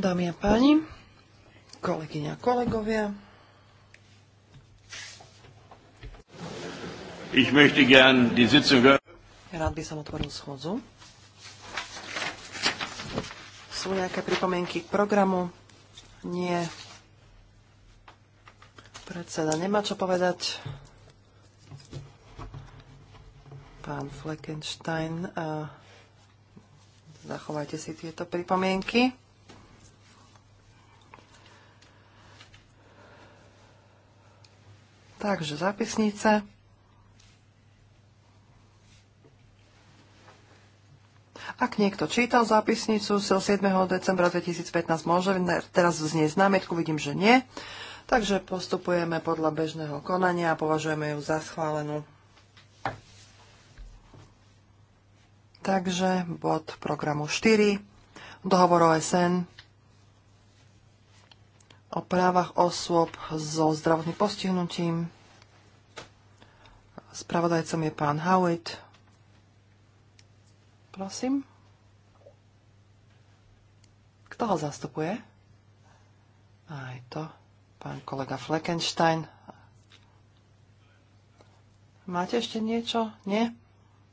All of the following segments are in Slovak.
Dámy a páni, kolegyňa, kolegovia. Ich möchte gern die Sitzung... Rád by som otvoril schôdzu. Sú nejaké pripomienky k programu? Nie. Predseda nemá čo povedať pán Fleckenstein zachovajte si tieto pripomienky. Takže zápisnice. Ak niekto čítal zápisnicu z 7. decembra 2015, môže teraz vznieť námietku, vidím, že nie. Takže postupujeme podľa bežného konania a považujeme ju za schválenú. Takže bod programu 4, dohovor OSN o právach osôb so zdravotným postihnutím. Spravodajcom je pán Howitt. Prosím. Kto ho zastupuje? Aj to. Pán kolega Fleckenstein. Máte ešte niečo? Nie?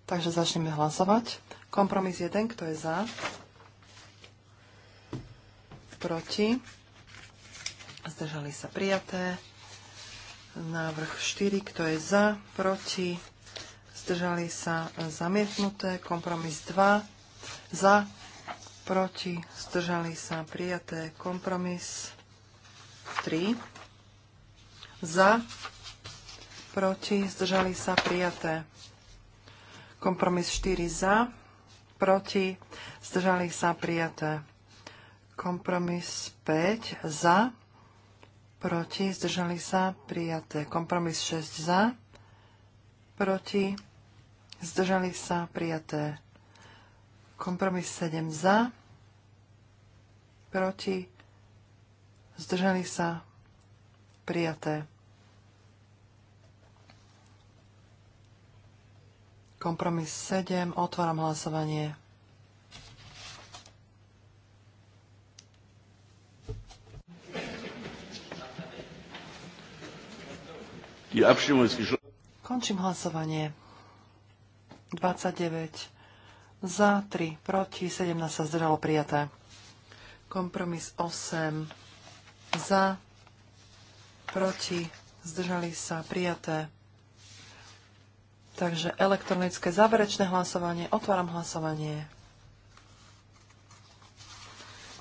Takže začneme hlasovať. Kompromis 1, kto je za? Proti? Zdržali sa prijaté. Návrh 4, kto je za? Proti? Zdržali sa zamietnuté. Kompromis 2, za? Proti? Zdržali sa prijaté. Kompromis 3, za? Proti? Zdržali sa prijaté. Kompromis 4 za, proti, zdržali sa prijaté. Kompromis 5 za, proti, zdržali sa prijaté. Kompromis 6 za, proti, zdržali sa prijaté. Kompromis 7 za, proti, zdržali sa prijaté. Kompromis 7. Otváram hlasovanie. Končím hlasovanie. 29 za, 3 proti, 17 sa zdržalo prijaté. Kompromis 8 za, proti, zdržali sa prijaté. Takže elektronické záverečné hlasovanie. Otváram hlasovanie.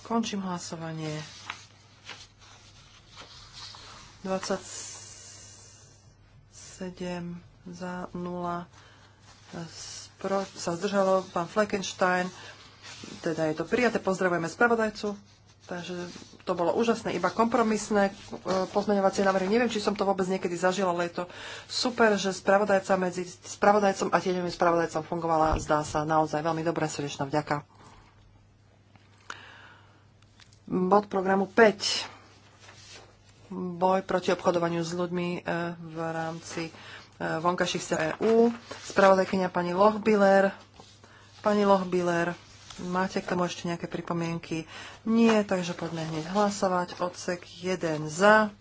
Končím hlasovanie. 27 za 0 e, sa zdržalo pán Fleckenstein. Teda je to prijaté. Pozdravujeme spravodajcu. Takže to bolo úžasné, iba kompromisné e, pozmeňovacie návrhy. Neviem, či som to vôbec niekedy zažila, ale je to super, že spravodajca medzi spravodajcom a tieňovým spravodajcom fungovala, zdá sa, naozaj veľmi dobré srdečná vďaka. Bod programu 5. Boj proti obchodovaniu s ľuďmi e, v rámci e, vonkajších sa EU. Spravodajkynia pani Lochbiller. Pani Lochbiller, Máte k tomu ešte nejaké pripomienky? Nie, takže poďme hneď hlasovať. Odsek 1 za.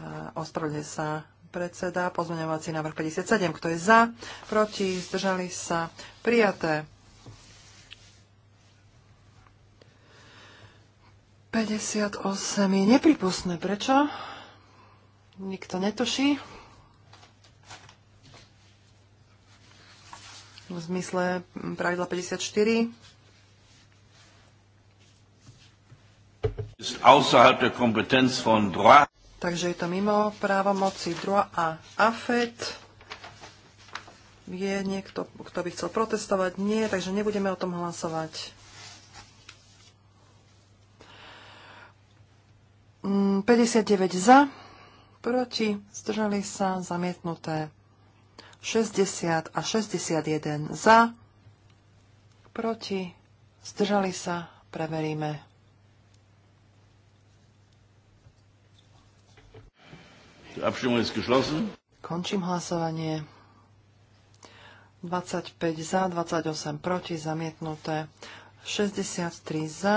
E, ospravedlňuje sa predseda. Pozmeňovací návrh 57. Kto je za? Proti? Zdržali sa? Prijaté. 58 je nepripustné. Prečo? Nikto netuší. v zmysle pravidla 54. Takže je to mimo právomoci DROA a AFET. Je niekto, kto by chcel protestovať? Nie, takže nebudeme o tom hlasovať. 59 mm, za, proti, zdržali sa, zamietnuté. 60 a 61 za, proti, zdržali sa, preveríme. Končím hlasovanie. 25 za, 28 proti, zamietnuté. 63 za,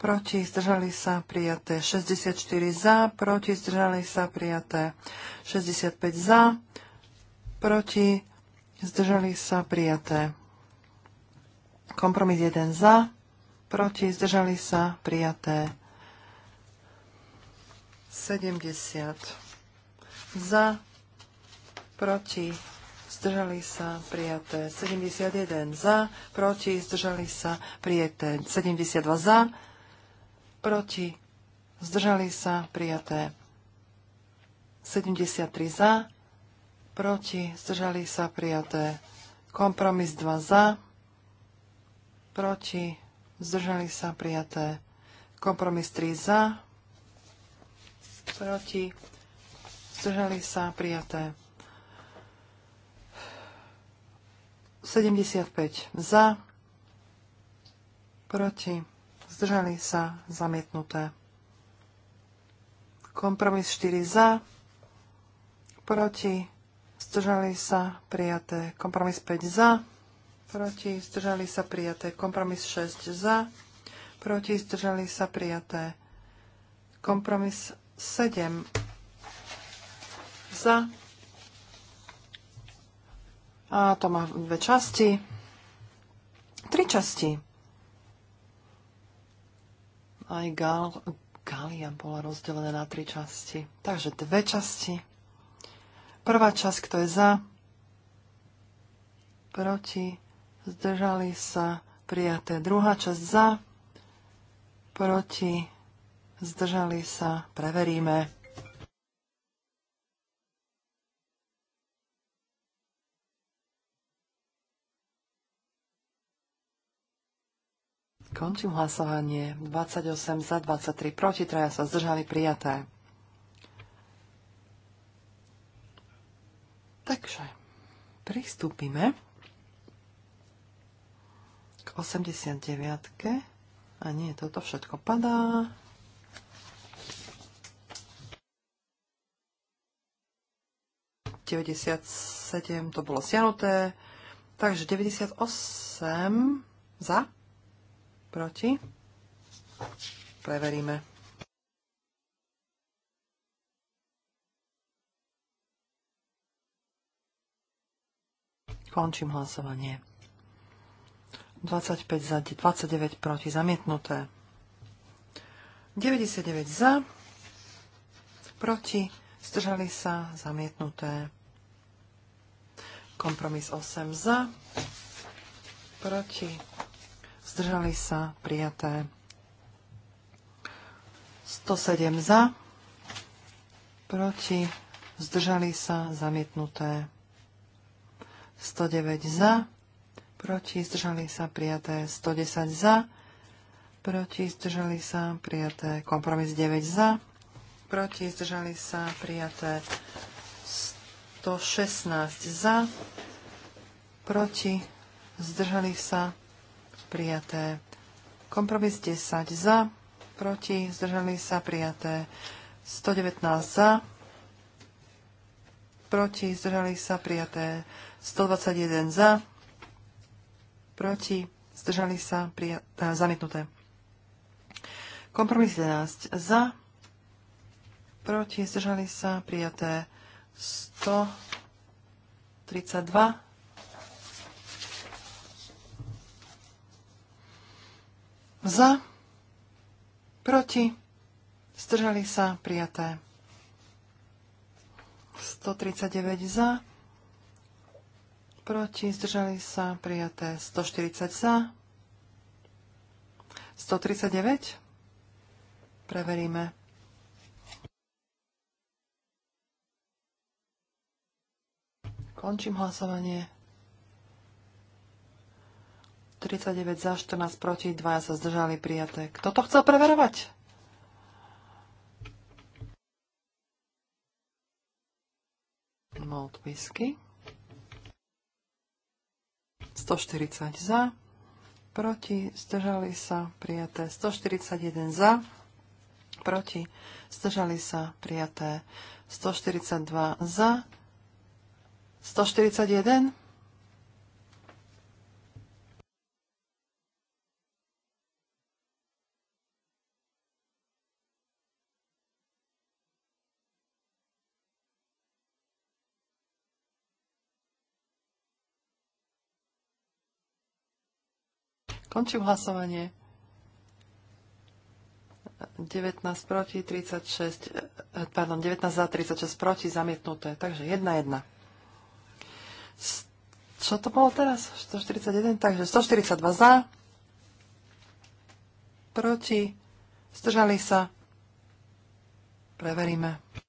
proti, zdržali sa, prijaté. 64 za, proti, zdržali sa, prijaté. 65 za, proti, zdržali sa prijaté. Kompromis 1 za, proti, zdržali sa prijaté. 70 za, proti, zdržali sa prijaté. 71 za, proti, zdržali sa prijaté. 72 za, proti, zdržali sa prijaté. 73 za, proti, zdržali sa prijaté. Kompromis 2 za, proti, zdržali sa prijaté. Kompromis 3 za, proti, zdržali sa prijaté. 75 za, proti, zdržali sa zamietnuté. Kompromis 4 za, proti, zdržali sa prijaté kompromis 5 za, proti zdržali sa prijaté kompromis 6 za, proti zdržali sa prijaté kompromis 7 za. A to má dve časti. Tri časti. Aj Gal, Galia bola rozdelená na tri časti. Takže dve časti. Prvá časť, kto je za, proti, zdržali sa, prijaté. Druhá časť za, proti, zdržali sa, preveríme. Končím hlasovanie. 28 za, 23 proti, traja sa zdržali prijaté. Takže pristúpime k 89. A nie, toto všetko padá. ...97 to bolo siahnuté, takže 98 za, proti, preveríme. Končím hlasovanie. 25 za, 29 proti, zamietnuté. 99 za, proti, zdržali sa, zamietnuté. Kompromis 8 za, proti, zdržali sa, prijaté. 107 za, proti, zdržali sa, zamietnuté. 109 za, proti zdržali sa prijaté 110 za, proti zdržali sa prijaté kompromis 9 za, proti zdržali sa prijaté 116 za, proti zdržali sa prijaté kompromis 10 za, proti zdržali sa prijaté 119 za, proti zdržali sa prijaté 121 za, proti, zdržali sa, prija- e, zamietnuté. Kompromis 11 za, proti, zdržali sa, prijaté 132. Za, proti, zdržali sa, prijaté 139 za, proti, zdržali sa, prijaté 140 za, 139, preveríme. Končím hlasovanie. 39 za, 14 proti, 2 sa zdržali prijaté. Kto to chcel preverovať? Malt whisky. 140 za, proti, zdržali sa, prijaté 141 za, proti, zdržali sa, prijaté 142 za, 141 Končím hlasovanie. 19 proti, 36, eh, pardon, 19 za, 36 proti, zamietnuté. Takže 1-1. Čo to bolo teraz? 141, takže 142 za, proti, zdržali sa. Preveríme.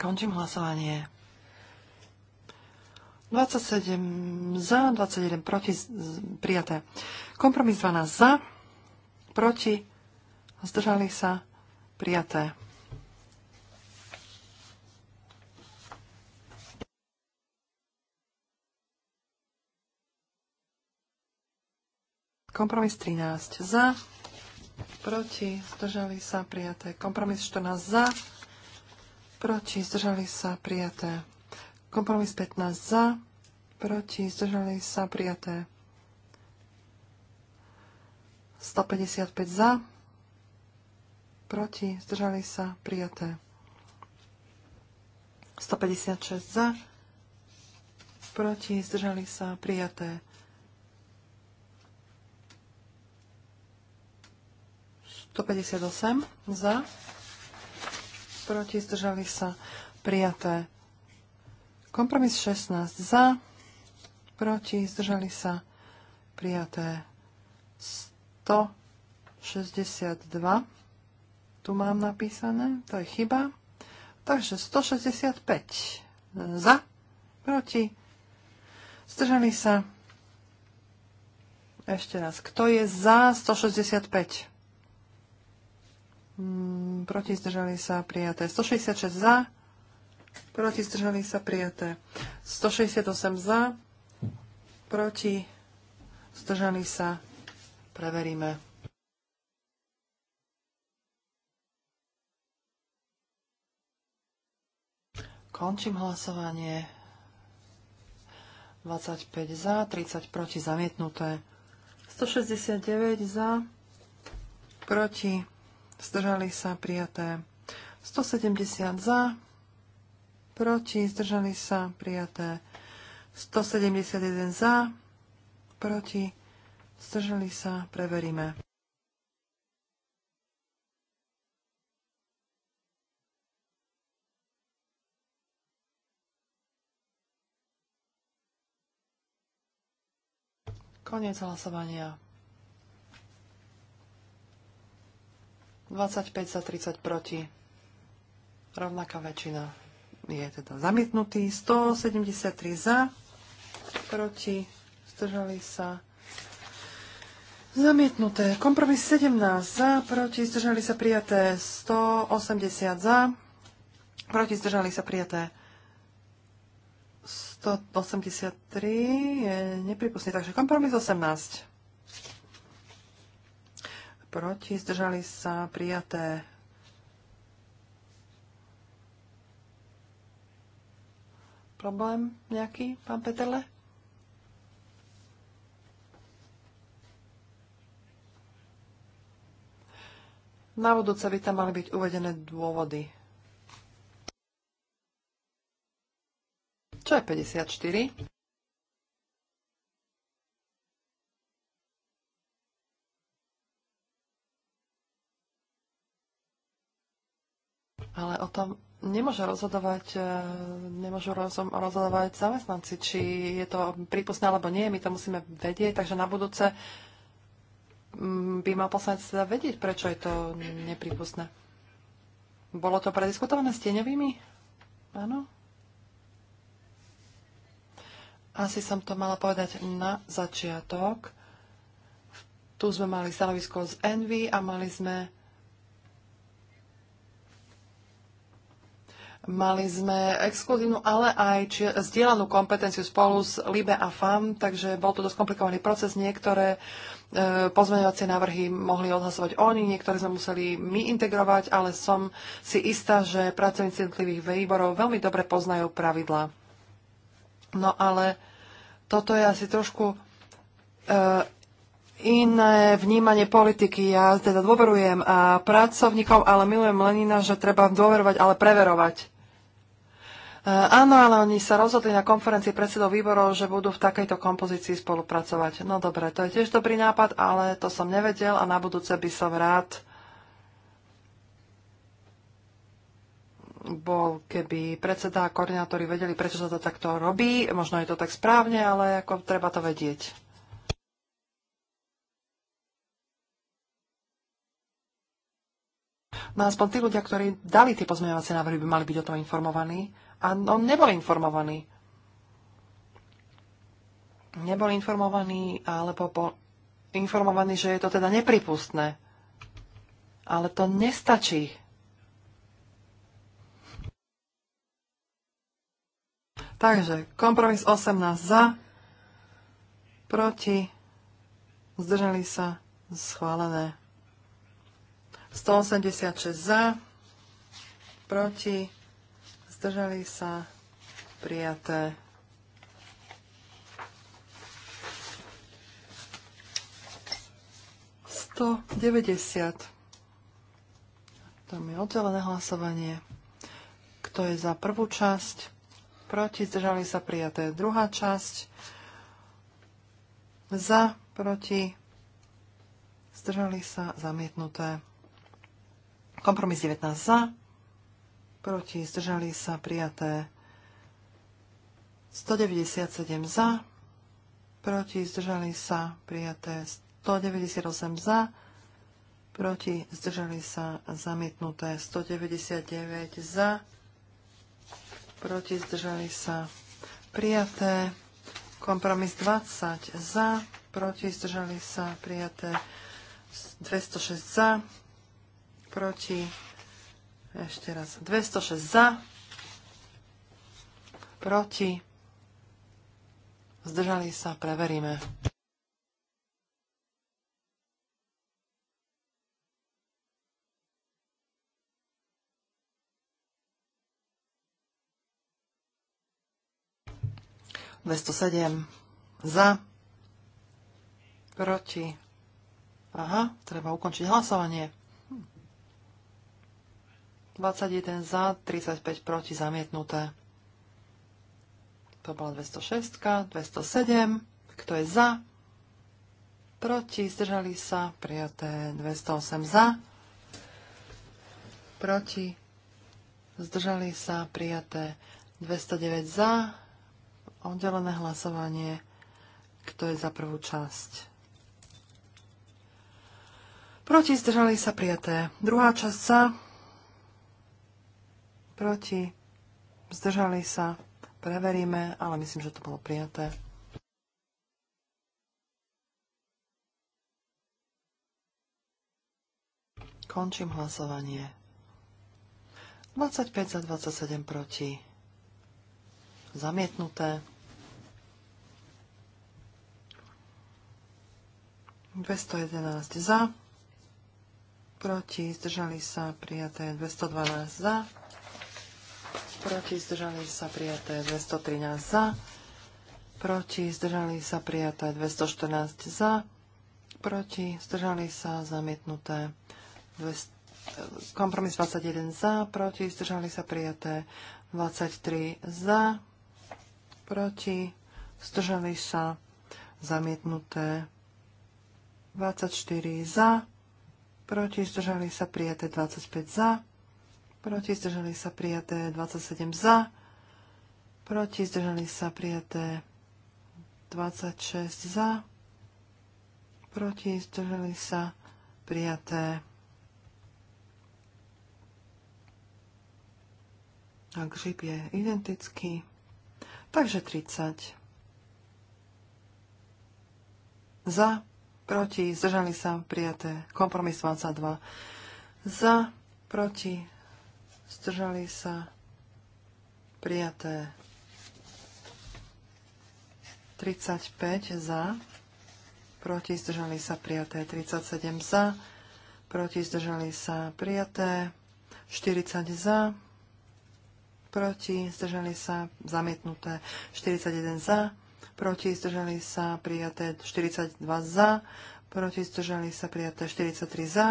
Končím hlasovanie. 27 za, 21 proti, prijaté. Kompromis 12 za, proti, zdržali sa, prijaté. Kompromis 13 za, proti, zdržali sa, prijaté. Kompromis 14 za, proti, zdržali sa, prijaté. Kompromis 15 za, proti, zdržali sa, prijaté. 155 za, proti, zdržali sa, prijaté. 156 za, proti, zdržali sa, prijaté. 158 za, proti, zdržali sa, prijaté. Kompromis 16 za, proti, zdržali sa, prijaté. 162, tu mám napísané, to je chyba. Takže 165 za, proti, zdržali sa. Ešte raz, kto je za 165? Mm, proti zdržali sa prijaté. 166 za, proti zdržali sa prijaté. 168 za, proti zdržali sa preveríme. Končím hlasovanie. 25 za, 30 proti zamietnuté. 169 za, proti zdržali sa prijaté. 170 za, proti, zdržali sa prijaté. 171 za, proti, zdržali sa, preveríme. Koniec hlasovania. 25 za 30 proti. Rovnaká väčšina je teda zamietnutý. 173 za, proti, zdržali sa. Zamietnuté. Kompromis 17 za, proti, zdržali sa prijaté. 180 za, proti, zdržali sa prijaté. 183 je nepripustný, takže kompromis 18 proti, zdržali sa prijaté. Problém nejaký, pán Peterle? Na budúce by tam mali byť uvedené dôvody. Čo je 54? ale o tom nemôže rozhodovať, e, nemôžu rozhodovať zamestnanci, či je to prípustné alebo nie. My to musíme vedieť, takže na budúce mm, by mal poslanec teda vedieť, prečo je to neprípustné. Bolo to prediskutované s tieňovými? Áno? Asi som to mala povedať na začiatok. Tu sme mali stanovisko z Envy a mali sme Mali sme exkluzívnu, ale aj či, zdieľanú kompetenciu spolu s LIBE a FAM, takže bol to dosť komplikovaný proces. Niektoré e, pozmeňovacie návrhy mohli odhlasovať oni, niektoré sme museli my integrovať, ale som si istá, že pracovníci jednotlivých výborov veľmi dobre poznajú pravidla. No ale toto je asi trošku e, iné vnímanie politiky. Ja teda dôverujem a pracovníkom, ale milujem Lenina, že treba dôverovať, ale preverovať. E, áno, ale oni sa rozhodli na konferencii predsedov výborov, že budú v takejto kompozícii spolupracovať. No dobre, to je tiež dobrý nápad, ale to som nevedel a na budúce by som rád bol, keby predseda a koordinátori vedeli, prečo sa to takto robí. Možno je to tak správne, ale ako treba to vedieť. No aspoň tí ľudia, ktorí dali tie pozmeňovacie návrhy, by mali byť o tom informovaní. A no, nebol informovaní, Neboli informovaní, alebo po informovaní, že je to teda nepripustné. Ale to nestačí. Takže kompromis 18 za, proti, zdržali sa, schválené. 186 za, proti, zdržali sa, prijaté. To deväťdesiat. je oddelené hlasovanie. Kto je za prvú časť? Proti, zdržali sa, prijaté. Druhá časť. Za, proti, zdržali sa, zamietnuté. Kompromis 19 za, proti zdržali sa prijaté 197 za, proti zdržali sa prijaté 198 za, proti zdržali sa zamietnuté 199 za, proti zdržali sa prijaté kompromis 20 za, proti zdržali sa prijaté 206 za, proti, ešte raz, 206 za, proti, zdržali sa, preveríme. Dvesto sedem za, proti, aha, treba ukončiť hlasovanie. 21 za, 35 proti, zamietnuté. To bola 206, 207. Kto je za? Proti, zdržali sa, prijaté 208 za. Proti, zdržali sa, prijaté 209 za. Oddelené hlasovanie. Kto je za prvú časť? Proti, zdržali sa, prijaté. Druhá časť za proti, zdržali sa, preveríme, ale myslím, že to bolo prijaté. Končím hlasovanie. 25 za 27 proti. Zamietnuté. 211 za. Proti. Zdržali sa. Prijaté. 212 za proti, zdržali sa prijaté 213 za, proti, zdržali sa prijaté 214 za, proti, zdržali sa zamietnuté 200, kompromis 21 za, proti, zdržali sa prijaté 23 za, proti, zdržali sa zamietnuté 24 za, proti, zdržali sa prijaté 25 za, proti zdržali sa prijaté 27 za, proti zdržali sa prijaté 26 za, proti zdržali sa prijaté a grip je identický, takže 30 za, proti zdržali sa prijaté kompromis 22 za, proti Zdržali sa. Prijaté. 35 za. Proti zdržali sa prijaté. 37 za. Proti zdržali sa prijaté. 40 za. Proti zdržali sa zamietnuté. 41 za. Proti zdržali sa prijaté. 42 za. Proti zdržali sa prijaté. 43 za.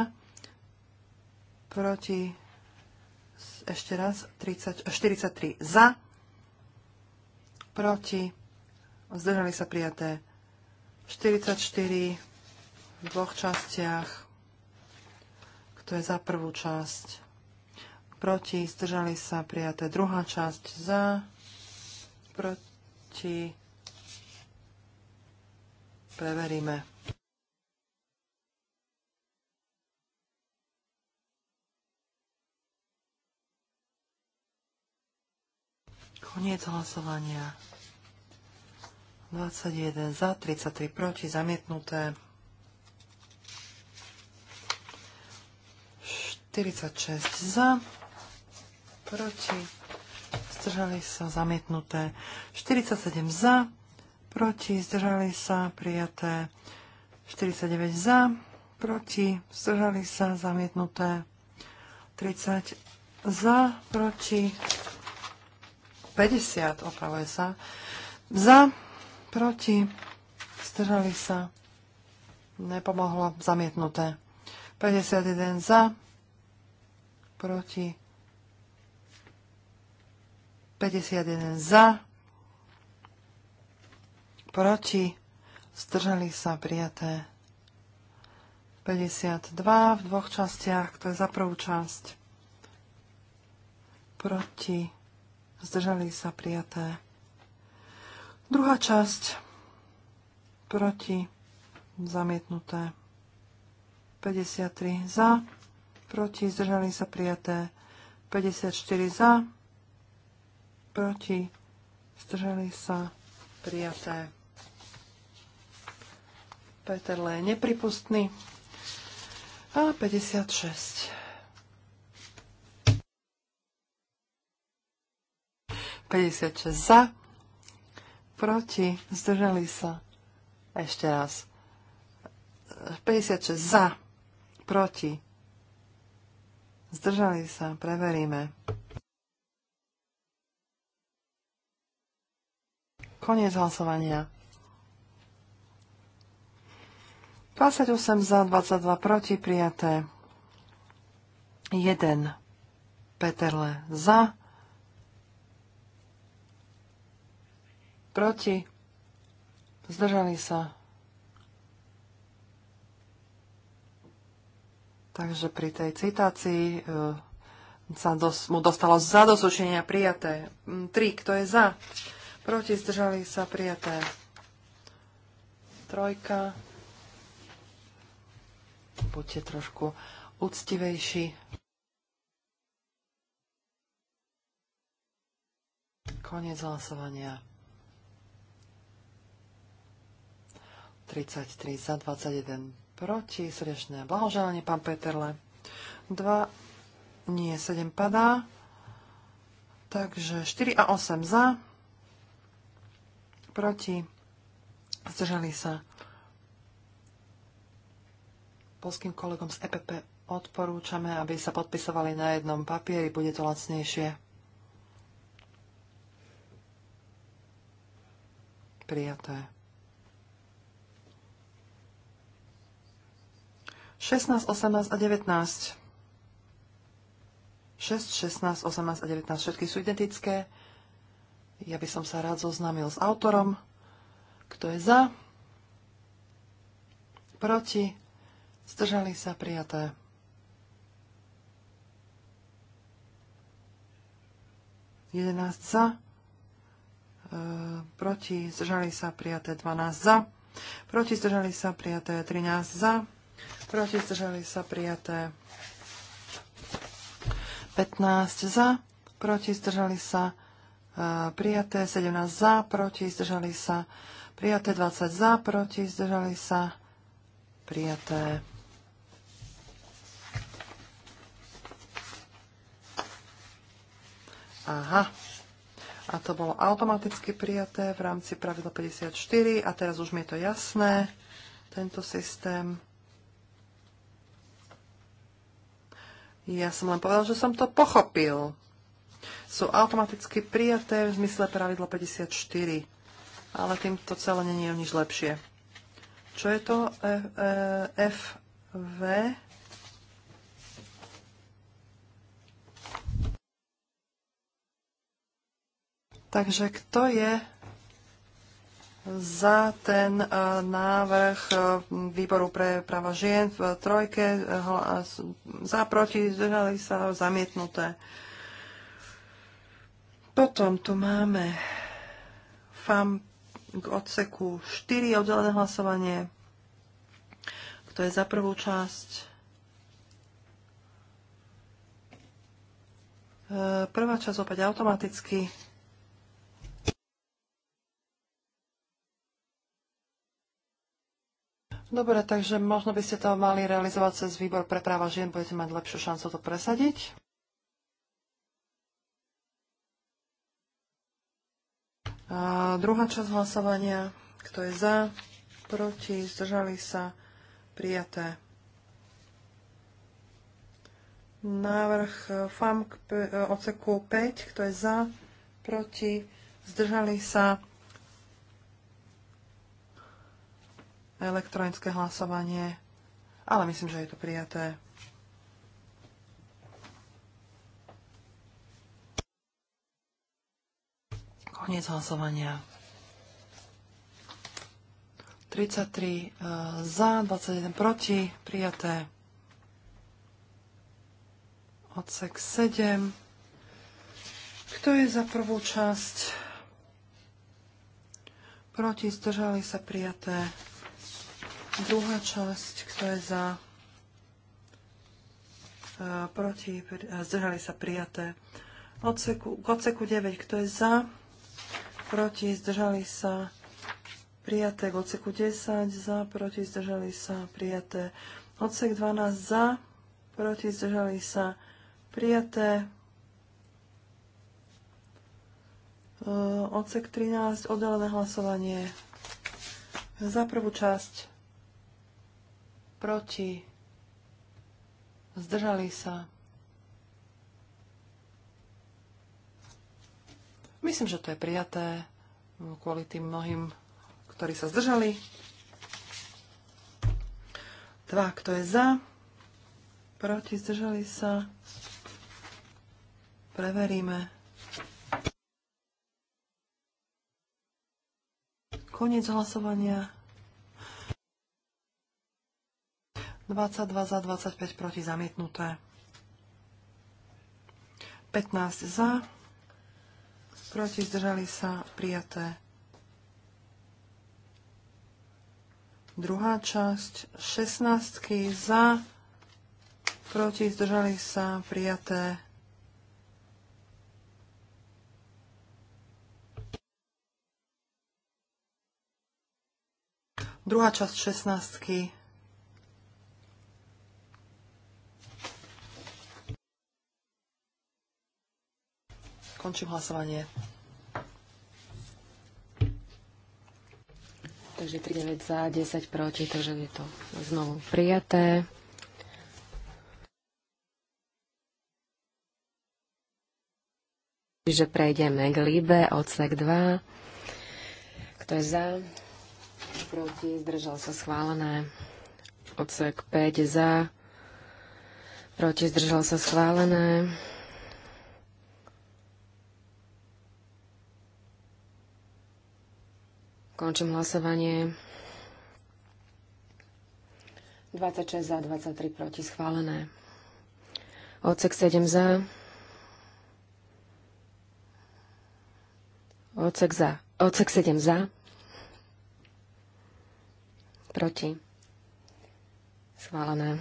Proti ešte raz, 30, 43 za, proti, zdržali sa prijaté 44 v dvoch častiach, kto je za prvú časť, proti, zdržali sa prijaté druhá časť za, proti, preveríme. Koniec hlasovania. 21 za, 33 proti, zamietnuté. 46 za, proti, zdržali sa, zamietnuté. 47 za, proti, zdržali sa, prijaté. 49 za, proti, zdržali sa, zamietnuté. 30 za, proti, 50, opravuje sa. Za, proti, zdržali sa. Nepomohlo, zamietnuté. 51 za, proti, 51 za, proti, zdržali sa prijaté. 52 v dvoch častiach, to je za prvú časť. Proti, zdržali sa prijaté. Druhá časť proti zamietnuté. 53 za, proti zdržali sa prijaté. 54 za, proti zdržali sa prijaté. Peter Lé je nepripustný. A 56 56 za, proti, zdržali sa. Ešte raz. 56 za, proti, zdržali sa, preveríme. Koniec hlasovania. 28 za, 22 proti, prijaté. 1. Peterle za, proti, zdržali sa. Takže pri tej citácii e, sa dos- mu dostalo za dosúčenia prijaté. Mm, tri, Kto je za? Proti zdržali sa prijaté. Trojka. Buďte trošku úctivejší. Koniec hlasovania. 33 za 21 proti, srdečné blahoželanie, pán Peterle. 2, nie, 7 padá. Takže 4 a 8 za, proti, zdržali sa. Polským kolegom z EPP odporúčame, aby sa podpisovali na jednom papieri, bude to lacnejšie. Prijaté. 16, 18 a 19. 6, 16, 18 a 19. Všetky sú identické. Ja by som sa rád zoznámil s autorom. Kto je za? Proti? Zdržali sa prijaté. Jedenáct za. E, proti? Zdržali sa prijaté. 12 za. Proti? Zdržali sa prijaté. 13 za proti zdržali sa prijaté. 15 e, za, proti zdržali sa prijaté, 17 za, proti zdržali sa prijaté, 20 za, proti zdržali sa prijaté. Aha. A to bolo automaticky prijaté v rámci pravidla 54 a teraz už mi je to jasné, tento systém. Ja som len povedal, že som to pochopil. Sú automaticky prijaté v zmysle pravidla 54. Ale týmto celé nie je nič lepšie. Čo je to e, e, FV? Takže kto je za ten e, návrh e, výboru pre práva žien v trojke, e, za proti, zdržali sa zamietnuté. Potom tu máme FAM k odseku 4 oddelené hlasovanie. Kto je za prvú časť? Prvá časť opäť automaticky. Dobre, takže možno by ste to mali realizovať cez výbor pre práva žien, budete mať lepšiu šancu to presadiť. A druhá časť hlasovania, kto je za, proti, zdržali sa, prijaté. Návrh e, FAM k e, oceku 5, kto je za, proti, zdržali sa, elektronické hlasovanie, ale myslím, že je to prijaté. Koniec hlasovania. 33 e, za, 21 proti, prijaté. Odsek 7. Kto je za prvú časť? Proti, zdržali sa prijaté Druhá časť, kto je za, proti, zdržali sa prijaté. Odseku, k odseku 9, kto je za, proti, zdržali sa prijaté. K odseku 10, za, proti, zdržali sa prijaté. Odsek 12, za, proti, zdržali sa prijaté. E, odsek 13, oddelené hlasovanie za prvú časť proti, zdržali sa. Myslím, že to je prijaté kvôli tým mnohým, ktorí sa zdržali. Dva, kto je za, proti, zdržali sa. Preveríme. Koniec hlasovania. 22 za, 25 proti zamietnuté. 15 za, proti zdržali sa prijaté. Druhá časť 16 za, proti zdržali sa prijaté. Druhá časť 16. Končím hlasovanie. Takže 39 za, 10 proti, takže je to znovu prijaté. Čiže prejdeme k Libe, odsek 2. Kto je za? Proti, zdržal sa schválené. Odsek 5 za. Proti, zdržal sa schválené. Končím hlasovanie. 26 za, 23 proti, schválené. Odsek 7 za. Odsek za. Odsek 7 za. Proti. Schválené.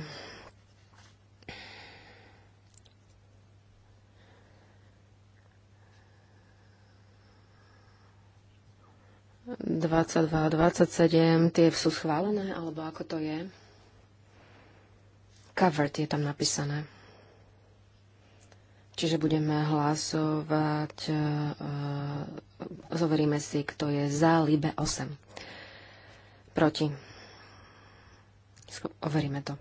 22 a 27, tie sú schválené, alebo ako to je? Covered je tam napísané. Čiže budeme hlasovať, uh, zoveríme si, kto je za Libe 8. Proti. Overíme to.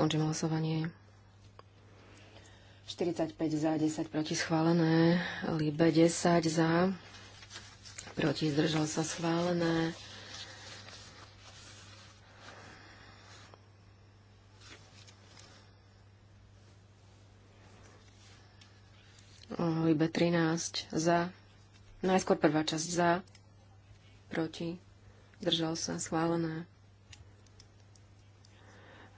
Končím hlasovanie. 45 za, 10 proti schválené. Libe 10 za, proti zdržal sa schválené. Libe 13 za, najskôr prvá časť za, proti, zdržal sa schválené.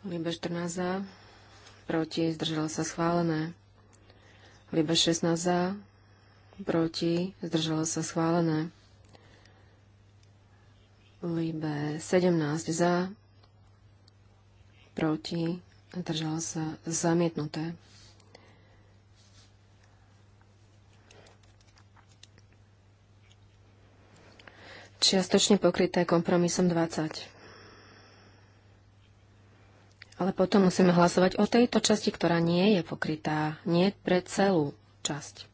Libe 14 za, proti, zdržala sa schválené. Libe 16 za, proti, zdržalo sa schválené. Libe 17 za, proti, zdržala sa zamietnuté. Čiastočne pokryté kompromisom 20. Ale potom musíme hlasovať o tejto časti, ktorá nie je pokrytá. Nie pre celú časť.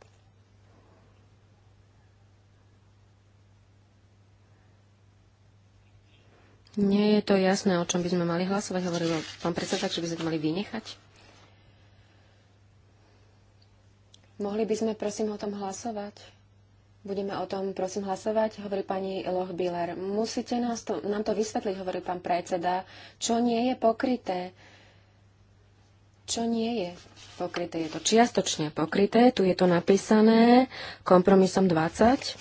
Nie je to jasné, o čom by sme mali hlasovať, hovoril pán predseda, že by sme to mali vynechať. Mohli by sme prosím o tom hlasovať? Budeme o tom, prosím, hlasovať, hovorí pani -Biller. Musíte nás to, nám to vysvetliť, hovorí pán predseda, čo nie je pokryté. Čo nie je pokryté? Je to čiastočne pokryté, tu je to napísané kompromisom 20.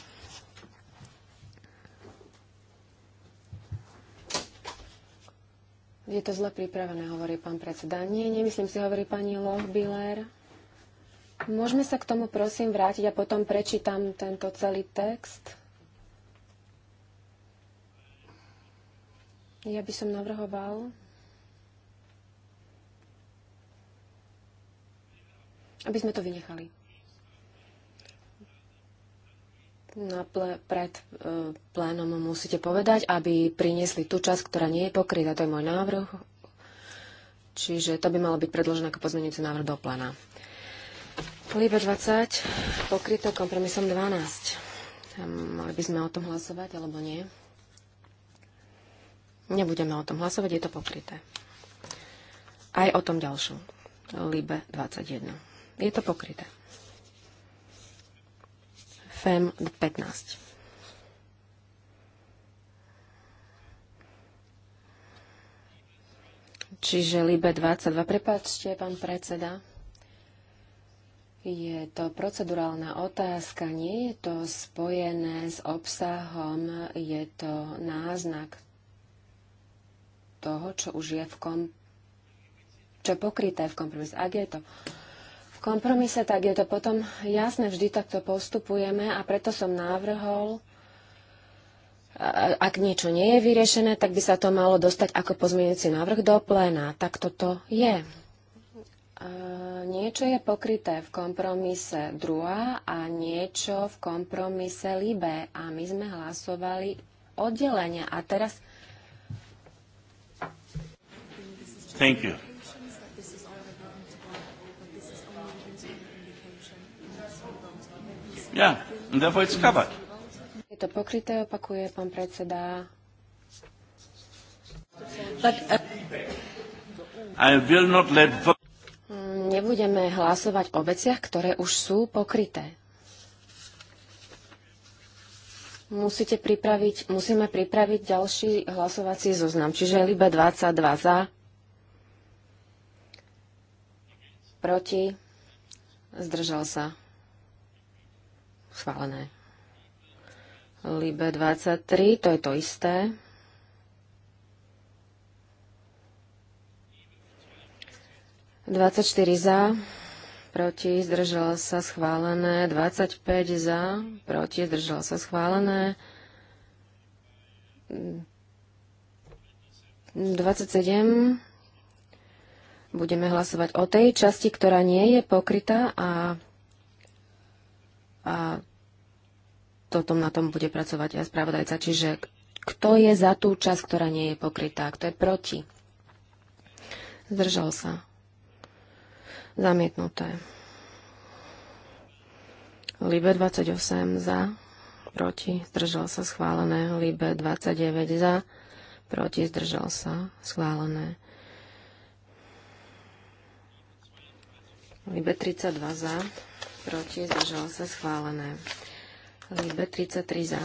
Je to zle pripravené, hovorí pán predseda. Nie, nemyslím si, hovorí pani -Biller. Môžeme sa k tomu prosím vrátiť a potom prečítam tento celý text. Ja by som navrhoval, aby sme to vynechali. Na ple, pred uh, plénom musíte povedať, aby priniesli tú časť, ktorá nie je pokrytá. To je môj návrh. Čiže to by malo byť predložené ako pozmeňujúci návrh do pléna. Líbe 20, pokryto kompromisom 12. Mali by sme o tom hlasovať, alebo nie? Nebudeme o tom hlasovať, je to pokryté. Aj o tom ďalšom. Libe 21. Je to pokryté. FEM 15. Čiže Libe 22. Prepáčte, pán predseda. Je to procedurálna otázka, nie je to spojené s obsahom, je to náznak toho, čo už je v kom... čo je pokryté v kompromise. Ak je to v kompromise, tak je to potom jasné, vždy takto postupujeme a preto som navrhol, ak niečo nie je vyriešené, tak by sa to malo dostať ako pozmeňujúci návrh do pléna. Tak toto je. Ehm, niečo je pokryté v kompromise druhá a niečo v kompromise Libe. A my sme hlasovali oddelenia. A teraz... Thank you. Yeah, and therefore it's covered. Je to pokryté, opakuje pán predseda. But, uh... I will not let nebudeme hlasovať o veciach, ktoré už sú pokryté. Musíte pripraviť, musíme pripraviť ďalší hlasovací zoznam, čiže Libe 22 za, proti, zdržal sa, schválené. Libe 23, to je to isté. 24 za, proti, zdržalo sa schválené, 25 za, proti, zdržalo sa schválené, 27. Budeme hlasovať o tej časti, ktorá nie je pokrytá a, a toto na tom bude pracovať aj spravodajca. Čiže kto je za tú časť, ktorá nie je pokrytá, kto je proti. Zdržal sa. Zamietnuté. Libe 28 za, proti, zdržal sa schválené. Libe 29 za, proti, zdržal sa schválené. Libe 32 za, proti, zdržal sa schválené. Libe 33 za,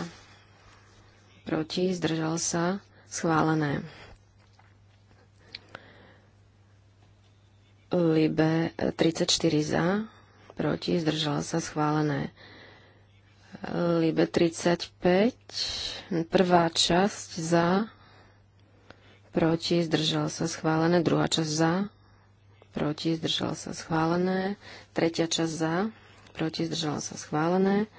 proti, zdržal sa schválené. Libe 34 e, za, proti, zdržala sa schválené. Libe 35, prvá časť za, proti, zdržala sa schválené, druhá časť za, proti, zdržala sa schválené, tretia časť za, proti, zdržala sa schválené.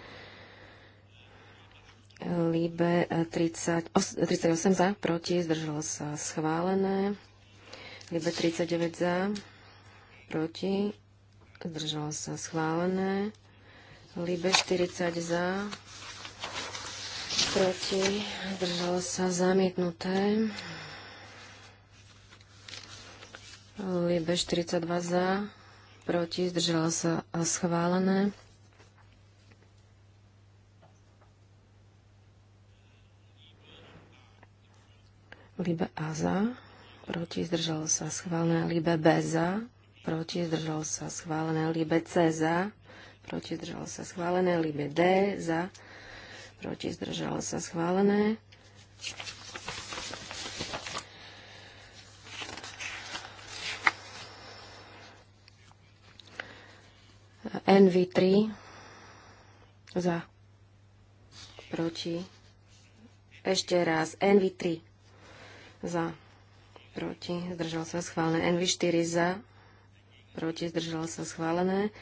Libe 30, e, 38 e, za, proti, zdržalo sa schválené. Libe 39 za, proti, zdržalo sa schválené. Libe 40 za, proti, zdržalo sa zamietnuté. Libe 42 za, proti, zdržalo sa schválené. Libe A za, proti, zdržalo sa schválené. Libe B za, proti, zdržal sa schválené, libe C za, proti, zdržal sa schválené, libe D za, proti, zdržal sa schválené. NV3 za, proti, ešte raz, NV3 za, proti, zdržal sa schválené, NV4 za, proti zdržal sa schválené.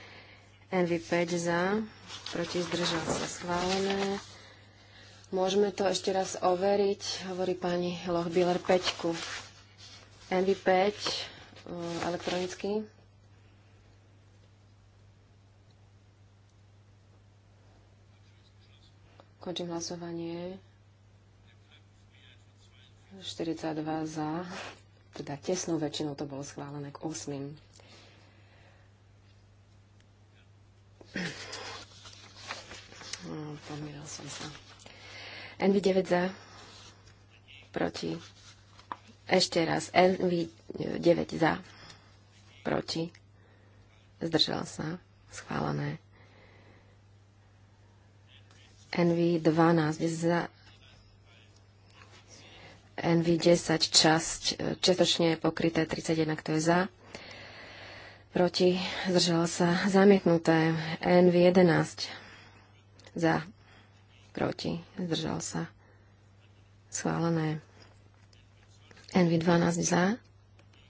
NV5 za, proti zdržal sa schválené. Môžeme to ešte raz overiť, hovorí pani Lochbiller 5. NV5 e, elektronicky. Končím hlasovanie. 42 za, teda tesnou väčšinou to bolo schválené k 8. Hm, pomýlil som sa. NV9 za. Proti. Ešte raz. NV9 za. Proti. Zdržal sa. Schválené. NV12 za NV10 časť čestočne je pokryté 31, kto je za, Proti. Zdržal sa. Zamietnuté. NV11. Za. Proti. Zdržal sa. Schválené. NV12 za.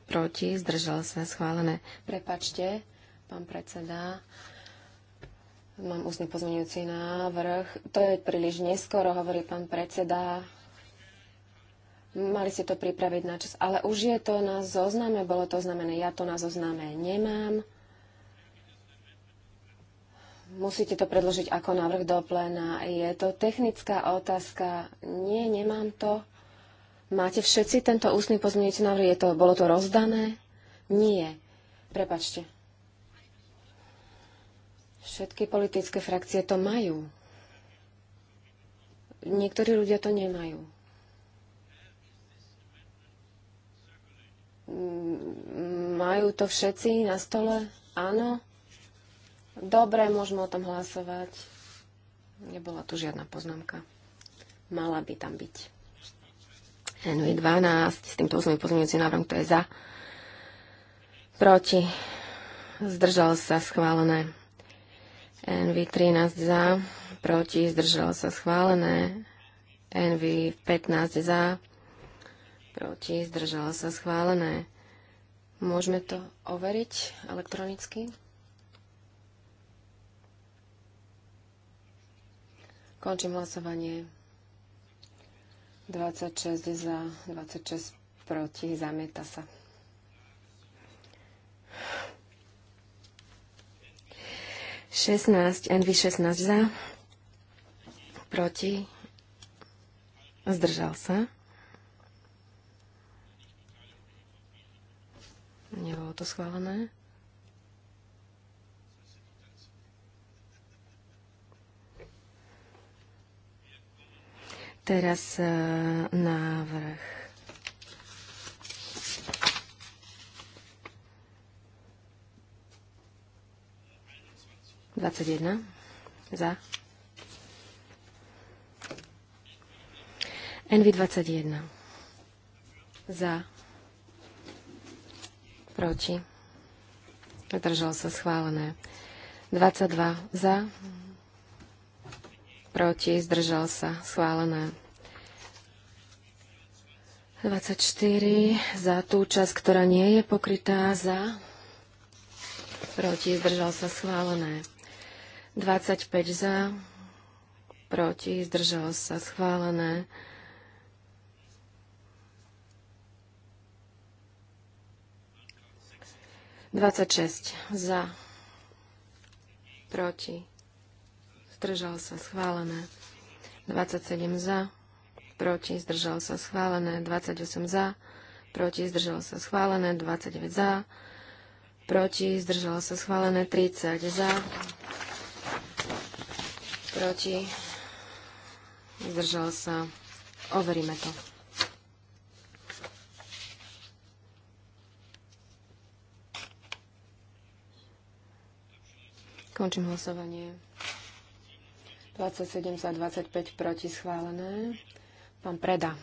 Proti. Zdržal sa. Schválené. Prepačte, pán predseda. Mám ústny pozmeňujúci návrh. To je príliš neskoro, hovorí pán predseda. Mali ste to pripraviť na čas, ale už je to na zozname, bolo to oznamené, ja to na zozname nemám. Musíte to predložiť ako návrh do pléna. Je to technická otázka. Nie, nemám to. Máte všetci tento ústny pozmeňujúci návrh? Je to, bolo to rozdané? Nie. Prepačte. Všetky politické frakcie to majú. Niektorí ľudia to nemajú. Mm, majú to všetci na stole? Áno? Dobre, môžeme o tom hlasovať. Nebola tu žiadna poznámka. Mala by tam byť. NV 12 s týmto ústnym pozmeňujúcim návrhom, kto je za. Proti. Zdržal sa schválené. NV 13 za. Proti. Zdržal sa schválené. NV 15 za proti, zdržala sa schválené. Môžeme to overiť elektronicky. Končím hlasovanie. 26 za, 26 proti, zamieta sa. Šestnáct, NV 16 za, proti, zdržal sa. Nebolo to schválené. Teraz e, návrh. Dvadsať jedna. Za. Envy NV21. Za proti, zdržal sa schválené. 22 za, proti, zdržal sa schválené. 24 za tú časť, ktorá nie je pokrytá za, proti, zdržal sa schválené. 25 za, proti, zdržal sa schválené. 26 za, proti, zdržal sa schválené. 27 za, proti, zdržal sa schválené. 28 za, proti, zdržal sa schválené. 29 za, proti, zdržal sa schválené. 30 za, proti, zdržal sa. Overíme to. Končím hlasovanie. 27 za 25 proti schválené. Pán Preda.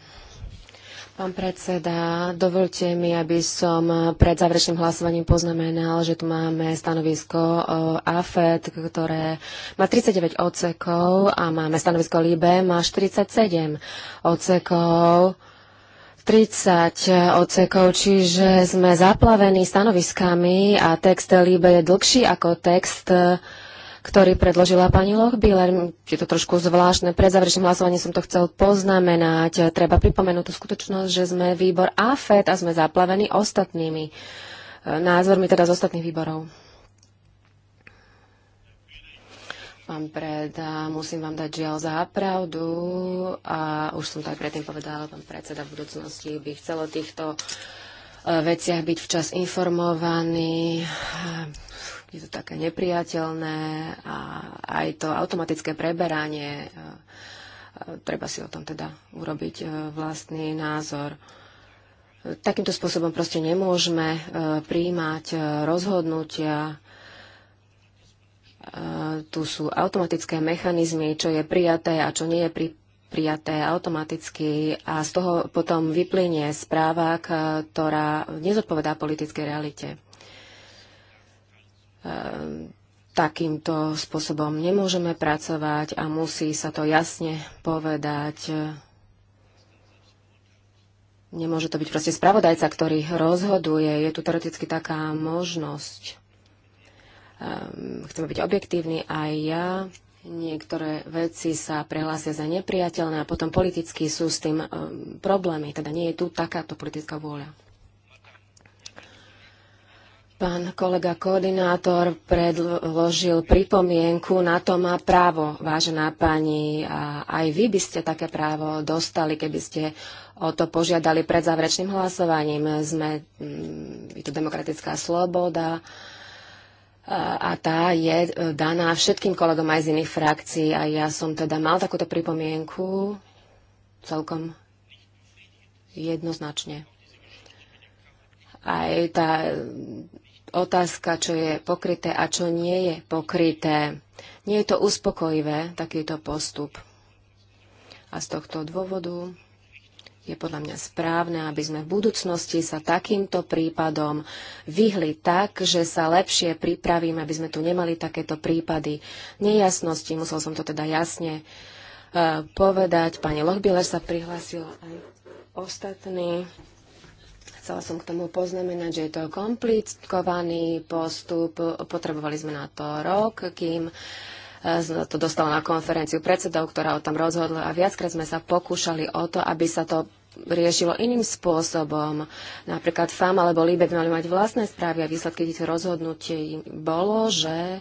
Pán predseda, dovolte mi, aby som pred záverečným hlasovaním poznamenal, že tu máme stanovisko e, AFED, ktoré má 39 odsekov a máme stanovisko LIBE, má 47 odsekov. 30 odsekov, čiže sme zaplavení stanoviskami a text Líbe je dlhší ako text e, ktorý predložila pani Lochbiller. Je to trošku zvláštne. Pred záverečným hlasovaním som to chcel poznamenať. Treba pripomenúť tú skutočnosť, že sme výbor AFET a sme zaplavení ostatnými e, názormi, teda z ostatných výborov. Pán Preda, musím vám dať žiaľ za pravdu a už som to aj predtým povedala, pán predseda v budúcnosti by chcelo týchto e, veciach byť včas informovaný. E, je to také nepriateľné a aj to automatické preberanie, e, treba si o tom teda urobiť vlastný názor. Takýmto spôsobom proste nemôžeme prijímať rozhodnutia, tu sú automatické mechanizmy, čo je prijaté a čo nie je pri, prijaté automaticky a z toho potom vyplynie správa, ktorá nezodpovedá politickej realite. E, takýmto spôsobom nemôžeme pracovať a musí sa to jasne povedať. Nemôže to byť proste spravodajca, ktorý rozhoduje. Je tu teoreticky taká možnosť. Ehm, chceme byť objektívni aj ja. Niektoré veci sa prehlásia za nepriateľné a potom politicky sú s tým ehm, problémy. Teda nie je tu takáto politická vôľa. Pán kolega koordinátor predložil pripomienku, na to má právo, vážená pani. A aj vy by ste také právo dostali, keby ste o to požiadali pred záverečným hlasovaním. Sme, mm, je to demokratická sloboda a tá je e, daná všetkým kolegom aj z iných frakcií a ja som teda mal takúto pripomienku celkom jednoznačne. Aj tá otázka, čo je pokryté a čo nie je pokryté. Nie je to uspokojivé, takýto postup. A z tohto dôvodu je podľa mňa správne, aby sme v budúcnosti sa takýmto prípadom vyhli tak, že sa lepšie pripravíme, aby sme tu nemali takéto prípady nejasnosti. Musel som to teda jasne e, povedať. Pani Lochbiller sa prihlásila aj ostatní. Chcela som k tomu poznamenať, že je to komplikovaný postup. Potrebovali sme na to rok, kým E, to dostala na konferenciu predsedov, ktorá o tom rozhodla a viackrát sme sa pokúšali o to, aby sa to riešilo iným spôsobom. Napríklad FAM alebo Libek by mali mať vlastné správy a výsledky týchto rozhodnutí bolo, že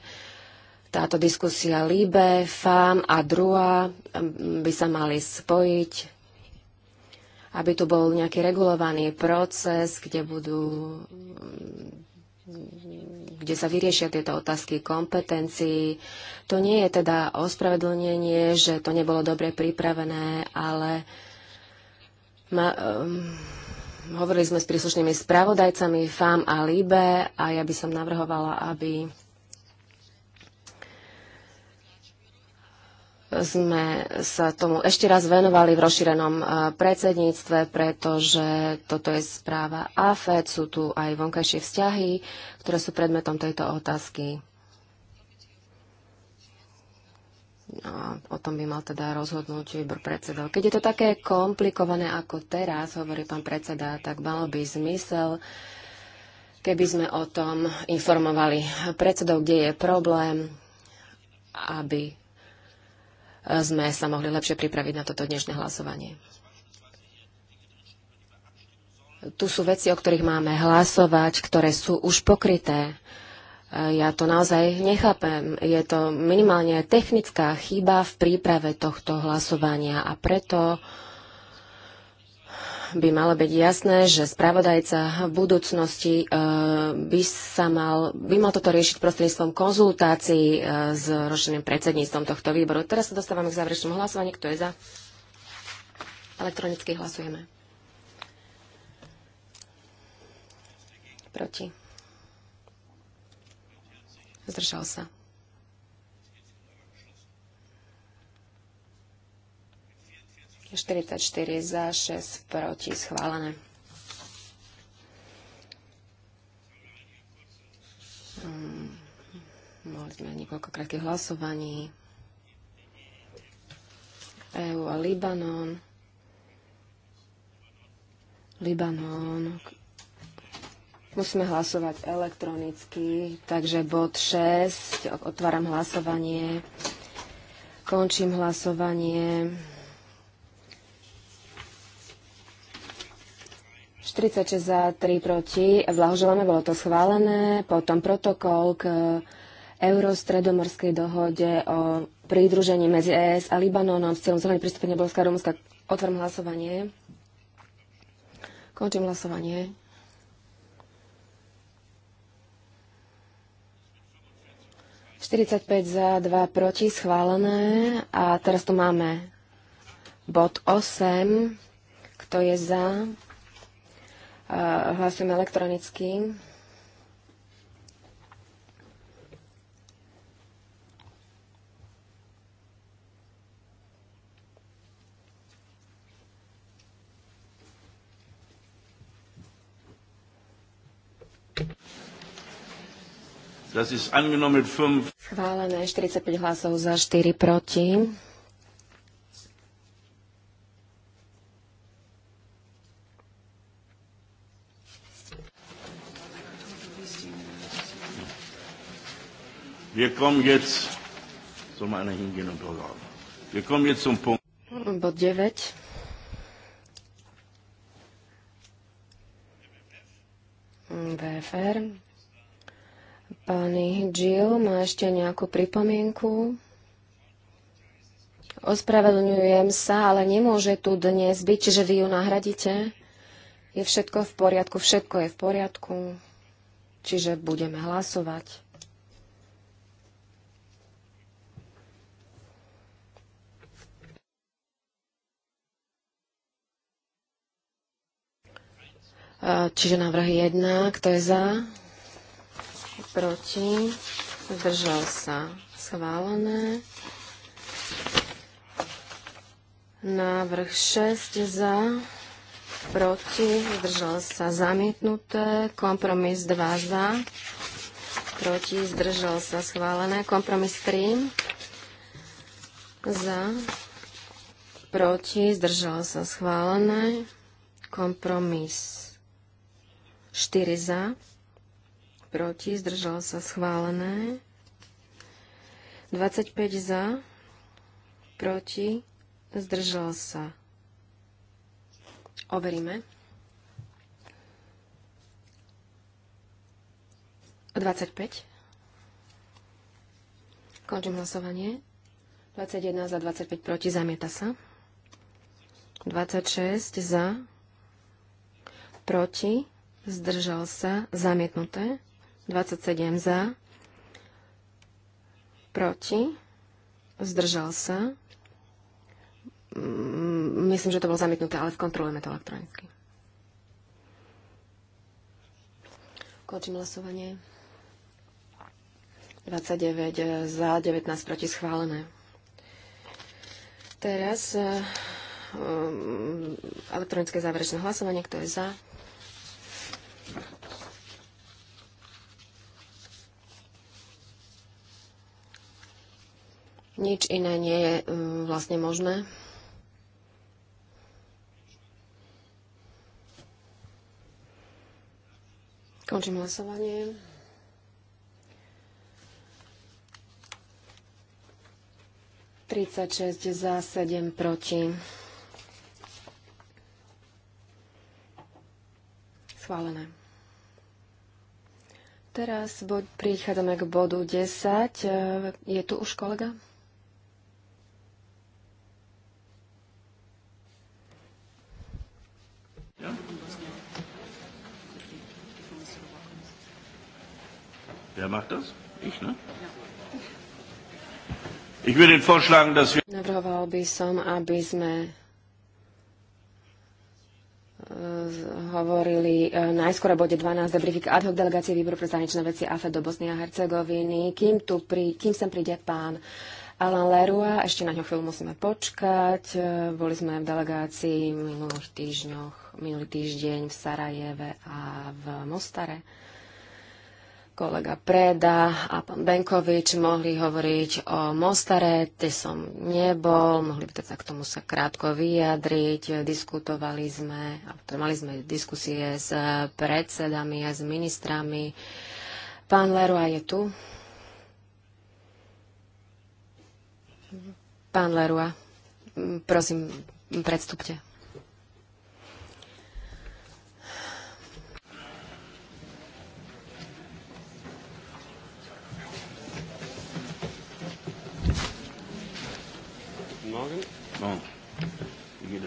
táto diskusia LIBE, FAM a DRUA by sa mali spojiť aby tu bol nejaký regulovaný proces, kde budú kde sa vyriešia tieto otázky kompetencií. To nie je teda ospravedlnenie, že to nebolo dobre pripravené, ale ma, um, hovorili sme s príslušnými spravodajcami FAM a LIBE a ja by som navrhovala, aby sme sa tomu ešte raz venovali v rozšírenom e, predsedníctve, pretože toto je správa AFED, sú tu aj vonkajšie vzťahy, ktoré sú predmetom tejto otázky. No, a o tom by mal teda rozhodnúť výbor predsedov. Keď je to také komplikované ako teraz, hovorí pán predseda, tak malo by zmysel, keby sme o tom informovali predsedov, kde je problém, aby sme sa mohli lepšie pripraviť na toto dnešné hlasovanie. Tu sú veci, o ktorých máme hlasovať, ktoré sú už pokryté. Ja to naozaj nechápem. Je to minimálne technická chyba v príprave tohto hlasovania a preto uh, by malo byť jasné, že spravodajca v budúcnosti e, by, sa mal, by mal toto riešiť prostredníctvom konzultácií e, s ročným predsedníctvom tohto výboru. Teraz sa dostávame k záverečnému hlasovaní. Kto je za? Elektronicky hlasujeme. Proti. Zdržal sa. 44 za, 6 proti, schválené. mali mm, sme niekoľko krátkých hlasovaní. EU a Libanon. Libanon. Musíme hlasovať elektronicky, takže bod 6, otváram hlasovanie, končím hlasovanie. 46 za 3 proti. Blahoželáme, bolo to schválené. Potom protokol k Eurostredomorskej dohode o pridružení medzi ES a Libanonom s cieľom zelený pristúpenia Bolska a Rumúnska. Otvorím hlasovanie. Končím hlasovanie. Štyridsaťpäť za, dva proti, schválené. A teraz tu máme bod 8. Kto je za? hlasujem elektronicky. Schválené 45 hlasov za 4 proti. Wir kommen jetzt, soll mal einer hingehen und drauf Wir kommen jetzt zum Punkt. Bod 9. BFR. Pani Jill má ešte nejakú pripomienku? Ospravedlňujem sa, ale nemôže tu dnes byť, čiže vy ju nahradíte. Je všetko v poriadku, všetko je v poriadku, čiže budeme hlasovať. Čiže návrh 1, kto je za? Proti? Zdržal sa. Schválené. Návrh 6 za, proti, zdržal sa zamietnuté, kompromis 2 za, proti, zdržal sa schválené, kompromis 3 za, proti, zdržal sa schválené, kompromis 4 za, proti, zdržalo sa schválené. 25 za, proti, zdržalo sa. Overíme. 25. Končím hlasovanie. 21 za 25 proti, zamieta sa. 26 za, proti, zdržal sa, zamietnuté. 27 za, proti, zdržal sa. Mm, myslím, že to bolo zamietnuté, ale skontrolujeme to elektronicky. Končím hlasovanie. 29 eh, za, 19 proti schválené. Teraz eh, um, elektronické záverečné hlasovanie, kto je za, nič iné nie je mm, vlastne možné. Končím hlasovanie. Tridsať šesť za, sedem proti. Schválené. Teraz bod, prichádzame k bodu 10. E, je tu už kolega? Ja? Navrhoval by som, aby sme hovorili e, najskôr o bode 12 debriefing ad hoc delegácie výboru pre zahraničné veci AFE do Bosny a Hercegoviny. Kým, tu pri, kým sem príde pán Alan Lerua, ešte na ňo chvíľu musíme počkať. E, boli sme v delegácii v minulých týždňoch, minulý týždeň v Sarajeve a v Mostare kolega Preda a pán Benkovič mohli hovoriť o Mostare, kde som nebol, mohli by teda k tomu sa krátko vyjadriť. Diskutovali sme, teda mali sme diskusie s predsedami a s ministrami. Pán Leroy je tu. Pán Leroy, prosím, predstupte. Bon. No.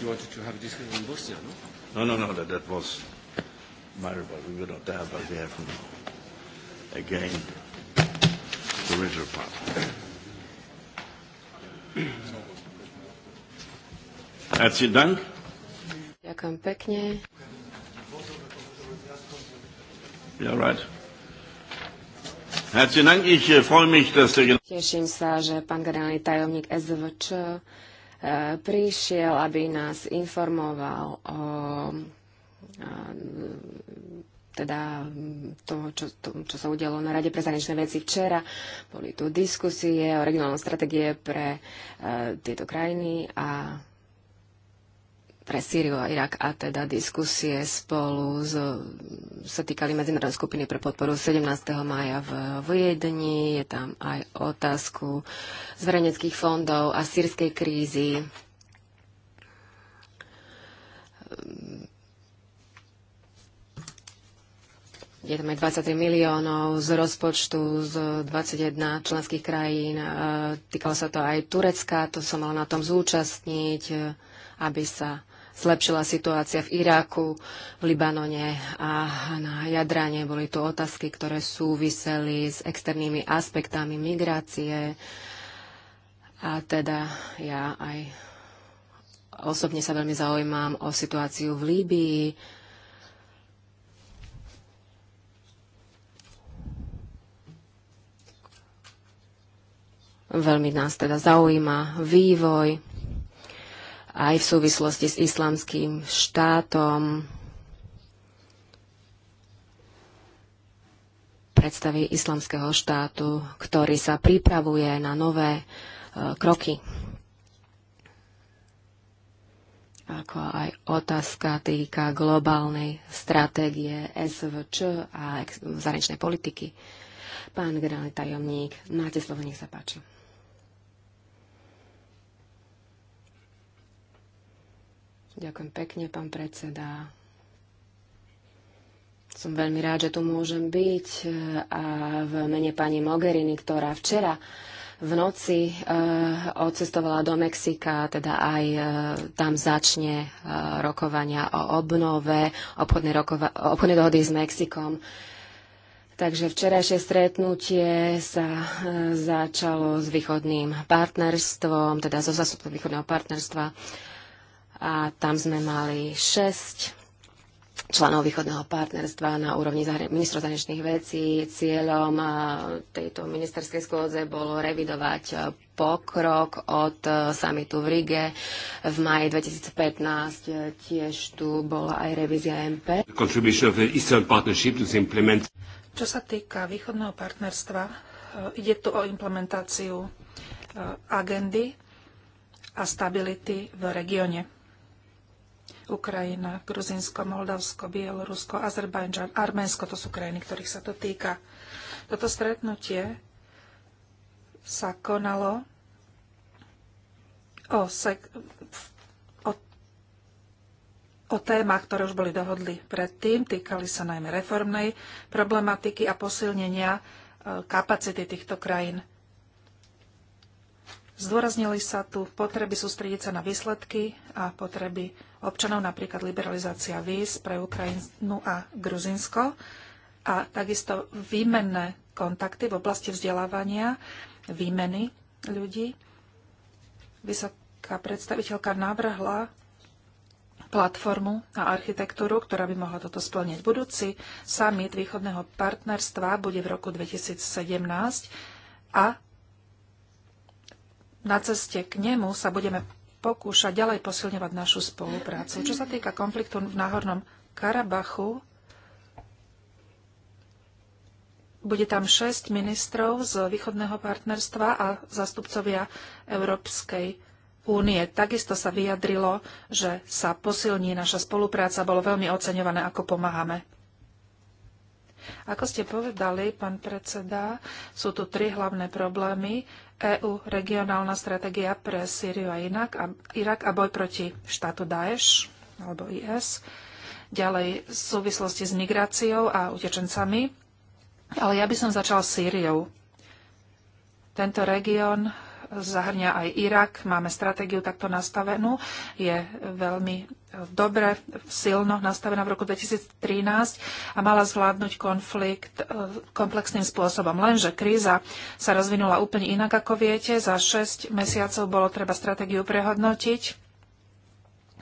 You wanted to have a discussion on Bosnia, no? No, no, no, that, that was my report. We were not there, but we have now. Again, the original part. Herzlichen Dank. Ďakujem pekne. Yeah, right. Äh, Teším sa, že pán generálny tajomník SVČ e, prišiel, aby nás informoval o e, teda toho, čo, to, čo sa udialo na Rade pre zahraničné veci včera. Boli tu diskusie o regionálnej stratégie pre e, tieto krajiny a pre Sýriu a Irak a teda diskusie spolu z, sa týkali medzinárodnej skupiny pre podporu 17. maja v Viedni. Je tam aj otázku zverejneckých fondov a sírskej krízy. Je tam aj 23 miliónov z rozpočtu z 21 členských krajín. E, týkalo sa to aj Turecka, to som mala na tom zúčastniť, aby sa zlepšila situácia v Iráku, v Libanone a na Jadrane. Boli tu otázky, ktoré súviseli s externými aspektami migrácie. A teda ja aj osobne sa veľmi zaujímam o situáciu v Líbii, Veľmi nás teda zaujíma vývoj aj v súvislosti s islamským štátom, predstavy islamského štátu, ktorý sa pripravuje na nové e, kroky. Ako aj otázka týka globálnej stratégie SVČ a zahraničnej politiky. Pán generálny tajomník, máte slovo, nech sa páči. Ďakujem pekne, pán predseda. Som veľmi rád, že tu môžem byť e, a v mene pani Mogherini, ktorá včera v noci e, odcestovala do Mexika, teda aj e, tam začne rokovania o obnove obchodné, rokova- obchodné dohody s Mexikom. Takže včerajšie stretnutie sa začalo s východným partnerstvom, teda zo zástupcov východného partnerstva a tam sme mali 6 členov východného partnerstva na úrovni zahr- ministrov zahraničných vecí. Cieľom tejto ministerskej schôdze bolo revidovať pokrok od samitu v Rige v maji 2015. Tiež tu bola aj revízia MP. Čo sa týka východného partnerstva, ide tu o implementáciu agendy a stability v regióne. Ukrajina, Gruzinsko, Moldavsko, Bielorusko, Azerbajdžan, Arménsko, to sú krajiny, ktorých sa to týka. Toto stretnutie sa konalo o, sek- o, o témach, ktoré už boli dohodli predtým. Týkali sa najmä reformnej problematiky a posilnenia e, kapacity týchto krajín. Zdôraznili sa tu potreby sústrediť sa na výsledky a potreby občanov, napríklad liberalizácia víz pre Ukrajinu a Gruzinsko a takisto výmenné kontakty v oblasti vzdelávania, výmeny ľudí. Vysoká predstaviteľka navrhla platformu a architektúru, ktorá by mohla toto splniť. Budúci summit východného partnerstva bude v roku 2017 a na ceste k nemu sa budeme pokúša ďalej posilňovať našu spoluprácu. Čo sa týka konfliktu v Náhornom Karabachu, bude tam šesť ministrov z východného partnerstva a zastupcovia Európskej únie. Takisto sa vyjadrilo, že sa posilní naša spolupráca, bolo veľmi oceňované, ako pomáhame. Ako ste povedali, pán predseda, sú tu tri hlavné problémy, EU regionálna stratégia pre Syriu a Irak a, Irak a boj proti štátu Daesh alebo IS. Ďalej v súvislosti s migráciou a utečencami. Ale ja by som začal Sýriou. Tento región zahrňa aj Irak. Máme stratégiu takto nastavenú. Je veľmi dobre, silno nastavená v roku 2013 a mala zvládnuť konflikt e, komplexným spôsobom. Lenže kríza sa rozvinula úplne inak, ako viete. Za 6 mesiacov bolo treba stratégiu prehodnotiť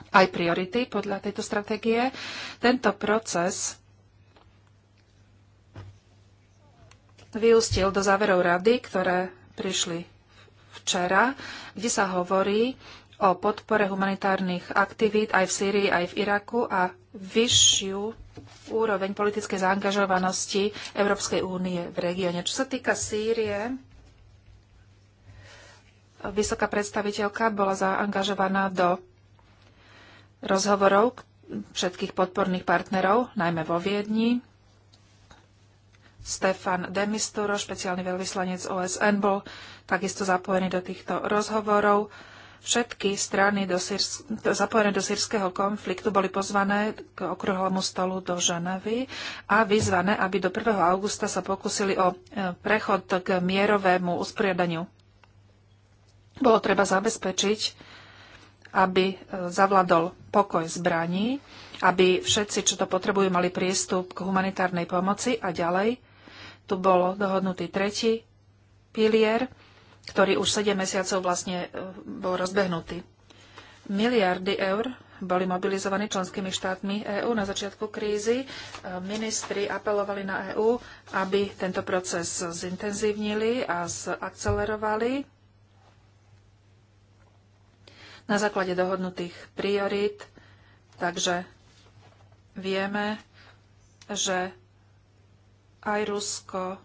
aj priority podľa tejto stratégie. Tento proces vyústil do záverov rady, ktoré prišli včera, kde sa hovorí, o podpore humanitárnych aktivít aj v Sýrii, aj v Iraku a vyššiu úroveň politickej zaangažovanosti Európskej únie v regióne. Čo sa týka Sýrie, vysoká predstaviteľka bola zaangažovaná do rozhovorov všetkých podporných partnerov, najmä vo Viedni. Stefan Demisturo, špeciálny veľvyslanec OSN, bol takisto zapojený do týchto rozhovorov Všetky strany do Sýr... zapojené do sírskeho konfliktu boli pozvané k okruhlomu stolu do Ženevy a vyzvané, aby do 1. augusta sa pokúsili o e, prechod k mierovému usporiadaniu. Bolo treba zabezpečiť, aby e, zavladol pokoj zbraní, aby všetci, čo to potrebujú, mali prístup k humanitárnej pomoci a ďalej. Tu bol dohodnutý tretí pilier – ktorý už 7 mesiacov vlastne e, bol rozbehnutý. Miliardy eur boli mobilizovaní členskými štátmi EÚ na začiatku krízy. E, ministri apelovali na EÚ, aby tento proces zintenzívnili a zakcelerovali na základe dohodnutých priorít. Takže vieme, že aj Rusko,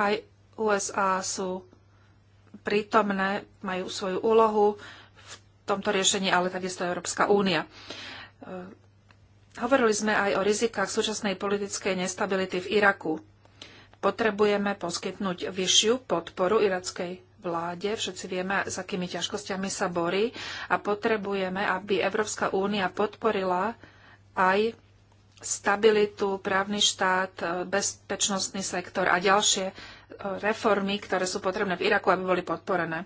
aj USA sú prítomné, majú svoju úlohu v tomto riešení, ale takisto Európska únia. E, hovorili sme aj o rizikách súčasnej politickej nestability v Iraku. Potrebujeme poskytnúť vyššiu podporu irackej vláde. Všetci vieme, s akými ťažkosťami sa borí a potrebujeme, aby Európska únia podporila aj stabilitu, právny štát, e, bezpečnostný sektor a ďalšie reformy, ktoré sú potrebné v Iraku, aby boli podporené.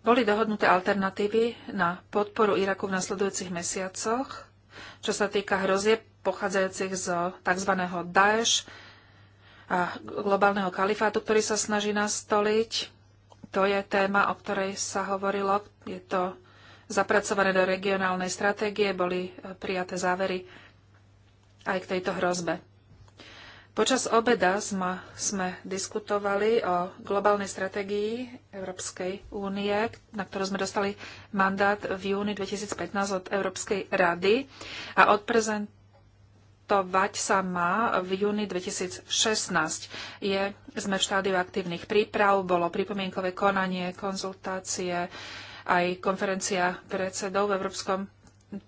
Boli dohodnuté alternatívy na podporu Iraku v nasledujúcich mesiacoch, čo sa týka hrozieb pochádzajúcich z tzv. Daesh a globálneho kalifátu, ktorý sa snaží nastoliť. To je téma, o ktorej sa hovorilo. Je to zapracované do regionálnej stratégie, boli prijaté závery aj k tejto hrozbe. Počas obeda sme, sme diskutovali o globálnej stratégii Európskej únie, na ktorú sme dostali mandát v júni 2015 od Európskej rady a odprezentovať sa má v júni 2016. Je, sme v štádiu aktívnych príprav, bolo pripomienkové konanie, konzultácie, aj konferencia predsedov v Európskom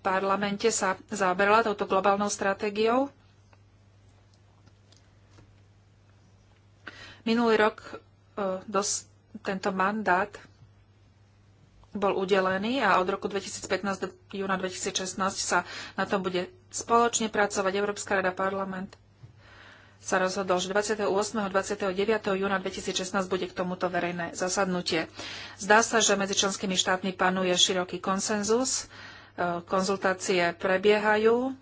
parlamente sa zaoberala touto globálnou stratégiou Minulý rok e, dos, tento mandát bol udelený a od roku 2015 do júna 2016 sa na tom bude spoločne pracovať Európska rada parlament sa rozhodol, že 28. a 29. júna 2016 bude k tomuto verejné zasadnutie. Zdá sa, že medzi členskými štátmi panuje široký konsenzus, e, konzultácie prebiehajú,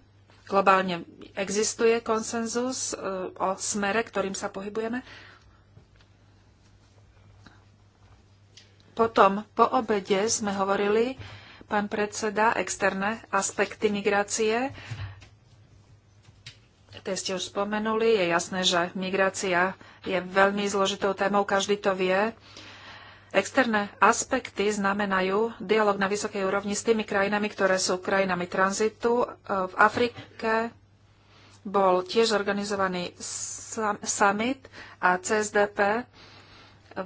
globálne existuje konsenzus e, o smere, ktorým sa pohybujeme. Potom po obede sme hovorili, pán predseda, externé aspekty migrácie. Tie ste už spomenuli. Je jasné, že migrácia je veľmi zložitou témou, každý to vie. Externé aspekty znamenajú dialog na vysokej úrovni s tými krajinami, ktoré sú krajinami tranzitu. V Afrike bol tiež organizovaný summit a CSDP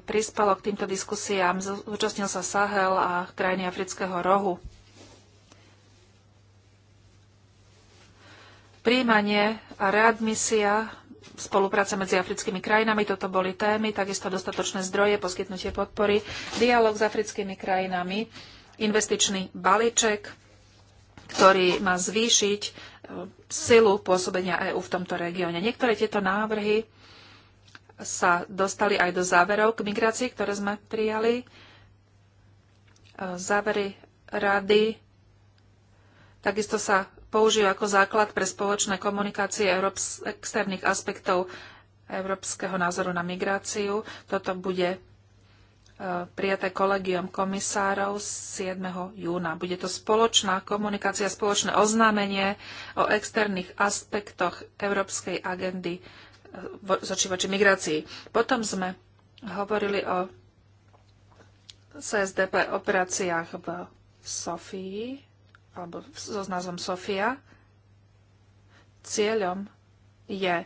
prispelo k týmto diskusiám. Zúčastnil sa Sahel a krajiny Afrického rohu. Príjmanie a readmisia, spolupráca medzi africkými krajinami, toto boli témy, takisto dostatočné zdroje, poskytnutie podpory, dialog s africkými krajinami, investičný balíček, ktorý má zvýšiť e, silu pôsobenia EÚ v tomto regióne. Niektoré tieto návrhy sa dostali aj do záverov k migrácii, ktoré sme prijali. E, závery rady takisto sa použijú ako základ pre spoločné komunikácie Európs- externých aspektov európskeho názoru na migráciu. Toto bude e, prijaté kolegium komisárov 7. júna. Bude to spoločná komunikácia, spoločné oznámenie o externých aspektoch európskej agendy zoči voči migrácii. Potom sme hovorili o CSDP operáciách v Sofii, alebo so názvom Sofia. Cieľom je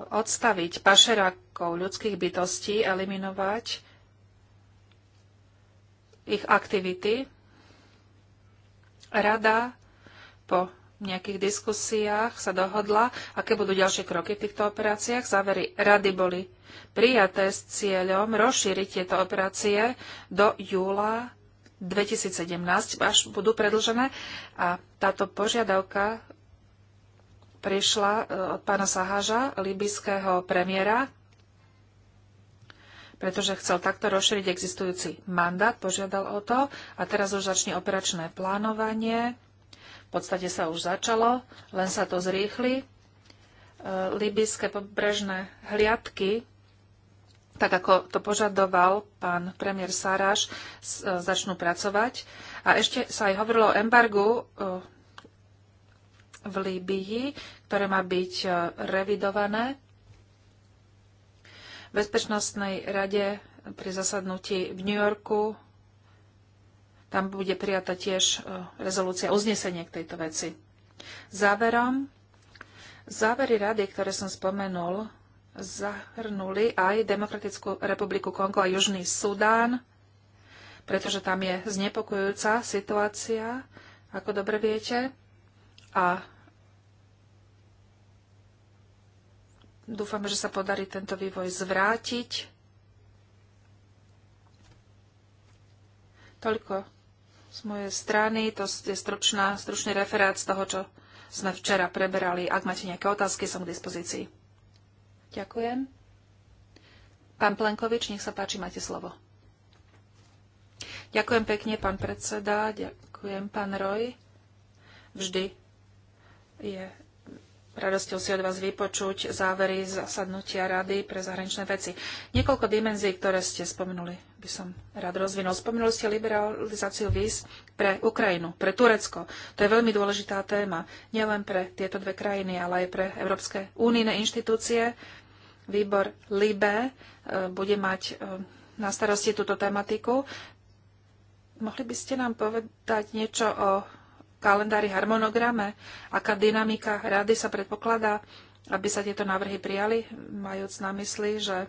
odstaviť pašerákov ľudských bytostí, eliminovať ich aktivity. Rada po nejakých diskusiách sa dohodla, aké budú ďalšie kroky v týchto operáciách. Závery rady boli prijaté s cieľom rozšíriť tieto operácie do júla 2017, až budú predlžené. A táto požiadavka prišla e, od pána Saháža libyského premiéra, pretože chcel takto rozšíriť existujúci mandát, požiadal o to a teraz už začne operačné plánovanie podstate sa už začalo, len sa to zrýchli. E, Libyské pobrežné hliadky, tak ako to požadoval pán premiér Saráš, e, začnú pracovať. A ešte sa aj hovorilo o embargu e, v Líbii, ktoré má byť revidované. V Bezpečnostnej rade pri zasadnutí v New Yorku tam bude prijata tiež e, rezolúcia uznesenie k tejto veci. Záverom, závery rady, ktoré som spomenul, zahrnuli aj Demokratickú republiku Kongo a Južný Sudán, pretože tam je znepokojujúca situácia, ako dobre viete. A dúfame, že sa podarí tento vývoj zvrátiť. Toľko z mojej strany. To je stručná, stručný referát z toho, čo sme včera preberali. Ak máte nejaké otázky, som k dispozícii. Ďakujem. Pán Plenkovič, nech sa páči, máte slovo. Ďakujem pekne, pán predseda. Ďakujem, pán Roj. Vždy je radosťou si od vás vypočuť závery zasadnutia Rady pre zahraničné veci. Niekoľko dimenzií, ktoré ste spomenuli, by som rád rozvinul. Spomenuli ste liberalizáciu víz pre Ukrajinu, pre Turecko. To je veľmi dôležitá téma, nielen pre tieto dve krajiny, ale aj pre Európske únijné inštitúcie. Výbor LIBE e, bude mať e, na starosti túto tematiku. Mohli by ste nám povedať niečo o kalendári, harmonograme, aká dynamika rady sa predpokladá, aby sa tieto návrhy prijali, majúc na mysli, že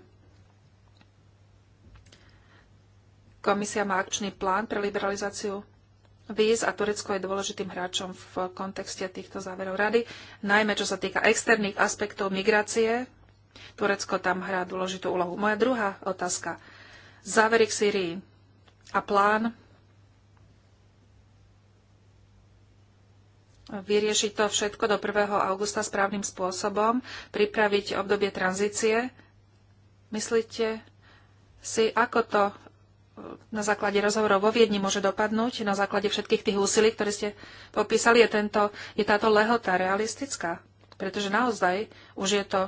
komisia má akčný plán pre liberalizáciu víz a Turecko je dôležitým hráčom v kontexte týchto záverov rady, najmä čo sa týka externých aspektov migrácie. Turecko tam hrá dôležitú úlohu. Moja druhá otázka. Závery k Syrii a plán vyriešiť to všetko do 1. augusta správnym spôsobom, pripraviť obdobie tranzície. Myslíte si, ako to e, na základe rozhovorov vo Viedni môže dopadnúť, na základe všetkých tých úsilí, ktoré ste popísali, je, tento, je táto lehota realistická? Pretože naozaj už je to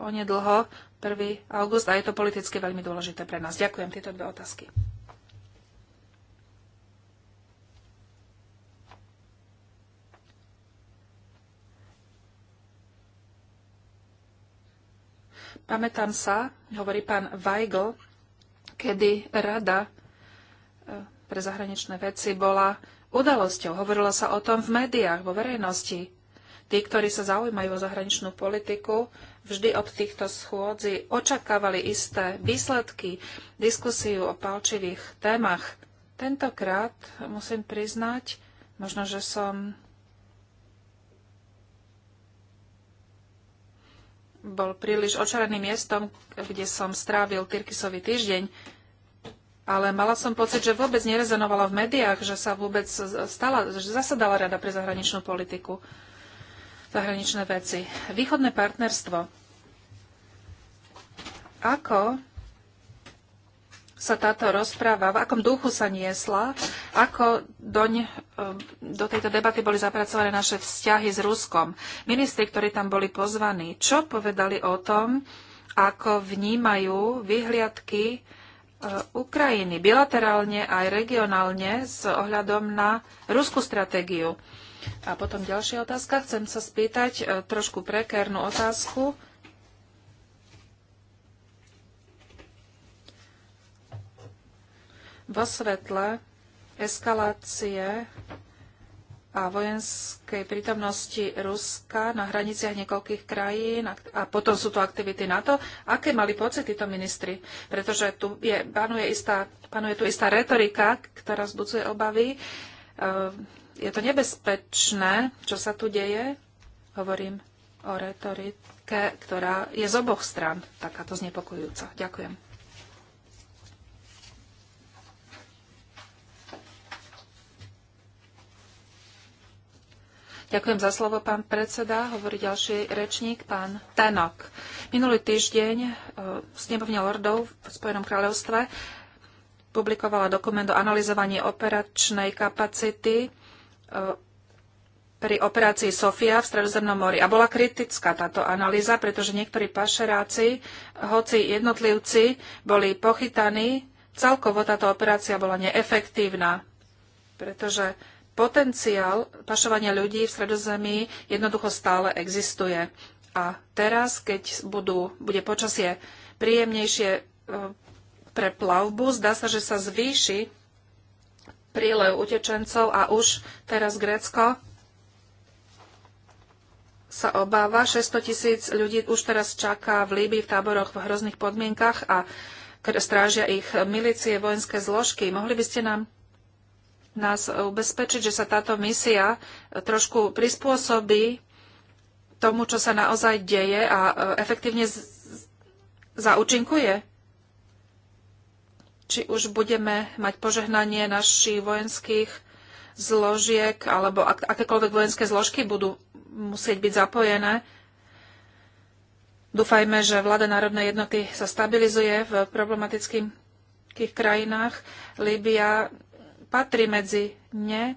onedlho 1. august a je to politicky veľmi dôležité pre nás. Ďakujem tieto dve otázky. Pamätám sa, hovorí pán Weigl, kedy Rada e, pre zahraničné veci bola udalosťou. Hovorilo sa o tom v médiách, vo verejnosti. Tí, ktorí sa zaujímajú o zahraničnú politiku, vždy od týchto schôdzi očakávali isté výsledky, diskusiu o palčivých témach. Tentokrát musím priznať, možno, že som bol príliš očareným miestom, kde som strávil Tyrkisový týždeň, ale mala som pocit, že vôbec nerezonovala v médiách, že sa vôbec stala, že zasadala Rada pre zahraničnú politiku, zahraničné veci. Východné partnerstvo. Ako sa táto rozpráva, v akom duchu sa niesla ako doň, e, do tejto debaty boli zapracované naše vzťahy s Ruskom. Ministri, ktorí tam boli pozvaní, čo povedali o tom, ako vnímajú vyhliadky e, Ukrajiny bilaterálne aj regionálne s ohľadom na ruskú stratégiu. A potom ďalšia otázka. Chcem sa spýtať e, trošku prekernú otázku. Vo svetle eskalácie a vojenskej prítomnosti Ruska na hraniciach niekoľkých krajín a potom sú tu aktivity NATO. Aké mali pocit títo ministri? Pretože tu je, panuje, istá, panuje tu istá retorika, ktorá vzbudzuje obavy. Ehm, je to nebezpečné, čo sa tu deje. Hovorím o retorike, ktorá je z oboch stran takáto znepokojujúca. Ďakujem. Ďakujem za slovo, pán predseda. Hovorí ďalší rečník, pán Tenok. Minulý týždeň v e, snemovne lordov v Spojenom kráľovstve publikovala dokument o analyzovaní operačnej kapacity e, pri operácii Sofia v Stredozemnom mori. A bola kritická táto analýza, pretože niektorí pašeráci, hoci jednotlivci boli pochytaní, celkovo táto operácia bola neefektívna, pretože Potenciál pašovania ľudí v stredozemí jednoducho stále existuje. A teraz, keď budú, bude počasie príjemnejšie e, pre plavbu, zdá sa, že sa zvýši prílev utečencov a už teraz Grécko sa obáva. 600 tisíc ľudí už teraz čaká v Líbii v táboroch v hrozných podmienkach a strážia ich milície, vojenské zložky. Mohli by ste nám nás ubezpečiť, že sa táto misia trošku prispôsobí tomu, čo sa naozaj deje a e, efektívne zaučinkuje? Či už budeme mať požehnanie našich vojenských zložiek, alebo ak- akékoľvek vojenské zložky budú musieť byť zapojené. Dúfajme, že vláda národnej jednoty sa stabilizuje v problematických krajinách. Líbia patrí medzi ne.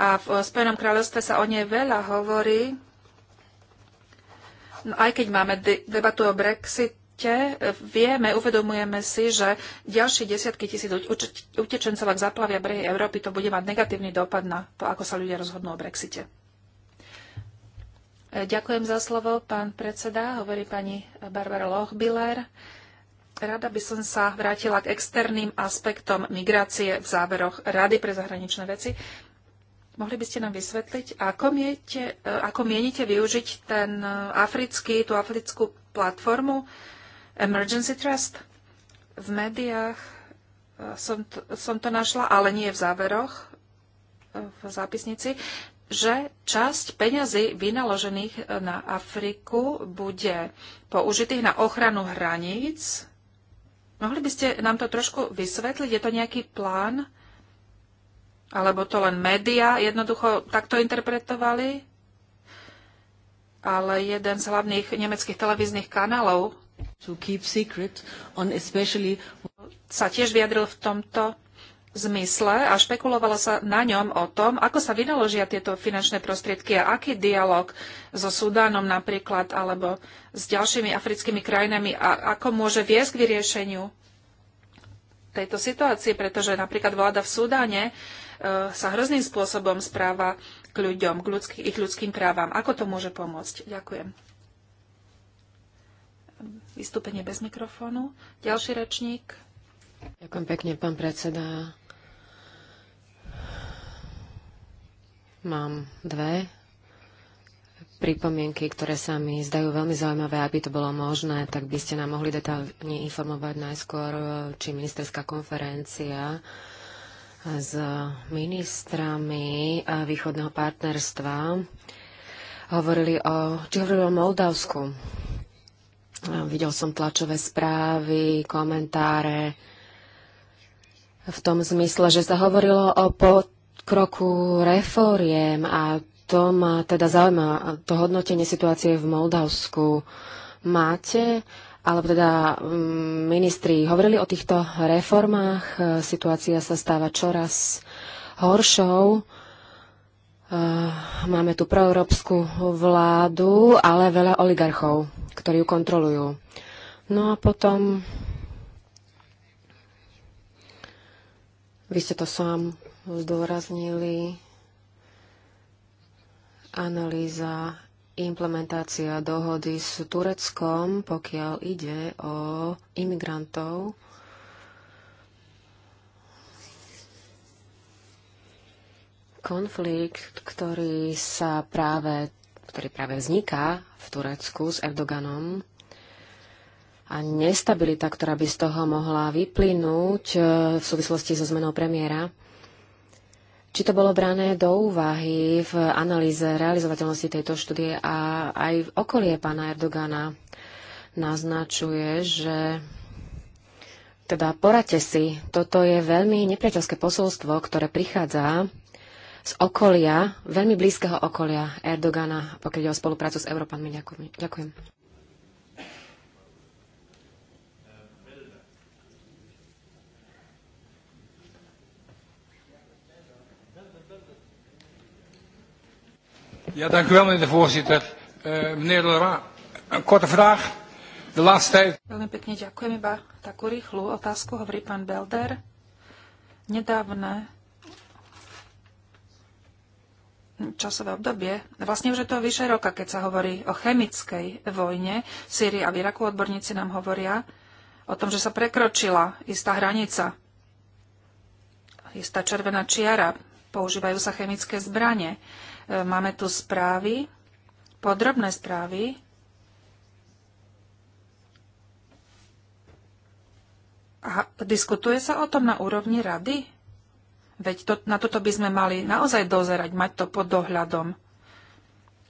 A v Spojenom kráľovstve sa o nej veľa hovorí. No, aj keď máme debatu o Brexite, vieme, uvedomujeme si, že ďalšie desiatky tisíc utečencov, ak zaplavia brehy Európy, to bude mať negatívny dopad na to, ako sa ľudia rozhodnú o Brexite. E, ďakujem za slovo, pán predseda, hovorí pani Barbara Lochbiller. Rada by som sa vrátila k externým aspektom migrácie v záveroch Rady pre zahraničné veci. Mohli by ste nám vysvetliť, ako, miete, eh, ako mienite využiť ten eh, africký, tú africkú platformu Emergency Trust? V médiách eh, som to, som to našla, ale nie v záveroch, v zápisnici, že časť peňazí vynaložených na Afriku bude použitých na ochranu hraníc Mohli by ste nám to trošku vysvetliť? Je to nejaký plán? Alebo to len média jednoducho takto interpretovali? Ale jeden z hlavných nemeckých televíznych kanálov to keep secret on especially... sa tiež vyjadril v tomto zmysle a špekulovalo sa na ňom o tom, ako sa vynaložia tieto finančné prostriedky a aký dialog so Sudánom napríklad alebo s ďalšími africkými krajinami a ako môže viesť k vyriešeniu tejto situácie, pretože napríklad vláda v Sudáne e, sa hrozným spôsobom správa k ľuďom, k ľudský, ich ľudským právam. Ako to môže pomôcť? Ďakujem. Vystúpenie bez mikrofónu. Ďalší rečník. Ďakujem pekne, pán predseda. Mám dve pripomienky, ktoré sa mi zdajú veľmi zaujímavé. Aby to bolo možné, tak by ste nám mohli detálne informovať najskôr, či ministerská konferencia s ministrami východného partnerstva hovorili o, či hovorili o Moldavsku. Videl som tlačové správy, komentáre v tom zmysle, že sa hovorilo o pot kroku reforiem a to ma teda zaujíma, to hodnotenie situácie v Moldavsku. Máte, alebo teda mm, ministri hovorili o týchto reformách, e, situácia sa stáva čoraz horšou. E, máme tu proeurópsku vládu, ale veľa oligarchov, ktorí ju kontrolujú. No a potom, vy ste to sám zdôraznili analýza implementácia dohody s Tureckom, pokiaľ ide o imigrantov. Konflikt, ktorý sa práve, ktorý práve vzniká v Turecku s Erdoganom a nestabilita, ktorá by z toho mohla vyplynúť eh, v súvislosti so zmenou premiéra, či to bolo brané do úvahy v analýze realizovateľnosti tejto štúdie a aj v okolie pána Erdogana naznačuje, že teda poradte si, toto je veľmi nepriateľské posolstvo, ktoré prichádza z okolia, veľmi blízkeho okolia Erdogana, pokiaľ ide o spoluprácu s Európanmi. Ďakujem. Ja, dank u wel, meneer de voorzitter. Uh, meneer Lora, een korte vraag. De laatste tijd... Veľmi pekne ďakujem, iba takú rýchlu otázku hovorí pán Belder. Nedávne časové obdobie. Vlastne už je to vyše roka, keď sa hovorí o chemickej vojne. V Syrii a v Iraku odborníci nám hovoria o tom, že sa prekročila istá hranica, istá červená čiara používajú sa chemické zbranie. E, máme tu správy, podrobné správy. A diskutuje sa o tom na úrovni rady? Veď to, na toto by sme mali naozaj dozerať, mať to pod dohľadom.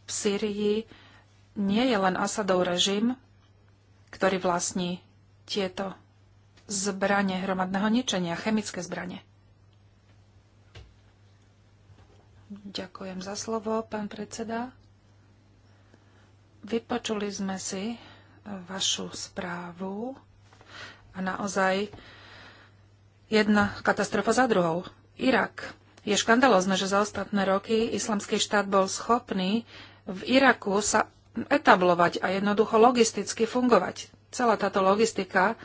V Sýrii nie je len Asadov režim, ktorý vlastní tieto zbranie hromadného ničenia, chemické zbranie. Ďakujem za slovo, pán predseda. Vypočuli sme si e, vašu správu a naozaj jedna katastrofa za druhou. Irak. Je škandalozne, že za ostatné roky islamský štát bol schopný v Iraku sa etablovať a jednoducho logisticky fungovať. Celá táto logistika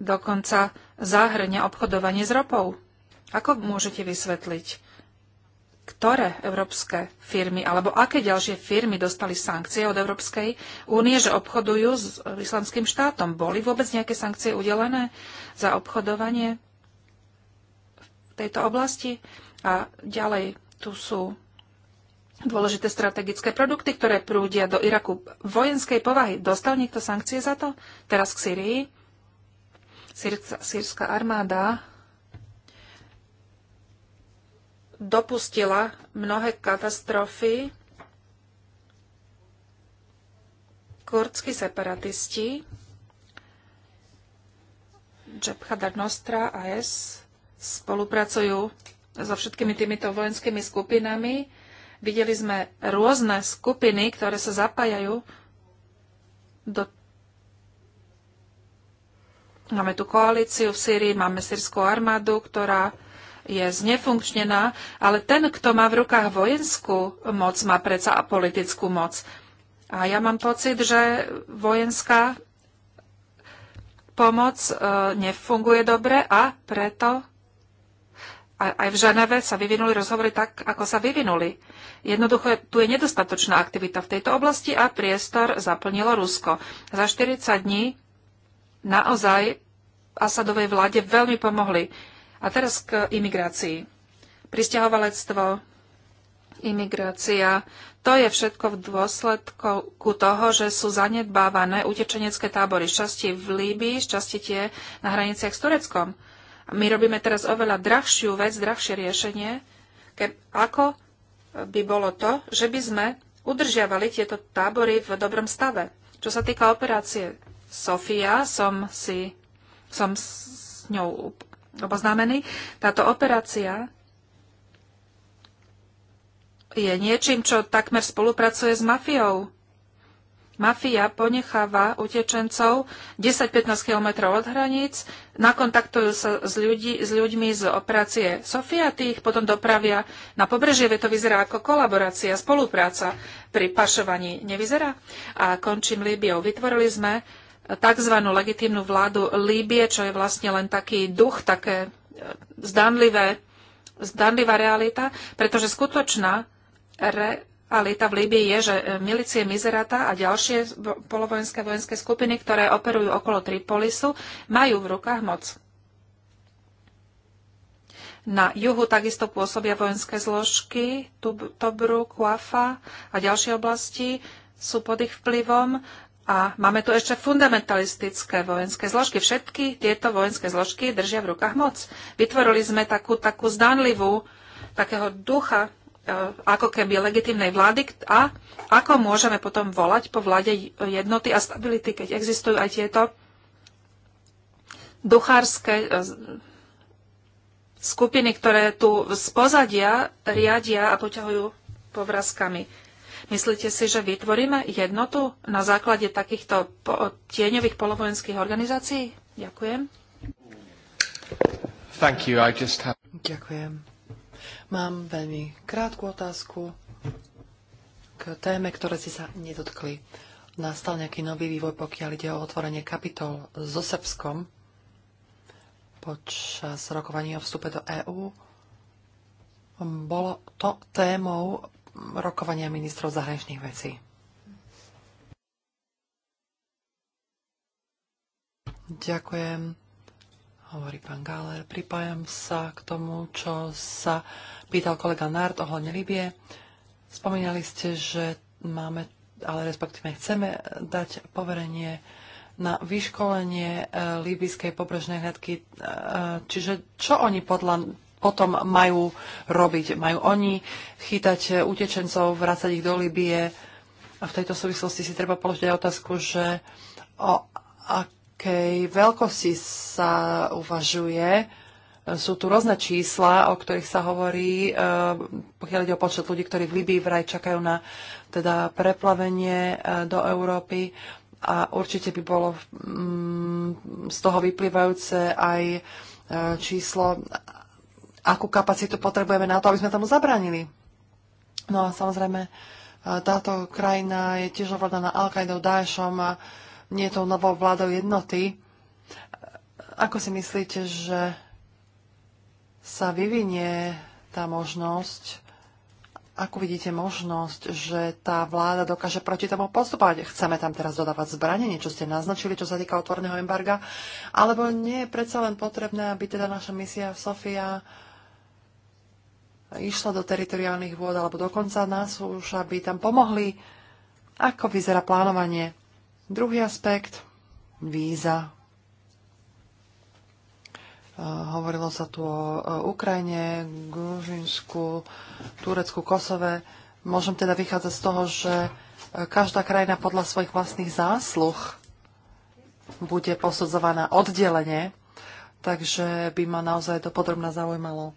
dokonca zahrňa obchodovanie s ropou. Ako môžete vysvetliť ktoré európske firmy alebo aké ďalšie firmy dostali sankcie od Európskej únie, že obchodujú s islamským štátom. Boli vôbec nejaké sankcie udelené za obchodovanie v tejto oblasti? A ďalej tu sú dôležité strategické produkty, ktoré prúdia do Iraku vojenskej povahy. Dostal niekto sankcie za to? Teraz k Syrii. Sýrska armáda dopustila mnohé katastrofy. Kurdskí separatisti, Džabha Nostra a S spolupracujú so všetkými týmito vojenskými skupinami. Videli sme rôzne skupiny, ktoré sa zapájajú do Máme tu koalíciu v Sýrii, máme sírskú armádu, ktorá je znefunkčnená, ale ten, kto má v rukách vojenskú moc, má predsa a politickú moc. A ja mám pocit, že vojenská pomoc e, nefunguje dobre a preto aj v Ženeve sa vyvinuli rozhovory tak, ako sa vyvinuli. Jednoducho tu je nedostatočná aktivita v tejto oblasti a priestor zaplnilo Rusko. Za 40 dní naozaj Asadovej vláde veľmi pomohli a teraz k imigrácii. Pristahovalectvo, imigrácia, to je všetko v dôsledku toho, že sú zanedbávané utečenecké tábory, z časti v Líbii, z časti tie na hraniciach s Tureckom. My robíme teraz oveľa drahšiu vec, drahšie riešenie, ke, ako by bolo to, že by sme udržiavali tieto tábory v dobrom stave. Čo sa týka operácie Sofia, som si som s ňou oboznámení. Táto operácia je niečím, čo takmer spolupracuje s mafiou. Mafia ponecháva utečencov 10-15 km od hraníc, nakontaktujú sa s, ľudí, s ľuďmi z operácie Sofia, tých potom dopravia na pobrežie, to vyzerá ako kolaborácia, spolupráca pri pašovaní, nevyzerá? A končím Líbiou. Vytvorili sme tzv. legitímnu vládu Líbie, čo je vlastne len taký duch, také e, zdanlivé, zdanlivá realita, pretože skutočná realita v Líbii je, že e, milície Mizerata a ďalšie polovojenské vojenské skupiny, ktoré operujú okolo Tripolisu, majú v rukách moc. Na juhu takisto pôsobia vojenské zložky Tobru, Kuafa a ďalšie oblasti sú pod ich vplyvom. A máme tu ešte fundamentalistické vojenské zložky. Všetky tieto vojenské zložky držia v rukách moc. Vytvorili sme takú, takú zdánlivú takého ducha, e, ako keby legitimnej vlády a ako môžeme potom volať po vláde jednoty a stability, keď existujú aj tieto duchárske e, skupiny, ktoré tu z pozadia riadia a poťahujú povrazkami. Myslíte si, že vytvoríme jednotu na základe takýchto po- tieňových polovojenských organizácií? Ďakujem. Thank you. I just have... Ďakujem. Mám veľmi krátku otázku k téme, ktoré si sa nedotkli. Nastal nejaký nový vývoj, pokiaľ ide o otvorenie kapitol so Srbskom počas rokovania o vstupe do EÚ. Bolo to témou rokovania ministrov zahraničných vecí. Ďakujem, hovorí pán Gáler. Pripájam sa k tomu, čo sa pýtal kolega Nard ohľadne Libie. Spomínali ste, že máme, ale respektíve chceme dať poverenie na vyškolenie eh, líbyskej pobrežnej hľadky. Eh, čiže čo oni podľa potom majú robiť. Majú oni chytať utečencov, vrácať ich do Libie. A v tejto súvislosti si treba položiť aj otázku, že o akej veľkosti sa uvažuje. Sú tu rôzne čísla, o ktorých sa hovorí, eh, pokiaľ ide o počet ľudí, ktorí v Libii vraj čakajú na teda preplavenie eh, do Európy. A určite by bolo mm, z toho vyplývajúce aj eh, číslo, akú kapacitu potrebujeme na to, aby sme tomu zabránili. No a samozrejme, e, táto krajina je tiež ovládaná Al-Qaidou, Daešom a nie je to novou vládou jednoty. Ako si myslíte, že sa vyvinie tá možnosť, ako vidíte možnosť, že tá vláda dokáže proti tomu postupovať? Chceme tam teraz dodávať zbranie, niečo ste naznačili, čo sa týka otvorného embarga, alebo nie je predsa len potrebné, aby teda naša misia v Sofia išla do teritoriálnych vôd alebo dokonca nás už aby tam pomohli. Ako vyzerá plánovanie? Druhý aspekt, víza. E, hovorilo sa tu o e, Ukrajine, Gružinsku, Turecku, Kosove. Môžem teda vychádzať z toho, že e, každá krajina podľa svojich vlastných zásluh bude posudzovaná oddelenie, takže by ma naozaj to podrobne zaujímalo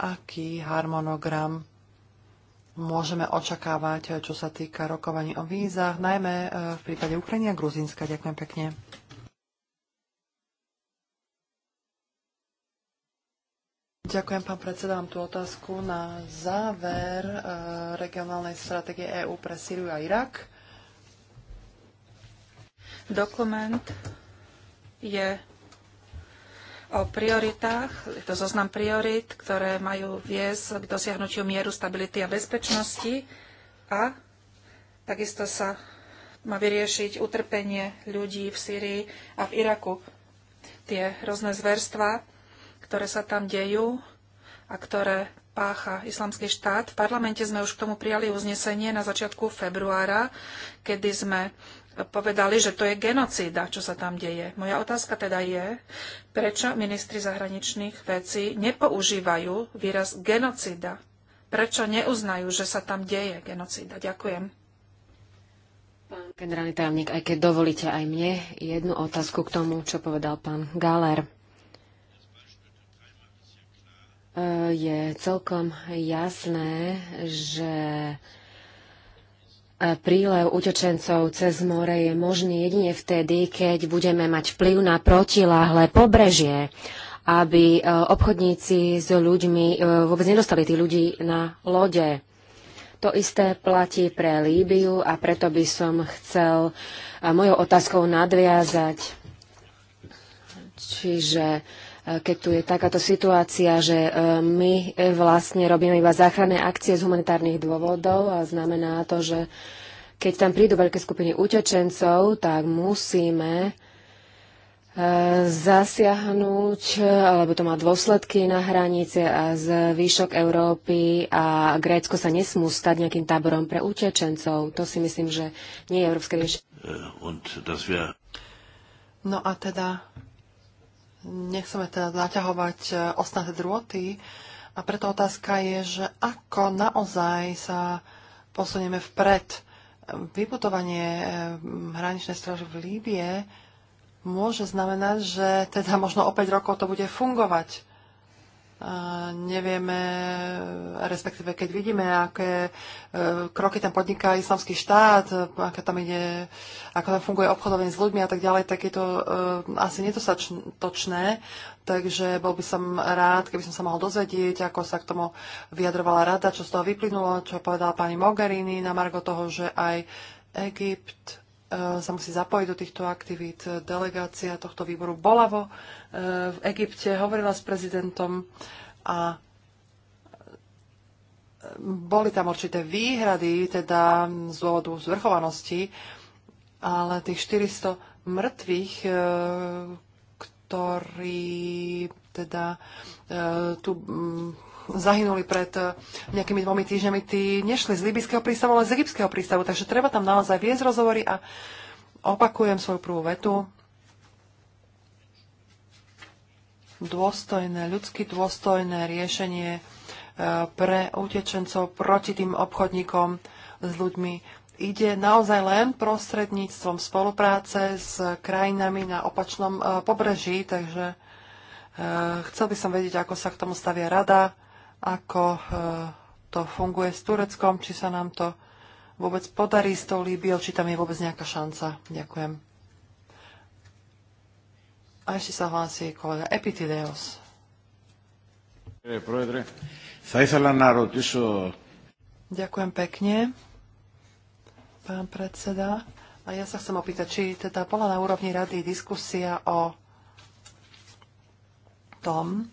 aký harmonogram môžeme očakávať, eh, čo sa týka rokovaní o vízach, najmä eh, v prípade Ukrajiny a Gruzínska. Ďakujem pekne. Ďakujem, pán predseda. vám tú otázku na záver e, regionálnej stratégie EÚ pre Syriu a Irak. Dokument je o prioritách. Je to zoznam priorit, ktoré majú viesť k dosiahnutiu mieru stability a bezpečnosti a takisto sa má vyriešiť utrpenie ľudí v Sýrii a v Iraku. Tie rôzne zverstva, ktoré sa tam dejú a ktoré pácha islamský štát. V parlamente sme už k tomu prijali uznesenie na začiatku februára, kedy sme povedali, že to je genocída, čo sa tam deje. Moja otázka teda je, prečo ministri zahraničných vecí nepoužívajú výraz genocída? Prečo neuznajú, že sa tam deje genocída? Ďakujem. Pán generálny tajomník, aj keď dovolíte aj mne jednu otázku k tomu, čo povedal pán Galer. E, je celkom jasné, že prílev utečencov cez more je možný jedine vtedy, keď budeme mať vplyv na protiláhle pobrežie, aby e, obchodníci s ľuďmi e, vôbec nedostali tých ľudí na lode. To isté platí pre Líbiu a preto by som chcel e, mojou otázkou nadviazať. Čiže uh, E, keď tu je takáto situácia, že e, my e, vlastne robíme iba záchranné akcie z humanitárnych dôvodov a znamená to, že keď tam prídu veľké skupiny utečencov, tak musíme zasiahnuť, alebo to má dôsledky na hranice a z výšok Európy a Grécko sa nesmú stať nejakým táborom pre utečencov. To si myslím, že nie je európske riešenie. No a teda Nechceme teda naťahovať e, ostatné drôty a preto otázka je, že ako naozaj sa posunieme vpred. Vybudovanie e, hraničnej stráže v Líbie môže znamenať, že teda možno o 5 rokov to bude fungovať nevieme, respektíve keď vidíme, aké e, kroky tam podniká islamský štát, aké tam ide, ako tam funguje obchodovanie s ľuďmi a tak ďalej, tak je to e, asi nedostatočné. Takže bol by som rád, keby som sa mohol dozvedieť, ako sa k tomu vyjadrovala rada, čo z toho vyplynulo, čo povedala pani Mogherini na margo toho, že aj Egypt e, sa musí zapojiť do týchto aktivít. Delegácia tohto výboru bola vo v Egypte, hovorila s prezidentom a boli tam určité výhrady, teda z dôvodu zvrchovanosti, ale tých 400 mŕtvych, e, ktorí teda e, tu mm, zahynuli pred e, nejakými dvomi týždňami, tí nešli z libyského prístavu, ale z egyptského prístavu. Takže treba tam naozaj viesť rozhovory a opakujem svoju prvú vetu. dôstojné, ľudsky dôstojné riešenie e, pre utečencov proti tým obchodníkom s ľuďmi. Ide naozaj len prostredníctvom spolupráce s krajinami na opačnom e, pobreží, takže e, chcel by som vedieť, ako sa k tomu stavia rada, ako to funguje s Tureckom, či sa nám to vôbec podarí s tou Líbiou, či tam je vôbec nejaká šanca. Ďakujem. A ešte sa hlási kolega Epitideos. Ďakujem pekne, pán predseda. A ja sa chcem opýtať, či teda bola na úrovni rady diskusia o tom,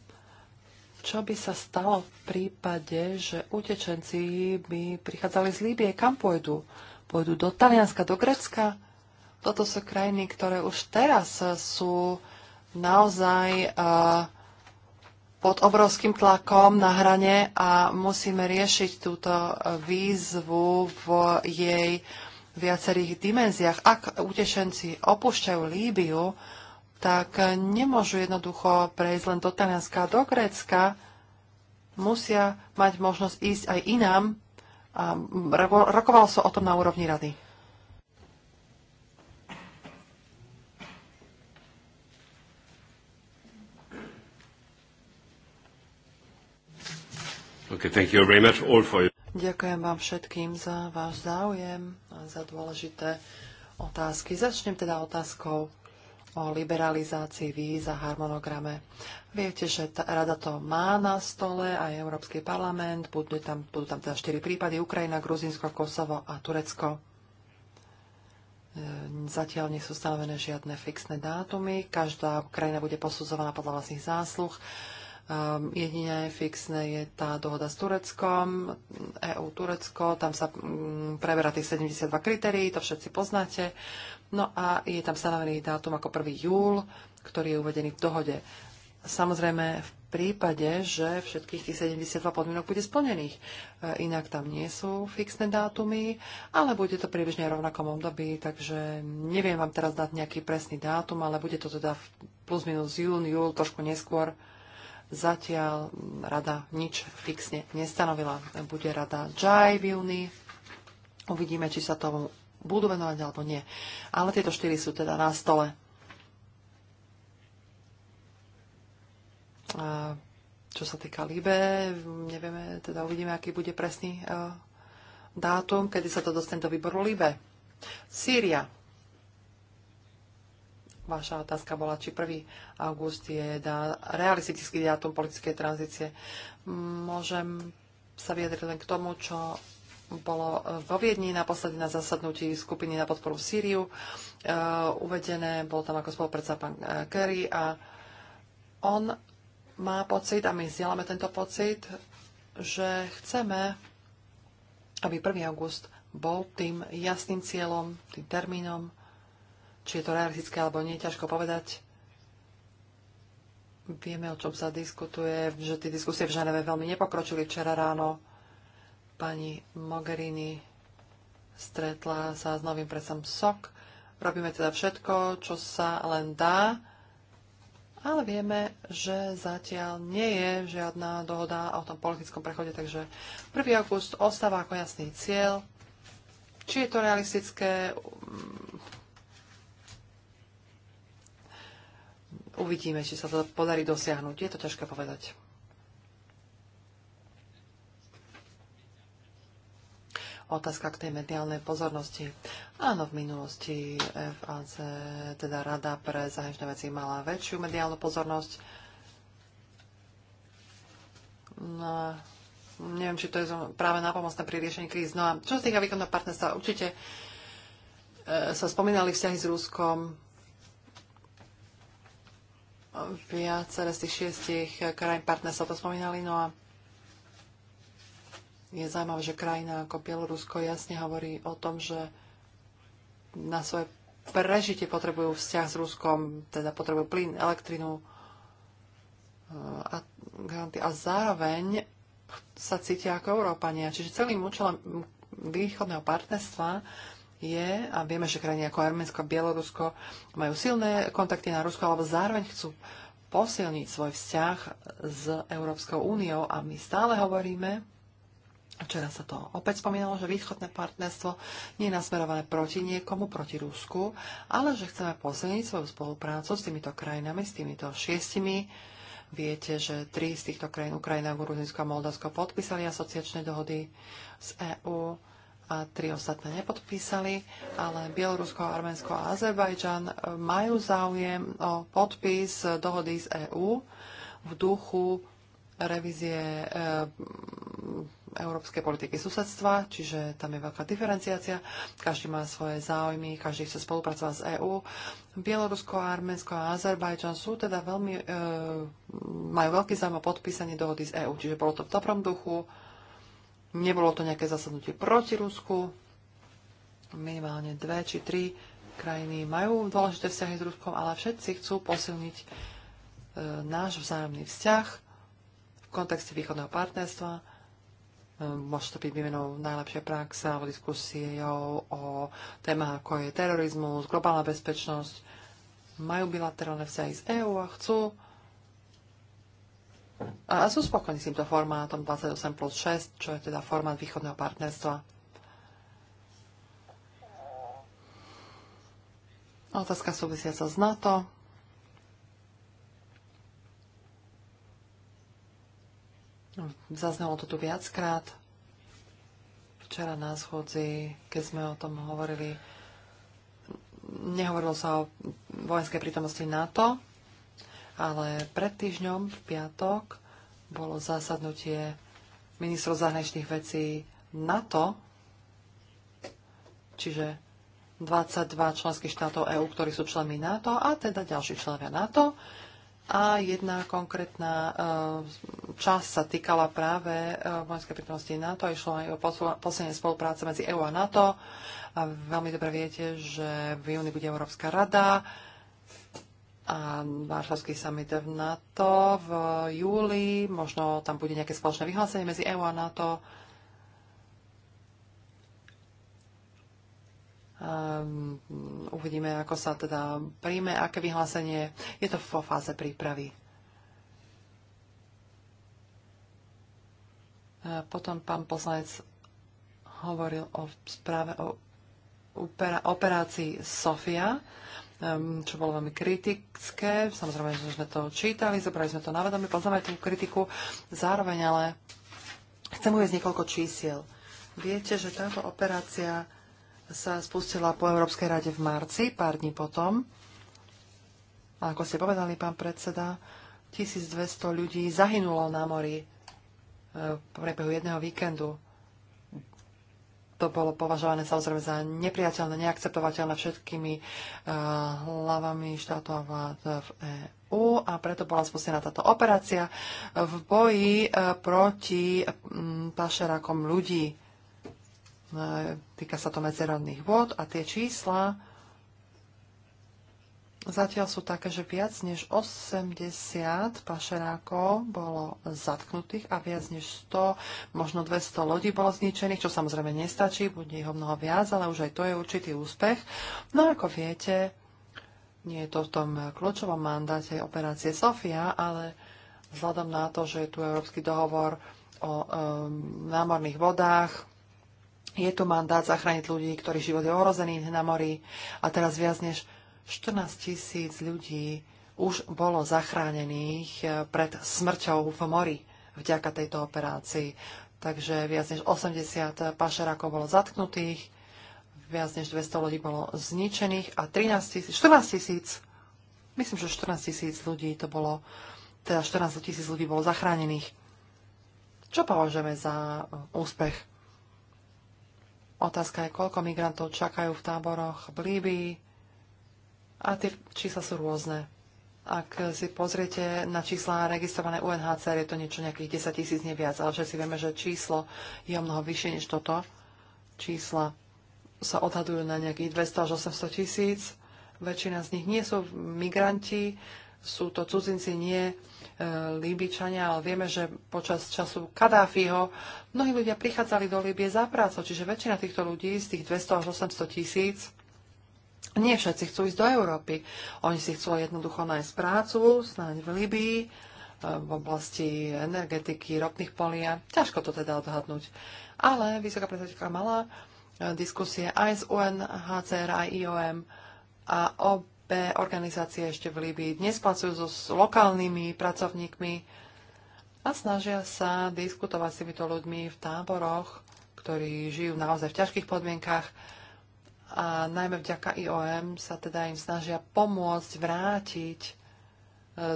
čo by sa stalo v prípade, že utečenci by prichádzali z Líbie, kam pôjdu? Pôjdu do Talianska, do Grecka? Toto sú krajiny, ktoré už teraz sú naozaj e, pod obrovským tlakom na hrane a musíme riešiť túto e, výzvu v jej viacerých dimenziách. Ak utešenci opúšťajú Líbiu, tak nemôžu jednoducho prejsť len do Talianska a do Grécka. Musia mať možnosť ísť aj inám. A rokovalo sa so o tom na úrovni rady. Okay, thank you very much all for you. Ďakujem vám všetkým za váš záujem a za dôležité otázky. Začnem teda otázkou o liberalizácii víz a harmonograme. Viete, že tá rada to má na stole, aj Európsky parlament, budú tam, budú tam teda štyri prípady, Ukrajina, Gruzinsko, Kosovo a Turecko. E, zatiaľ nie sú stanovené žiadne fixné dátumy. Každá krajina bude posudzovaná podľa vlastných zásluh. Um, jediné fixné je tá dohoda s Tureckom, EU-Turecko, tam sa um, preberá tých 72 kritérií, to všetci poznáte. No a je tam stanovený dátum ako 1. júl, ktorý je uvedený v dohode. Samozrejme, v prípade, že všetkých tých 72 podmienok bude splnených. E, inak tam nie sú fixné dátumy, ale bude to približne v rovnakom období, takže neviem vám teraz dať nejaký presný dátum, ale bude to teda plus minus jún, júl, trošku neskôr. Zatiaľ rada nič fixne nestanovila. Bude rada JAI v júni. Uvidíme, či sa tomu budú venovať alebo nie. Ale tieto štyri sú teda na stole. A čo sa týka Libe, nevieme, teda uvidíme, aký bude presný e, dátum, kedy sa to dostane do výboru Libe. Sýria. Vaša otázka bola, či 1. august je da, realistický dátum politickej tranzície. Môžem sa vyjadriť len k tomu, čo bolo eh, vo Viedni naposledy na zasadnutí skupiny na podporu Sýriu e, uvedené, bol tam ako spolupredsa pán eh, Kerry a on má pocit, a my zdieľame tento pocit, že chceme, aby 1. august bol tým jasným cieľom, tým termínom, či je to realistické alebo nie, ťažko povedať. Vieme, o čom sa diskutuje, že tie diskusie v Ženeve veľmi nepokročili včera ráno. Pani Mogherini stretla sa s novým predsom SOK. Robíme teda všetko, čo sa len dá, ale vieme, že zatiaľ nie je žiadna dohoda o tom politickom prechode, takže 1. august ostáva ako jasný cieľ. Či je to realistické, Uvidíme, či sa to podarí dosiahnuť. Je to ťažké povedať. Otázka k tej mediálnej pozornosti. Áno, v minulosti FAC, teda Rada pre zahraničné veci, mala väčšiu mediálnu pozornosť. No, neviem, či to je práve nápomocné pri riešení kríz. No a čo sa týka výkonného partnerstva, určite e, sa spomínali vzťahy s Ruskom, Viacere z tých šiestich krajín partner sa to spomínali, no a je zaujímavé, že krajina ako Bielorusko jasne hovorí o tom, že na svoje prežitie potrebujú vzťah s Ruskom, teda potrebujú plyn, elektrinu eh, a granty. A zároveň sa cítia ako Európania. Čiže celým účelom východného partnerstva je, a vieme, že krajiny ako Arménsko a Bielorusko majú silné kontakty na Rusko, alebo zároveň chcú posilniť svoj vzťah s Európskou úniou a my stále hovoríme, včera sa to opäť spomínalo, že východné partnerstvo nie je nasmerované proti niekomu, proti Rusku, ale že chceme posilniť svoju spoluprácu s týmito krajinami, s týmito šiestimi. Viete, že tri z týchto krajín, Ukrajina, Gruzinsko a Moldavsko, podpísali asociačné dohody z EÚ a tri ostatné nepodpísali, ale Bielorusko, Arménsko a Azerbajdžan e, majú záujem o podpis dohody z EÚ v duchu revízie e, európskej politiky susedstva, čiže tam je veľká diferenciácia. Každý má svoje záujmy, každý chce spolupracovať s EÚ. Bielorusko, Arménsko a Azerbajdžan sú teda veľmi, e, majú veľký záujem o podpísanie dohody z EÚ, čiže bolo to v dobrom duchu Nebolo to nejaké zasadnutie proti Rusku. Minimálne dve či tri krajiny majú dôležité vzťahy s Ruskom, ale všetci chcú posilniť e, náš vzájomný vzťah v kontexte východného partnerstva. E, môže to byť výmenou najlepšia praxa alebo diskusiou o témach ako je terorizmus, globálna bezpečnosť. Majú bilaterálne vzťahy z EÚ a chcú a sú spokojní s týmto formátom 28 plus 6, čo je teda formát východného partnerstva. Otázka súvisiaca s NATO. Zaznelo to tu viackrát. Včera na schodzi, keď sme o tom hovorili, nehovorilo sa o vojenskej prítomnosti NATO, ale pred týždňom v piatok bolo zásadnutie ministrov zahraničných vecí NATO, čiže 22 členských štátov EÚ, ktorí sú členmi NATO a teda ďalší členovia NATO. A jedna konkrétna e, časť sa týkala práve e, vojenskej prítomnosti NATO. Išlo aj o posilnenie spolupráce medzi EÚ a NATO. A veľmi dobre viete, že v júni bude Európska rada a Varšavský summit v NATO v júli. Možno tam bude nejaké spoločné vyhlásenie medzi EU a NATO. Um, uvidíme, ako sa teda príjme, aké vyhlásenie. Je to vo fáze prípravy. potom pán poslanec hovoril o správe o operácii Sofia. Ehm, čo bolo veľmi kritické. Samozrejme, že sme to čítali, zobrali sme to na vedomie, poznáme tú kritiku. Zároveň ale chcem uvieť niekoľko čísiel. Viete, že táto operácia sa spustila po Európskej rade v marci, pár dní potom. A ako ste povedali, pán predseda, 1200 ľudí zahynulo na mori eh, v priebehu jedného víkendu to bolo považované samozrejme za nepriateľné, neakceptovateľné všetkými uh, hlavami štátov a vlád v EÚ a preto bola spustená táto operácia v boji uh, proti um, pašerákom ľudí. Uh, týka sa to medzerodných vod a tie čísla, Zatiaľ sú také, že viac než 80 pašerákov bolo zatknutých a viac než 100, možno 200 lodí bolo zničených, čo samozrejme nestačí, bude ich o mnoho viac, ale už aj to je určitý úspech. No ako viete, nie je to v tom kľúčovom mandáte operácie Sofia, ale vzhľadom na to, že je tu Európsky dohovor o e, námorných vodách, je tu mandát zachrániť ľudí, ktorí život je ohrozený na mori a teraz viac než 14 tisíc ľudí už bolo zachránených eh, pred smrťou v mori vďaka tejto operácii. Takže viac než 80 pašerákov bolo zatknutých, viac než 200 ľudí bolo zničených a 13 000, 14 tisíc, myslím, že 14 tisíc ľudí to bolo, teda 14 tisíc ľudí bolo zachránených. Čo považujeme za eh, úspech? Otázka je, koľko migrantov čakajú v táboroch v Líbii, a tie čísla sú rôzne. Ak si pozriete na čísla registrované UNHCR, je to niečo nejakých 10 tisíc, neviac, ale všetci vieme, že číslo je o mnoho vyššie než toto. Čísla sa odhadujú na nejakých 200 až 800 tisíc. Väčšina z nich nie sú migranti, sú to cudzinci, nie e, Líbičania, ale vieme, že počas času Kadáfiho mnohí ľudia prichádzali do Líbie za prácu, čiže väčšina týchto ľudí z tých 200 až 800 tisíc nie všetci chcú ísť do Európy. Oni si chcú jednoducho nájsť prácu, snáď v Libii, eh, v oblasti energetiky, ropných polia. Ťažko to teda odhadnúť. Ale vysoká predstaviteľka mala eh, diskusie aj z UNHCR, aj IOM a obe organizácie ešte v Libii dnes pracujú so s lokálnymi pracovníkmi a snažia sa diskutovať s týmito ľuďmi v táboroch, ktorí žijú naozaj v ťažkých podmienkach a najmä vďaka IOM sa teda im snažia pomôcť vrátiť e,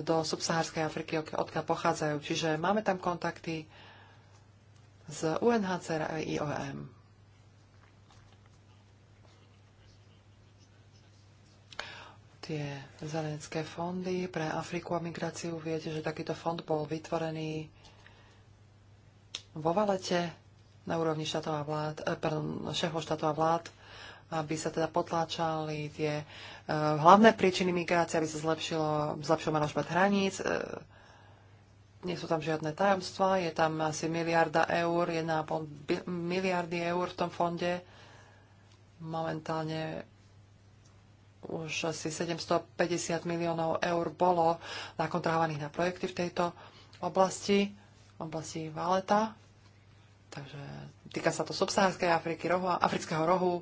do subsahárskej Afriky, odkiaľ pochádzajú. Čiže máme tam kontakty z UNHCR a IOM. Tie zelenecké fondy pre Afriku a migráciu, viete, že takýto fond bol vytvorený vo Valete na úrovni štátov a vlád, eh, pardon, šéfov štátov a vlád aby sa teda potláčali tie uh, hlavné príčiny migrácie, aby sa zlepšilo, zlepšil manažment hraníc. Uh, nie sú tam žiadne tajomstvá, je tam asi miliarda eur, 1,5 miliardy eur v tom fonde. Momentálne už asi 750 miliónov eur bolo nakontrahovaných na projekty v tejto oblasti, oblasti Valeta. Takže týka sa to subsaharskej Afriky, rohu, afrického rohu,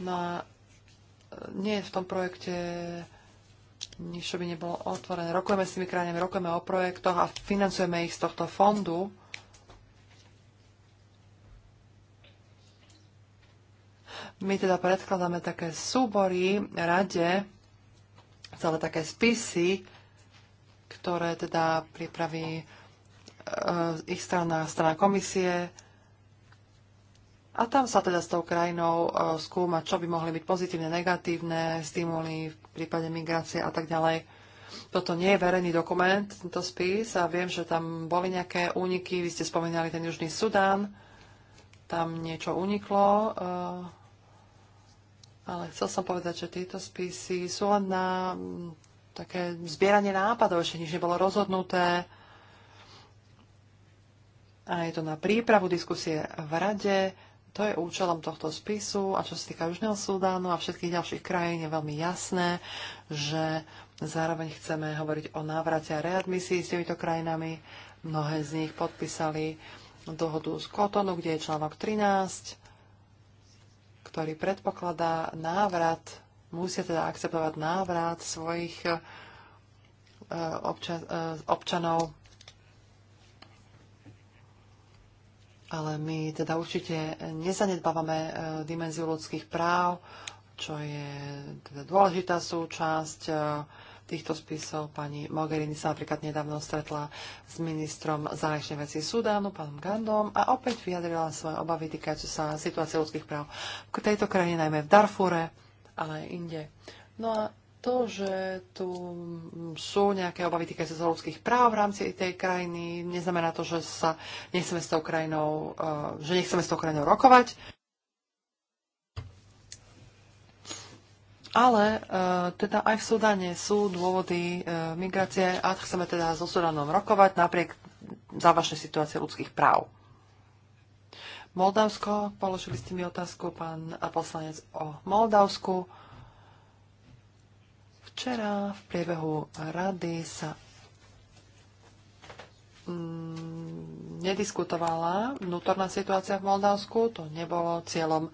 na, no e, nie je v tom projekte nič, čo by nebolo otvorené. Rokujeme s tými krajinami, rokujeme o projektoch a financujeme ich z tohto fondu. My teda predkladáme také súbory rade, celé také spisy, ktoré teda pripraví e, ich strana, strana komisie, a tam sa teda s tou krajinou e, skúma, čo by mohli byť pozitívne, negatívne stimuly v prípade migrácie a tak ďalej. Toto nie je verejný dokument, tento spis a viem, že tam boli nejaké úniky. Vy ste spomínali ten Južný Sudán, tam niečo uniklo. E, ale chcel som povedať, že tieto spisy sú len na také zbieranie nápadov, ešte nič nebolo rozhodnuté. A je to na prípravu diskusie v rade to je účelom tohto spisu a čo sa týka Južného Súdánu a všetkých ďalších krajín je veľmi jasné, že zároveň chceme hovoriť o návrate a readmisii s týmito krajinami. Mnohé z nich podpísali dohodu z Kotonu, kde je článok 13, ktorý predpokladá návrat, musia teda akceptovať návrat svojich eh, eh, občanov ale my teda určite nezanedbávame e, dimenziu ľudských práv, čo je teda dôležitá súčasť e, týchto spisov. Pani Mogherini sa napríklad nedávno stretla s ministrom zahraničnej veci Sudánu, pánom Gandom, a opäť vyjadrila svoje obavy týkajúce sa situácie ľudských práv v tejto krajine, najmä v Darfure, ale aj inde. No a to, že tu sú nejaké obavy týkajúce sa ľudských práv v rámci tej krajiny, neznamená to, že sa nechceme s tou krajinou, eh, že nechceme s tou krajinou rokovať. Ale eh, teda aj v Sudane sú dôvody eh, migrácie a chceme teda so Sudanom rokovať napriek závažnej situácie ľudských práv. Moldavsko, položili ste mi otázku, pán poslanec o Moldavsku. Včera v priebehu rady sa mm, nediskutovala vnútorná situácia v Moldavsku, to nebolo cieľom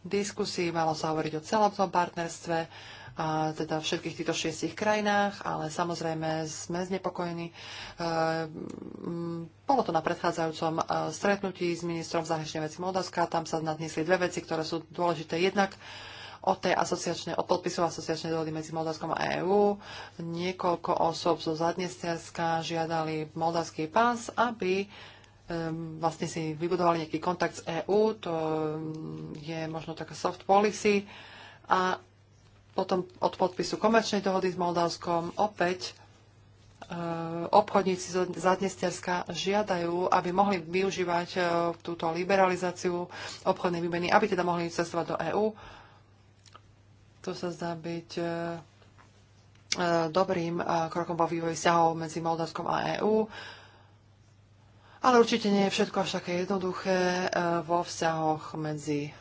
diskusí, malo sa hovoriť o celom partnerstve, a teda všetkých týchto šiestich krajinách, ale samozrejme sme znepokojení. E, mm, bolo to na predchádzajúcom e, stretnutí s ministrom zahraničnej veci Moldavska, tam sa nadniesli dve veci, ktoré sú dôležité. Jednak o, tej asociačnej, o podpisu asociačnej dohody medzi Moldavskom a EÚ. Niekoľko osob zo Zadnestiarska žiadali moldavský pás, aby vlastne si vybudovali nejaký kontakt s EÚ. To je možno taká soft policy. A potom od podpisu komerčnej dohody s Moldavskom opäť eh, obchodníci z Zadnestiarska žiadajú, aby mohli využívať eh, túto liberalizáciu obchodnej výmeny, aby teda mohli cestovať do EÚ. To sa zdá byť e, e, dobrým e, krokom vo vývoji vzťahov medzi Moldavskom a EÚ. Ale určite nie je všetko až také jednoduché vo vzťahoch medzi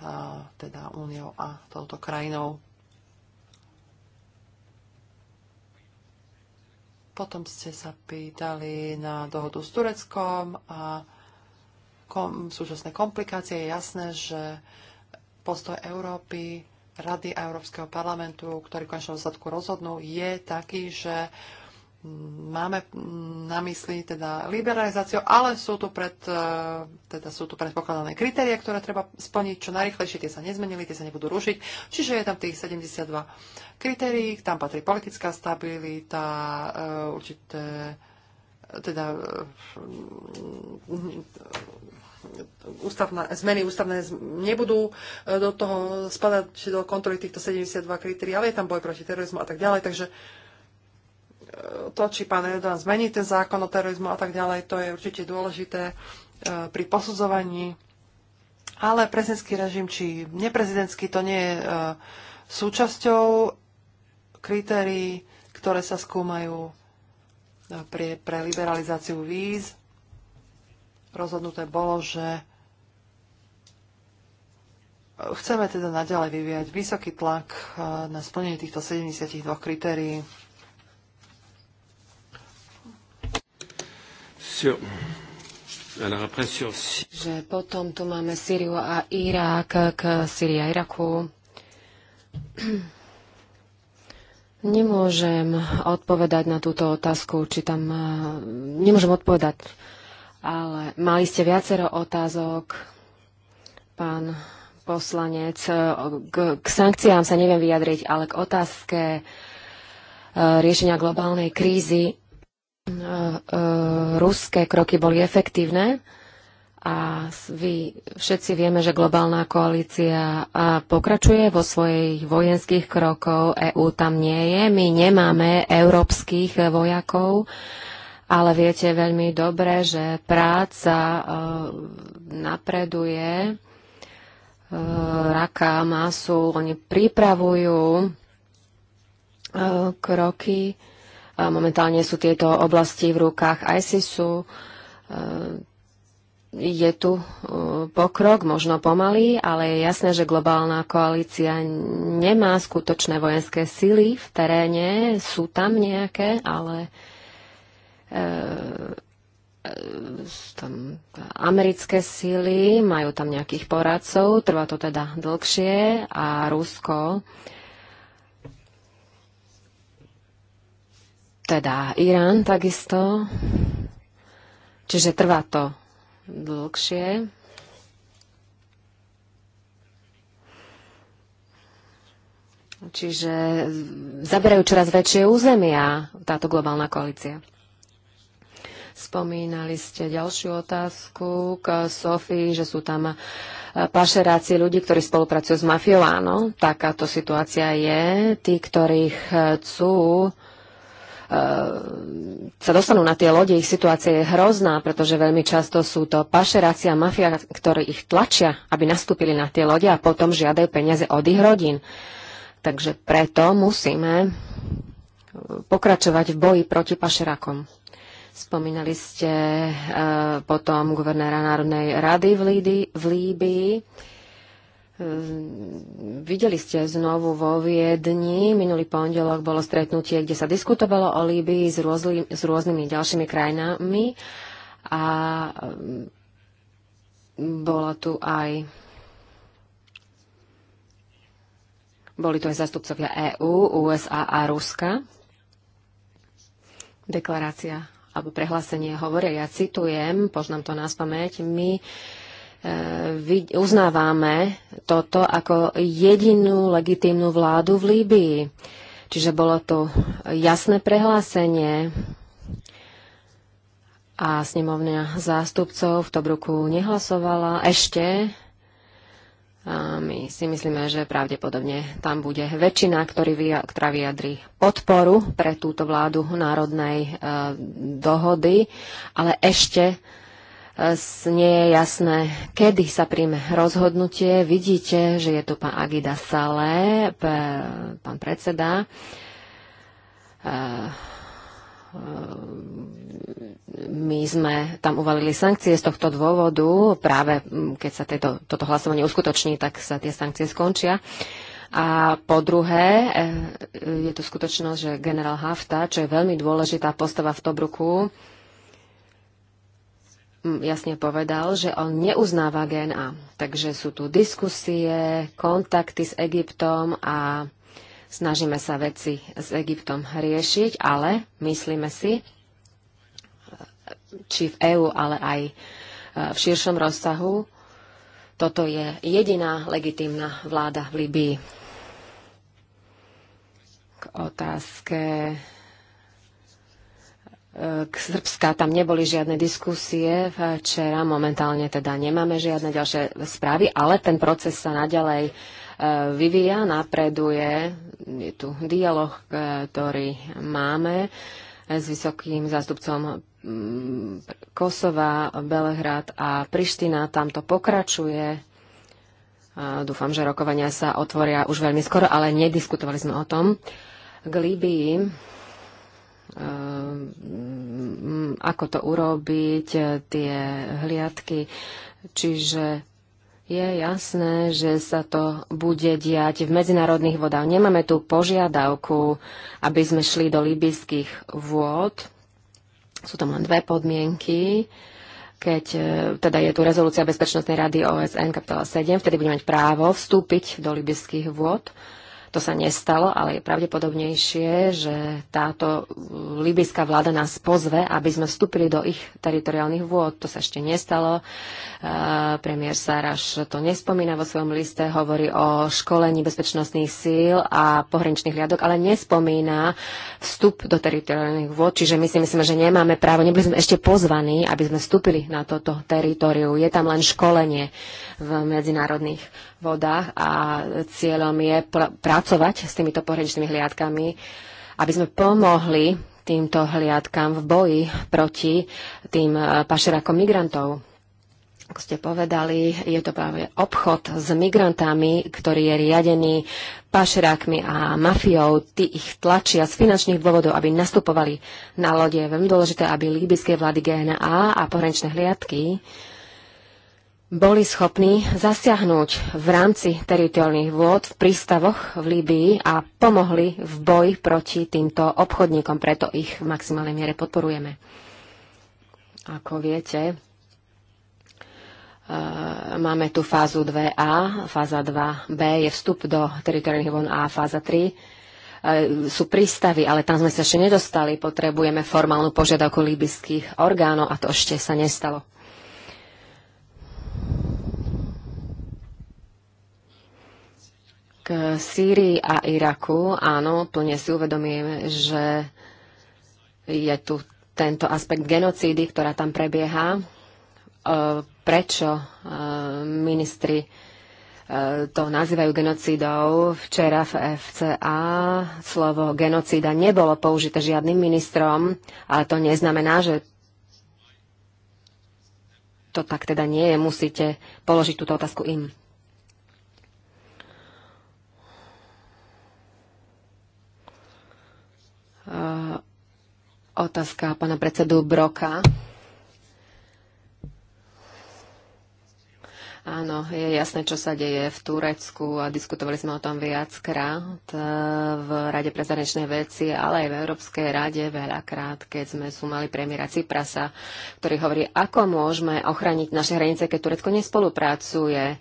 teda Úniou a touto krajinou. Potom ste sa pýtali na dohodu s Tureckom a kom, súčasné komplikácie. Je jasné, že postoj Európy Rady a Európskeho parlamentu, ktorý v konečnom dôsledku rozhodnú, je taký, že máme na mysli teda liberalizáciu, ale sú tu, pred, e, teda sú tu predpokladané kritéria, ktoré treba splniť čo najrychlejšie, tie sa nezmenili, tie sa nebudú rušiť, čiže je tam tých 72 kritérií, tam patrí politická stabilita, e, určité teda e, ústavná, zmeny ústavné nebudú e, do toho spadať do kontroly týchto 72 kritérií, ale je tam boj proti terorizmu a tak ďalej, takže e, to, či pán Erdogan zmení ten zákon o terorizmu a tak ďalej, to je určite dôležité e, pri posudzovaní. Ale prezidentský režim, či neprezidentský, to nie je súčasťou kritérií, ktoré sa skúmajú pre, pre liberalizáciu víz rozhodnuté bolo, že chceme teda naďalej vyvíjať vysoký tlak e, na splnenie týchto 72 kritérií. Že potom tu máme Syriu a Irak k Syrii a Iraku. Nemôžem odpovedať na túto otázku, či tam... E, nemôžem odpovedať ale mali ste viacero otázok, pán poslanec. K, k sankciám sa neviem vyjadriť, ale k otázke e, riešenia globálnej krízy e, e, ruské kroky boli efektívne a vy všetci vieme, že globálna koalícia pokračuje vo svojich vojenských krokov. EÚ tam nie je. My nemáme európskych vojakov ale viete veľmi dobre, že práca e, napreduje, e, raka, masu, oni pripravujú e, kroky. Momentálne sú tieto oblasti v rukách ISISu. Je tu pokrok, možno pomalý, ale je jasné, že globálna koalícia nemá skutočné vojenské sily v teréne. Sú tam nejaké, ale E, e, tam americké síly, majú tam nejakých poradcov, trvá to teda dlhšie a Rusko teda Irán takisto. Čiže trvá to dlhšie. Čiže zaberajú čoraz väčšie územia táto globálna koalícia. Spomínali ste ďalšiu otázku k Sofii, že sú tam e, pašeráci ľudí, ktorí spolupracujú s mafiou. Áno, takáto situácia je. Tí, ktorí chcú e, sa dostanú na tie lode, ich situácia je hrozná, pretože veľmi často sú to pašeráci a mafia, ktorí ich tlačia, aby nastúpili na tie lode a potom žiadajú peniaze od ich rodín. Takže preto musíme pokračovať v boji proti pašerákom. Spomínali ste e, potom guvernéra Národnej rady v, Lídy, v Líbii. E, videli ste znovu vo Viedni. Minulý pondelok bolo stretnutie, kde sa diskutovalo o Líbii s, rôzly, s rôznymi ďalšími krajinami a mm, bola tu aj boli tu aj zastupcovia EÚ, USA a Ruska. Deklarácia alebo prehlásenie hovoria, ja citujem, poznám to na pamäť, my e, uznávame toto ako jedinú legitímnu vládu v Líbii. Čiže bolo to jasné prehlásenie a snemovňa zástupcov v Tobruku nehlasovala ešte my si myslíme, že pravdepodobne tam bude väčšina, ktorý, ktorá vyjadri podporu pre túto vládu národnej e, dohody, ale ešte e, nie je jasné, kedy sa príjme rozhodnutie. Vidíte, že je tu pán Agida Salé, pán predseda. E, my sme tam uvalili sankcie z tohto dôvodu. Práve mm, keď sa tieto, toto hlasovanie uskutoční, tak sa tie sankcie skončia. A po druhé, e, e, je tu skutočnosť, že generál Hafta, čo je veľmi dôležitá postava v Tobruku, mm, jasne povedal, že on neuznáva GNA. Takže sú tu diskusie, kontakty s Egyptom a Snažíme sa veci s Egyptom riešiť, ale myslíme si, či v EÚ, ale aj e, v širšom rozsahu, toto je jediná legitímna vláda v Libii. K otázke e, k Srbska tam neboli žiadne diskusie včera, momentálne teda nemáme žiadne ďalšie správy, ale ten proces sa naďalej vyvíja, napreduje. Je tu dialog, e, ktorý máme s vysokým zástupcom mm, Kosova, Belehrad a Priština. Tam to pokračuje. Dúfam, že rokovania sa otvoria už veľmi skoro, ale nediskutovali sme o tom. K Líbii e, mm, ako to urobiť, e, tie hliadky. Čiže je jasné, že sa to bude diať v medzinárodných vodách. Nemáme tu požiadavku, aby sme šli do libyských vôd. Sú tam len dve podmienky. Keď e, teda je tu rezolúcia Bezpečnostnej rady OSN kapitola 7, vtedy budeme mať právo vstúpiť do libyských vôd. To sa nestalo, ale je pravdepodobnejšie, že táto libyská vláda nás pozve, aby sme vstúpili do ich teritoriálnych vôd. To sa ešte nestalo. E, premiér Saraš to nespomína vo svojom liste, hovorí o školení bezpečnostných síl a pohraničných hliadok, ale nespomína vstup do teritoriálnych vôd. Čiže my si myslíme, že nemáme právo, neboli sme ešte pozvaní, aby sme vstúpili na toto teritoriu. Je tam len školenie v medzinárodných vodách a cieľom je pr- pracovať s týmito pohraničnými hliadkami, aby sme pomohli týmto hliadkám v boji proti tým e, pašerákom migrantov. Ako ste povedali, je to práve obchod s migrantami, ktorý je riadený pašerákmi a mafiou. Tí ich tlačia z finančných dôvodov, aby nastupovali na lode. Je veľmi dôležité, aby líbyské vlády GNA a pohraničné hliadky uh, boli schopní zasiahnuť v rámci teritoriálnych vôd v prístavoch v Líbii a pomohli v boji proti týmto obchodníkom, preto ich v maximálnej miere podporujeme. Ako viete, e, máme tu fázu 2A, fáza 2B je vstup do teritoriálnych vôd A, fáza 3 e, sú prístavy, ale tam sme sa ešte nedostali. Potrebujeme formálnu požiadavku líbyských orgánov a to ešte sa nestalo. K Sýrii a Iraku, áno, plne si uvedomujeme, že je tu tento aspekt genocídy, ktorá tam prebieha. E, prečo e, ministri e, to nazývajú genocídou. Včera v FCA slovo genocída nebolo použité žiadnym ministrom, ale to neznamená, že to tak teda nie je. Musíte položiť túto otázku im. Otázka pána predsedu Broka. Áno, je jasné, čo sa deje v Turecku a diskutovali sme o tom viackrát e, v Rade pre zahraničné veci, ale aj v Európskej rade veľakrát, keď sme sú mali premiéra Ciprasa, ktorý hovorí, ako môžeme ochraniť naše hranice, keď Turecko nespolupracuje.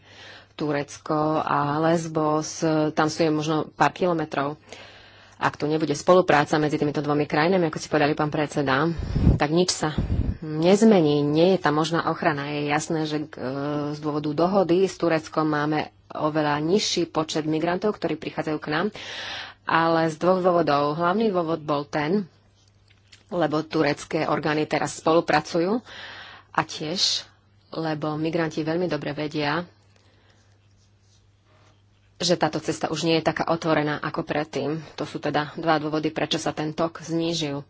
Turecko a Lesbos, e, tam sú je možno pár kilometrov. Uh, ak tu nebude spolupráca medzi týmito dvomi krajinami, ako si povedali pán predseda, tak nič sa nezmení. Nie je tam možná ochrana. Je jasné, že e, z dôvodu dohody s Tureckom máme oveľa nižší počet migrantov, ktorí prichádzajú k nám, ale z dvoch dôvodov. Hlavný dôvod bol ten, lebo turecké orgány teraz spolupracujú a tiež, lebo migranti veľmi dobre vedia, že táto cesta už nie je taká otvorená ako predtým. To sú teda dva dôvody, prečo sa ten tok znížil.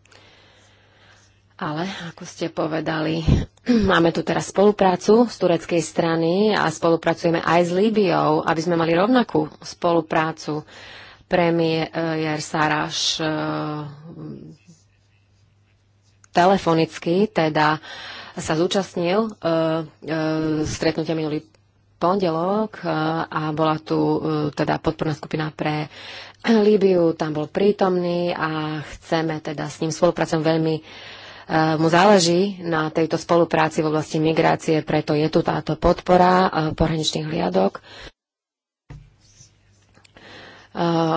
Ale, ako ste povedali, máme tu teraz spoluprácu z tureckej strany a spolupracujeme aj s Líbiou, aby sme mali rovnakú spoluprácu. Premiér Saraš eh, telefonicky teda sa zúčastnil e, e, stretnutia minulý pondelok e, a bola tu e, teda podporná skupina pre Líbiu, tam bol prítomný a chceme teda s ním spolupracom veľmi e, mu záleží na tejto spolupráci v oblasti migrácie, preto je tu táto podpora pohraničných hliadok.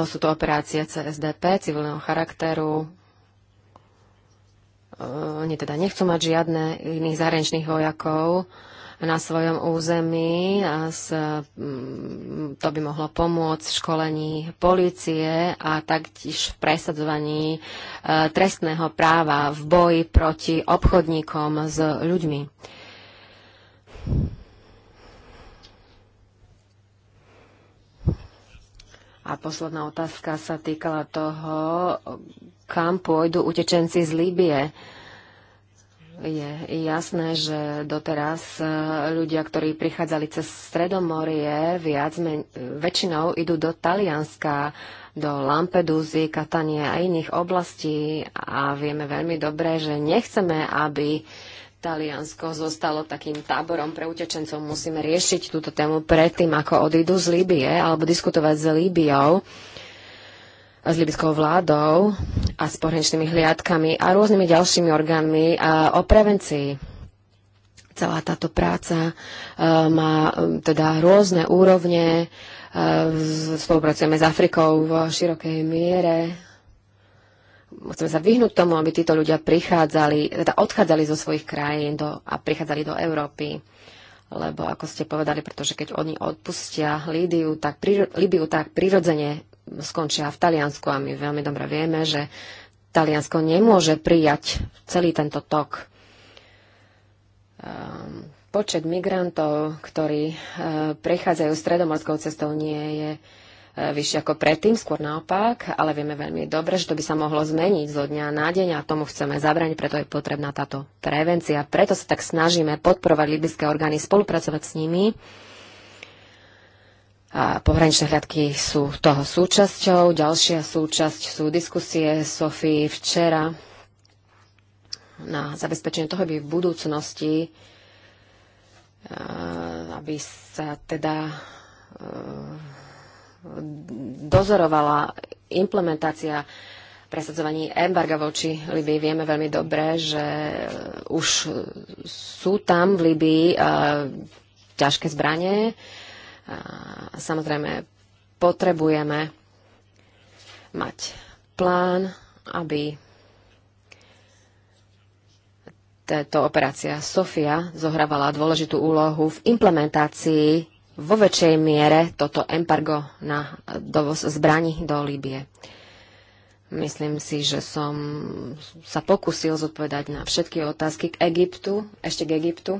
Sú to operácie CSDP, civilného charakteru. Oni teda nechcú mať žiadne iných zahraničných vojakov na svojom území. A s, mm, to by mohlo pomôcť v školení policie a taktiež v presadzovaní e, trestného práva v boji proti obchodníkom s ľuďmi. A posledná otázka sa týkala toho, kam pôjdu utečenci z Líbie. Uh, je jasné, že doteraz e, ľudia, ktorí prichádzali cez Stredomorie, viac men- väčšinou idú do Talianska, do Lampedúzy, Katania a iných oblastí a vieme veľmi dobre, že nechceme, aby Taliansko zostalo takým táborom pre utečencov. Musíme riešiť túto tému predtým, ako odídu z Líbie alebo diskutovať s Líbiou. Uh, s libyskou vládou a s pohraničnými hliadkami a rôznymi ďalšími orgánmi o prevencii. Celá táto práca e, má teda rôzne úrovne. E, spolupracujeme s Afrikou v širokej miere. Chceme sa vyhnúť tomu, aby títo ľudia prichádzali, teda odchádzali zo svojich krajín do, a prichádzali do Európy lebo ako ste povedali, pretože keď oni odpustia Lídiu, tak, Líbiu, tak prirodzene skončia v Taliansku a my veľmi dobre vieme, že Taliansko nemôže prijať celý tento tok. Ehm, počet migrantov, ktorí e, prechádzajú stredomorskou cestou, nie je e, vyššie ako predtým, skôr naopak, ale vieme veľmi dobre, že to by sa mohlo zmeniť zo dňa na deň a tomu chceme zabrať, preto je potrebná táto prevencia. Preto sa tak snažíme podporovať libyské orgány, spolupracovať s nimi a pohraničné hľadky sú toho súčasťou. Ďalšia súčasť sú diskusie Sofii včera na zabezpečenie toho, aby v budúcnosti e, aby sa teda e, dozorovala implementácia presadzovaní embarga voči Libii. Vieme veľmi dobre, že už sú tam v Libii e, ťažké zbranie, Samozrejme, potrebujeme mať plán, aby táto operácia Sofia zohrávala dôležitú úlohu v implementácii vo väčšej miere toto embargo na dovoz zbraní do Líbie. Myslím si, že som sa pokusil zodpovedať na všetky otázky k Egyptu, ešte k Egyptu.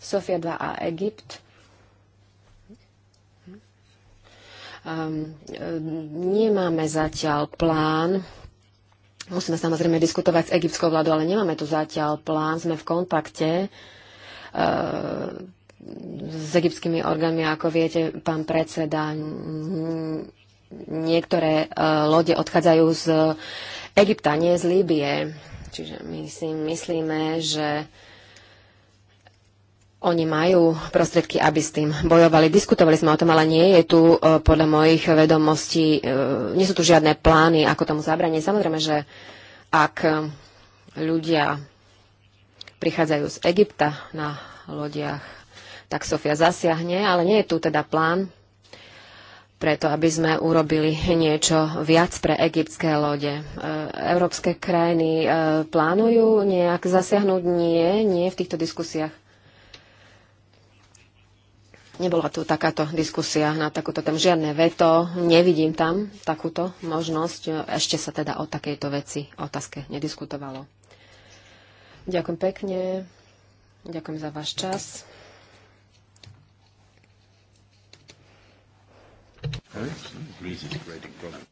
Sofia 2 a Egypt. Ehm, ehm, nemáme zatiaľ plán Musíme samozrejme diskutovať s egyptskou vládou, ale nemáme tu zatiaľ plán. Sme v kontakte ehm, s egyptskými orgánmi, ako viete, pán predseda. Niektoré e, lode odchádzajú z Egypta, nie z Líbie. Čiže my si myslíme, že oni majú prostriedky, aby s tým bojovali. Diskutovali sme o tom, ale nie je tu e, podľa mojich vedomostí, e, nie sú tu žiadne plány, ako tomu zabranie. Samozrejme, že ak e, ľudia prichádzajú z Egypta na lodiach, tak Sofia zasiahne, ale nie je tu teda plán preto, aby sme urobili niečo viac pre egyptské lode. Európske krajiny plánujú nejak zasiahnuť? Nie, nie v týchto diskusiách. Nebola tu takáto diskusia na takúto tam žiadne veto. Nevidím tam takúto možnosť. Ešte sa teda o takejto veci, otázke nediskutovalo. Ďakujem pekne. Ďakujem za váš čas. Okay.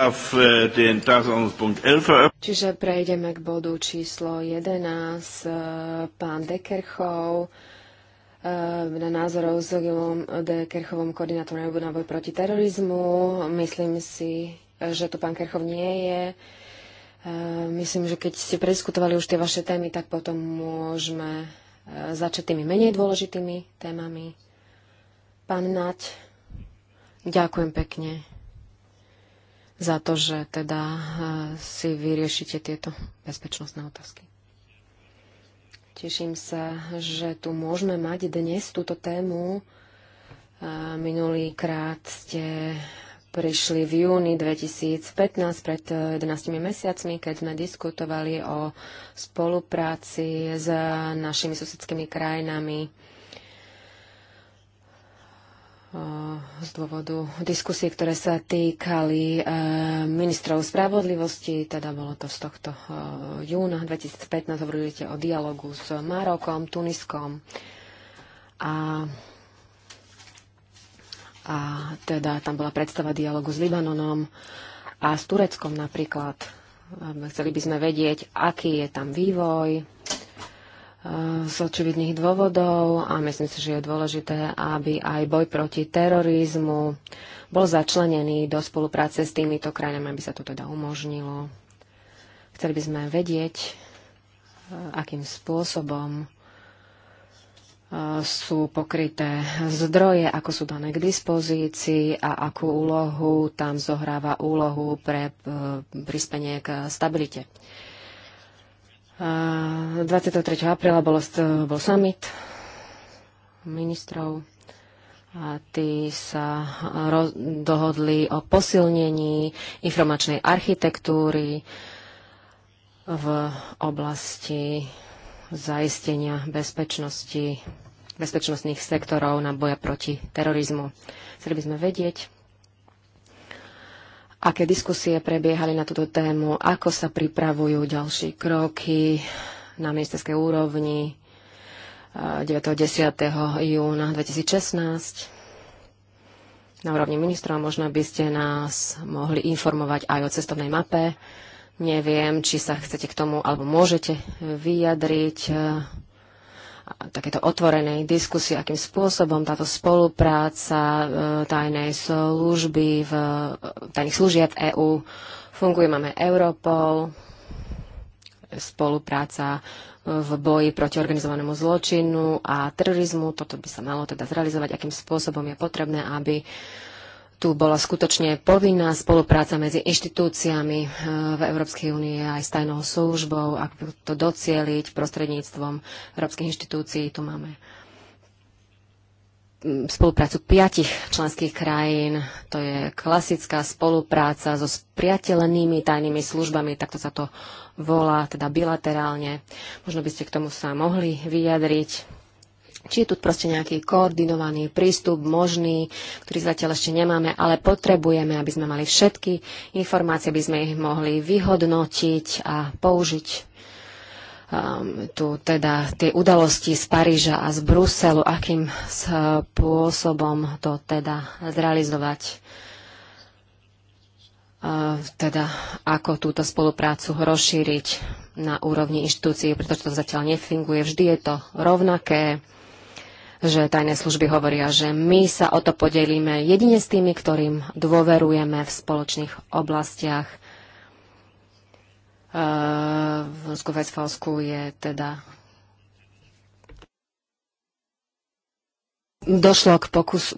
Äh, Čiže prejdeme k bodu číslo 11. Äh, pán Dekerchov äh, na názorov s Gilom D. Kerchovom koordinátorom na boj proti terorizmu. Myslím si, že tu pán Kerchov nie je. Myslím, že keď ste prediskutovali už tie vaše témy, tak potom môžeme začať tými menej dôležitými témami. Pán Nať, ďakujem pekne za to, že teda e, si vyriešite tieto bezpečnostné otázky. Teším sa, že tu môžeme mať dnes túto tému. E, minulý krát ste prišli v júni 2015, pred 11 mesiacmi, keď sme diskutovali o spolupráci s našimi susedskými krajinami z dôvodu diskusie, ktoré sa týkali eh, ministrov spravodlivosti, teda bolo to z tohto eh, júna 2015, hovorili o dialogu s Marokom, Tuniskom a, a teda tam bola predstava dialogu s Libanonom a s Tureckom napríklad. Eh, chceli by sme vedieť, aký je tam vývoj, Eh, z očividných dôvodov a myslím si, že je dôležité, aby aj boj proti terorizmu bol začlenený do spolupráce s týmito krajinami, aby sa to teda umožnilo. Chceli by sme vedieť, eh, akým spôsobom eh, sú pokryté zdroje, ako sú dané k dispozícii a akú úlohu tam zohráva úlohu pre prispenie k stabilite. 23. apríla bol, bol summit ministrov a tí sa roz, dohodli o posilnení informačnej architektúry v oblasti zaistenia bezpečnosti, bezpečnostných sektorov na boja proti terorizmu. Chceli by sme vedieť, aké diskusie prebiehali na túto tému, ako sa pripravujú ďalšie kroky na ministerskej úrovni 9. 10. júna 2016 na úrovni ministrov. Možno by ste nás mohli informovať aj o cestovnej mape. Neviem, či sa chcete k tomu alebo môžete vyjadriť takéto otvorenej diskusie, akým spôsobom táto spolupráca e, tajnej služby v e, tajných služieb EÚ funguje. Máme Europol, spolupráca v boji proti organizovanému zločinu a terorizmu. Toto by sa malo teda zrealizovať, akým spôsobom je potrebné, aby uh, tu bola skutočne povinná spolupráca medzi inštitúciami eh, v Európskej únie aj s tajnou službou, ako to docieliť prostredníctvom európskych inštitúcií. Tu máme mm, spoluprácu piatich členských krajín. To je klasická spolupráca so spriateľenými tajnými službami, takto sa to volá, teda bilaterálne. Možno by ste k tomu sa mohli vyjadriť. Či je tu proste nejaký koordinovaný prístup možný, ktorý zatiaľ ešte nemáme, ale potrebujeme, aby sme mali všetky informácie, aby sme ich mohli vyhodnotiť a použiť um, tu teda tie udalosti z Paríža a z Bruselu, akým spôsobom uh, to teda zrealizovať uh, teda ako túto spoluprácu rozšíriť na úrovni inštitúcií, pretože to zatiaľ nefunguje. Vždy je to rovnaké že tajné služby hovoria, že my sa o to podelíme jedine s tými, ktorým dôverujeme v spoločných oblastiach. E, v Rusku je teda došlo k pokusu,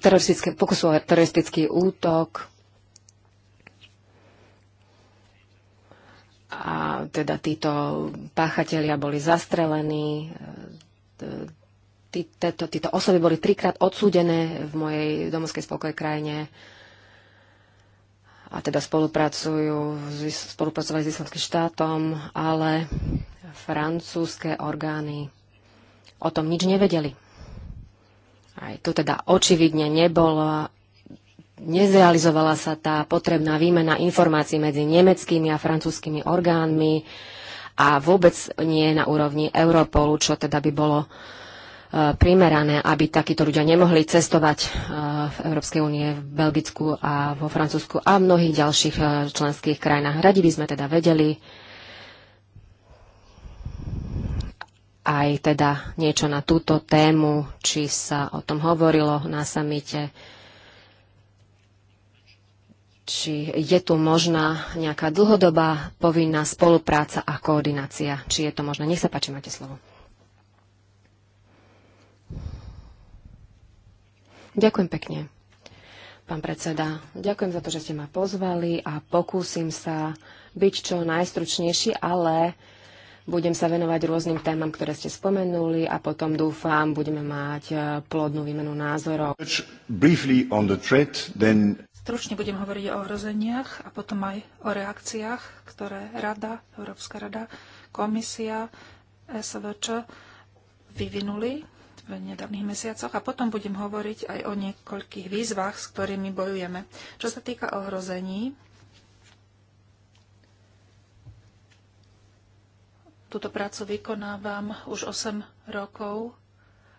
pokusu o teroristický útok a teda títo páchatelia boli zastrelení e, Títo, títo osoby boli trikrát odsúdené v mojej domovskej spolkovej krajine a teda spolupracujú, spolupracovali s Islamským štátom, ale francúzske orgány o tom nič nevedeli. Aj tu teda očividne nebolo, nezrealizovala sa tá potrebná výmena informácií medzi nemeckými a francúzskými orgánmi a vôbec nie na úrovni Europolu, čo teda by bolo uh, primerané, aby takíto ľudia nemohli cestovať eh, v Európskej únie, v Belgicku a vo Francúzsku a v mnohých ďalších eh, členských krajinách. Radi by sme teda vedeli aj teda niečo na túto tému, či sa o tom hovorilo na samite, či je tu možná nejaká dlhodobá povinná spolupráca a koordinácia, či je to možné. Nech sa páči, máte slovo. Ďakujem pekne. Pán predseda, ďakujem za to, že ste ma pozvali a pokúsim sa byť čo najstručnejší, ale budem sa venovať rôznym témam, ktoré ste spomenuli a potom dúfam, budeme mať e, plodnú výmenu názorov. Stručne budem hovoriť o ohrozeniach a potom aj o reakciách, ktoré Rada, Európska rada, Komisia, SVČ vyvinuli v nedávnych mesiacoch a potom budem hovoriť aj o niekoľkých výzvach, s ktorými bojujeme. Čo sa týka ohrození, túto prácu vykonávam už 8 rokov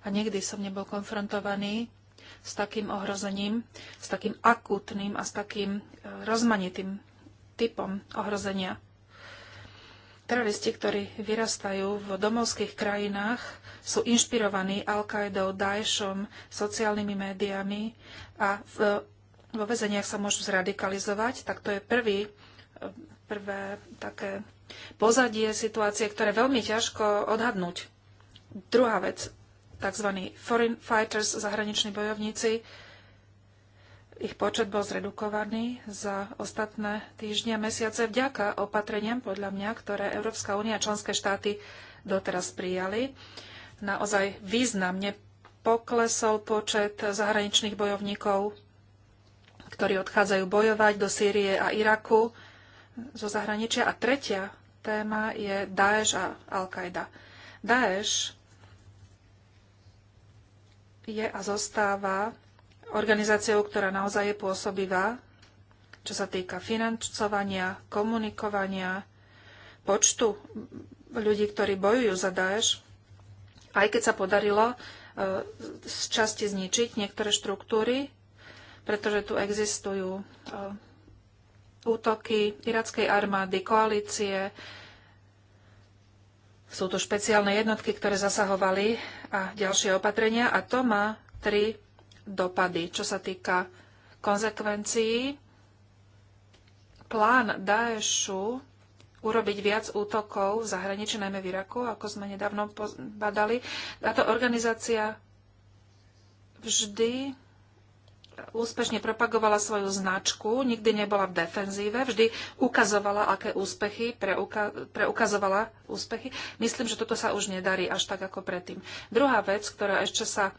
a nikdy som nebol konfrontovaný s takým ohrozením, s takým akútnym a s takým e, rozmanitým typom ohrozenia. Teroristi, ktorí vyrastajú v domovských krajinách, sú inšpirovaní Al-Qaidou, Daešom, sociálnymi médiami a v, vo vezeniach sa môžu zradikalizovať, tak to je prvý, prvé také pozadie situácie, ktoré veľmi ťažko odhadnúť. Druhá vec, tzv. foreign fighters, zahraniční bojovníci, ich počet bol zredukovaný za ostatné týždne a mesiace vďaka opatreniam, podľa mňa, ktoré Európska únia a členské štáty doteraz prijali naozaj významne poklesol počet zahraničných bojovníkov, ktorí odchádzajú bojovať do Sýrie a Iraku zo zahraničia. A tretia téma je Daesh a Al-Qaida. Daesh je a zostáva organizáciou, ktorá naozaj je pôsobivá, čo sa týka financovania, komunikovania, počtu ľudí, ktorí bojujú za Daesh aj keď sa podarilo e, z časti zničiť niektoré štruktúry, pretože tu existujú e, útoky irackej armády, koalície, sú tu špeciálne jednotky, ktoré zasahovali a ďalšie opatrenia a to má tri dopady, čo sa týka konzekvencií. Plán Daešu urobiť viac útokov v zahraničí, najmä v Iraku, ako sme nedávno badali. Táto organizácia vždy úspešne propagovala svoju značku, nikdy nebola v defenzíve, vždy ukazovala, aké úspechy, preuka- preukazovala úspechy. Myslím, že toto sa už nedarí až tak ako predtým. Druhá vec, ktorá ešte sa e,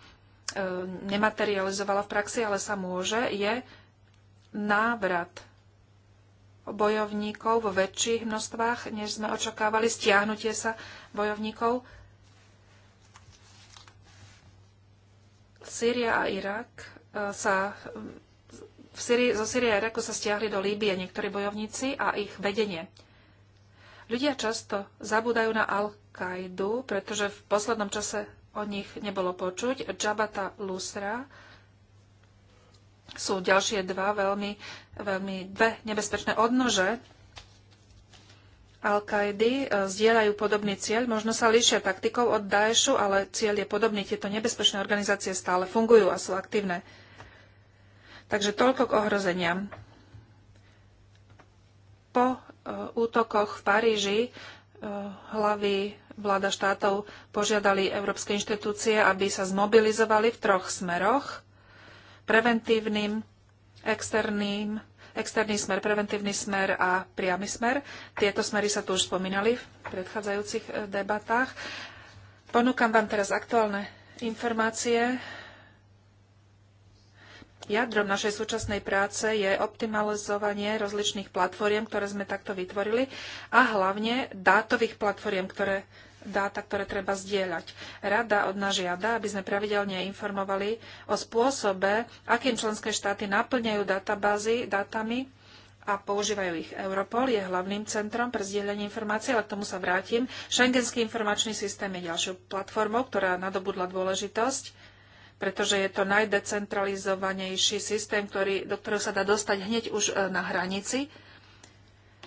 nematerializovala v praxi, ale sa môže, je návrat bojovníkov vo väčších množstvách, než sme očakávali, stiahnutie sa bojovníkov. Sýria a Irak e, sa v Syrii, zo Syrie a Iraku sa stiahli do Líbie niektorí bojovníci a ich vedenie. Ľudia často zabúdajú na Al-Kaidu, pretože v poslednom čase o nich nebolo počuť. Džabata Lusra, sú ďalšie dva veľmi, veľmi dve nebezpečné odnože Al-Kaidy e, zdieľajú podobný cieľ, možno sa líšia taktikou od Daešu, ale cieľ je podobný. Tieto nebezpečné organizácie stále fungujú a sú aktívne. Takže toľko k ohrozeniam. Po e, útokoch v Paríži e, hlavy vláda štátov požiadali európske inštitúcie, aby sa zmobilizovali v troch smeroch – preventívnym, externým, externý smer, preventívny smer a priamy smer. Tieto smery sa tu už spomínali v predchádzajúcich e, debatách. Ponúkam vám teraz aktuálne informácie. Jadrom našej súčasnej práce je optimalizovanie rozličných platform, ktoré sme takto vytvorili a hlavne dátových platform, ktoré dáta, ktoré treba zdieľať. Rada od nás žiada, aby sme pravidelne informovali o spôsobe, akým členské štáty naplňajú databázy dátami a používajú ich. Europol je hlavným centrom pre zdieľanie informácií, ale k tomu sa vrátim. Schengenský informačný systém je ďalšou platformou, ktorá nadobudla dôležitosť pretože je to najdecentralizovanejší systém, ktorý, do ktorého sa dá dostať hneď už e, na hranici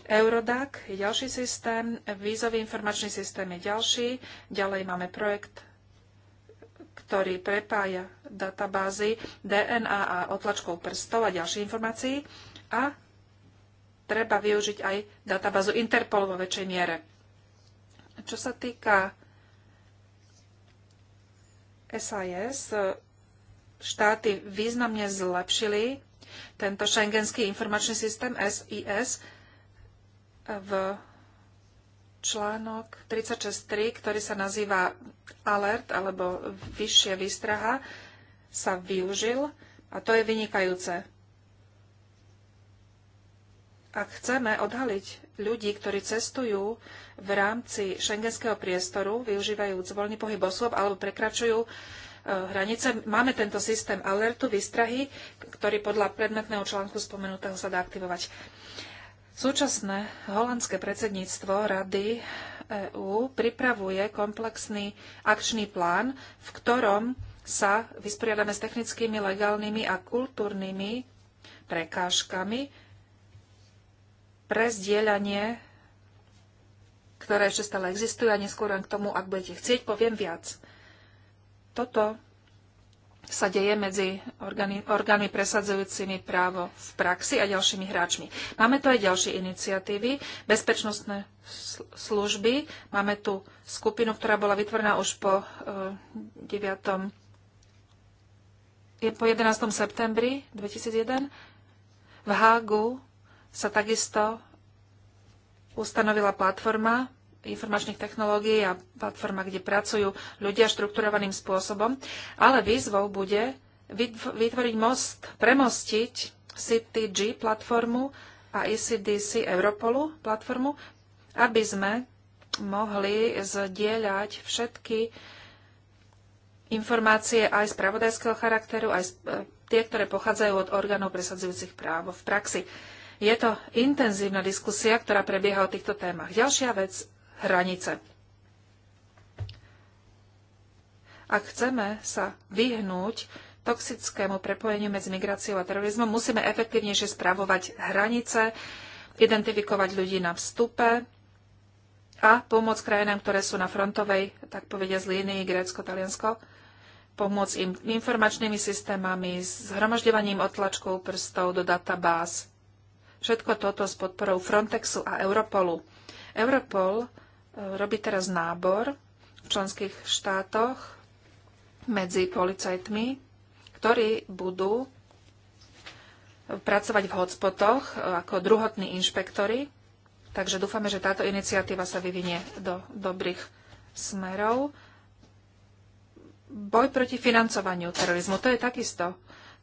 Eurodac je ďalší systém, vízový informačný systém je ďalší, ďalej máme projekt, ktorý prepája databázy DNA a otlačkov prstov a ďalších informácií a treba využiť aj databázu Interpol vo väčšej miere. Čo sa týka SIS, štáty významne zlepšili tento šengenský informačný systém SIS, v článok 36.3, ktorý sa nazýva alert alebo vyššia výstraha, sa využil a to je vynikajúce. Ak chceme odhaliť ľudí, ktorí cestujú v rámci šengenského priestoru, využívajúc voľný pohyb osôb alebo prekračujú e, hranice, máme tento systém alertu výstrahy, ktorý podľa predmetného článku spomenutého sa dá aktivovať. Súčasné holandské predsedníctvo Rady EÚ pripravuje komplexný akčný plán, v ktorom sa vysporiadame s technickými, legálnymi a kultúrnymi prekážkami pre zdieľanie, ktoré ešte stále existujú a neskôr len k tomu, ak budete chcieť, poviem viac. Toto sa deje medzi orgány, orgánmi presadzujúcimi právo v praxi a ďalšími hráčmi. Máme tu aj ďalšie iniciatívy, bezpečnostné služby. Máme tu skupinu, ktorá bola vytvorená už po, uh, eh, 9, je po 11. septembri 2001. V Hágu sa takisto ustanovila platforma informačných technológií a platforma, kde pracujú ľudia štrukturovaným spôsobom. Ale výzvou bude vytvoriť most, premostiť CTG platformu a ECDC Europolu platformu, aby sme mohli zdieľať všetky informácie aj z pravodajského charakteru, aj z, e, tie, ktoré pochádzajú od orgánov presadzujúcich právo v praxi. Je to intenzívna diskusia, ktorá prebieha o týchto témach. Ďalšia vec, hranice. Ak chceme sa vyhnúť toxickému prepojeniu medzi migráciou a terorizmom, musíme efektívnejšie spravovať hranice, identifikovať ľudí na vstupe a pomôcť krajinám, ktoré sú na frontovej, tak povedia z línii Grécko, Taliansko, pomôcť im informačnými systémami, s zhromažďovaním otlačkov prstov do databáz. Všetko toto s podporou Frontexu a Europolu. Europol robí teraz nábor v členských štátoch medzi policajtmi, ktorí budú pracovať v hotspotoch e, ako druhotní inšpektori. Takže dúfame, že táto iniciatíva sa vyvinie do dobrých smerov. Boj proti financovaniu terorizmu, to je takisto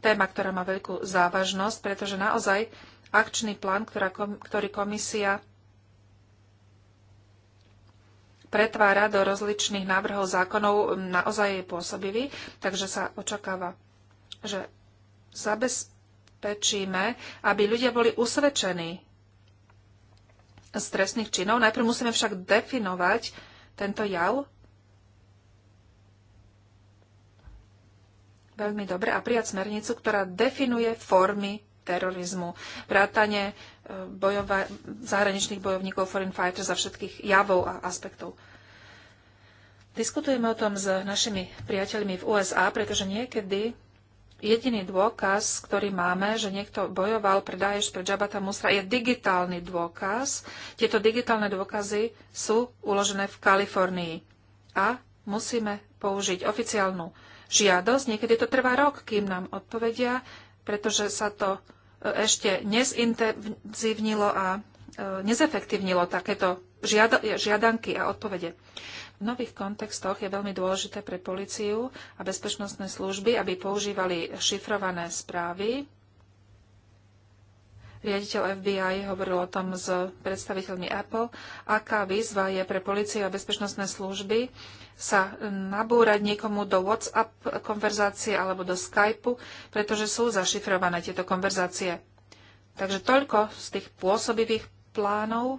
téma, ktorá má veľkú závažnosť, pretože naozaj akčný plán, ktorá, ktorý komisia pretvára do rozličných návrhov zákonov, naozaj je pôsobivý, takže sa očakáva, že zabezpečíme, aby ľudia boli usvedčení z trestných činov. Najprv musíme však definovať tento jav veľmi dobre a prijať smernicu, ktorá definuje formy terorizmu. Vrátanie bojova- zahraničných bojovníkov, foreign fighters a všetkých javov a aspektov. Diskutujeme o tom s našimi priateľmi v USA, pretože niekedy jediný dôkaz, ktorý máme, že niekto bojoval pre Daesh, pre Jabata Musra, je digitálny dôkaz. Tieto digitálne dôkazy sú uložené v Kalifornii. A musíme použiť oficiálnu žiadosť. Niekedy to trvá rok, kým nám odpovedia, pretože sa to ešte nezintenzívnilo a e, nezefektívnilo takéto žiadanky a odpovede. V nových kontextoch je veľmi dôležité pre policiu a bezpečnostné služby, aby používali šifrované správy. Riaditeľ FBI hovoril o tom s predstaviteľmi Apple, aká výzva je pre policiu a bezpečnostné služby sa nabúrať niekomu do WhatsApp konverzácie alebo do Skypeu, pretože sú zašifrované tieto konverzácie. Takže toľko z tých pôsobivých plánov.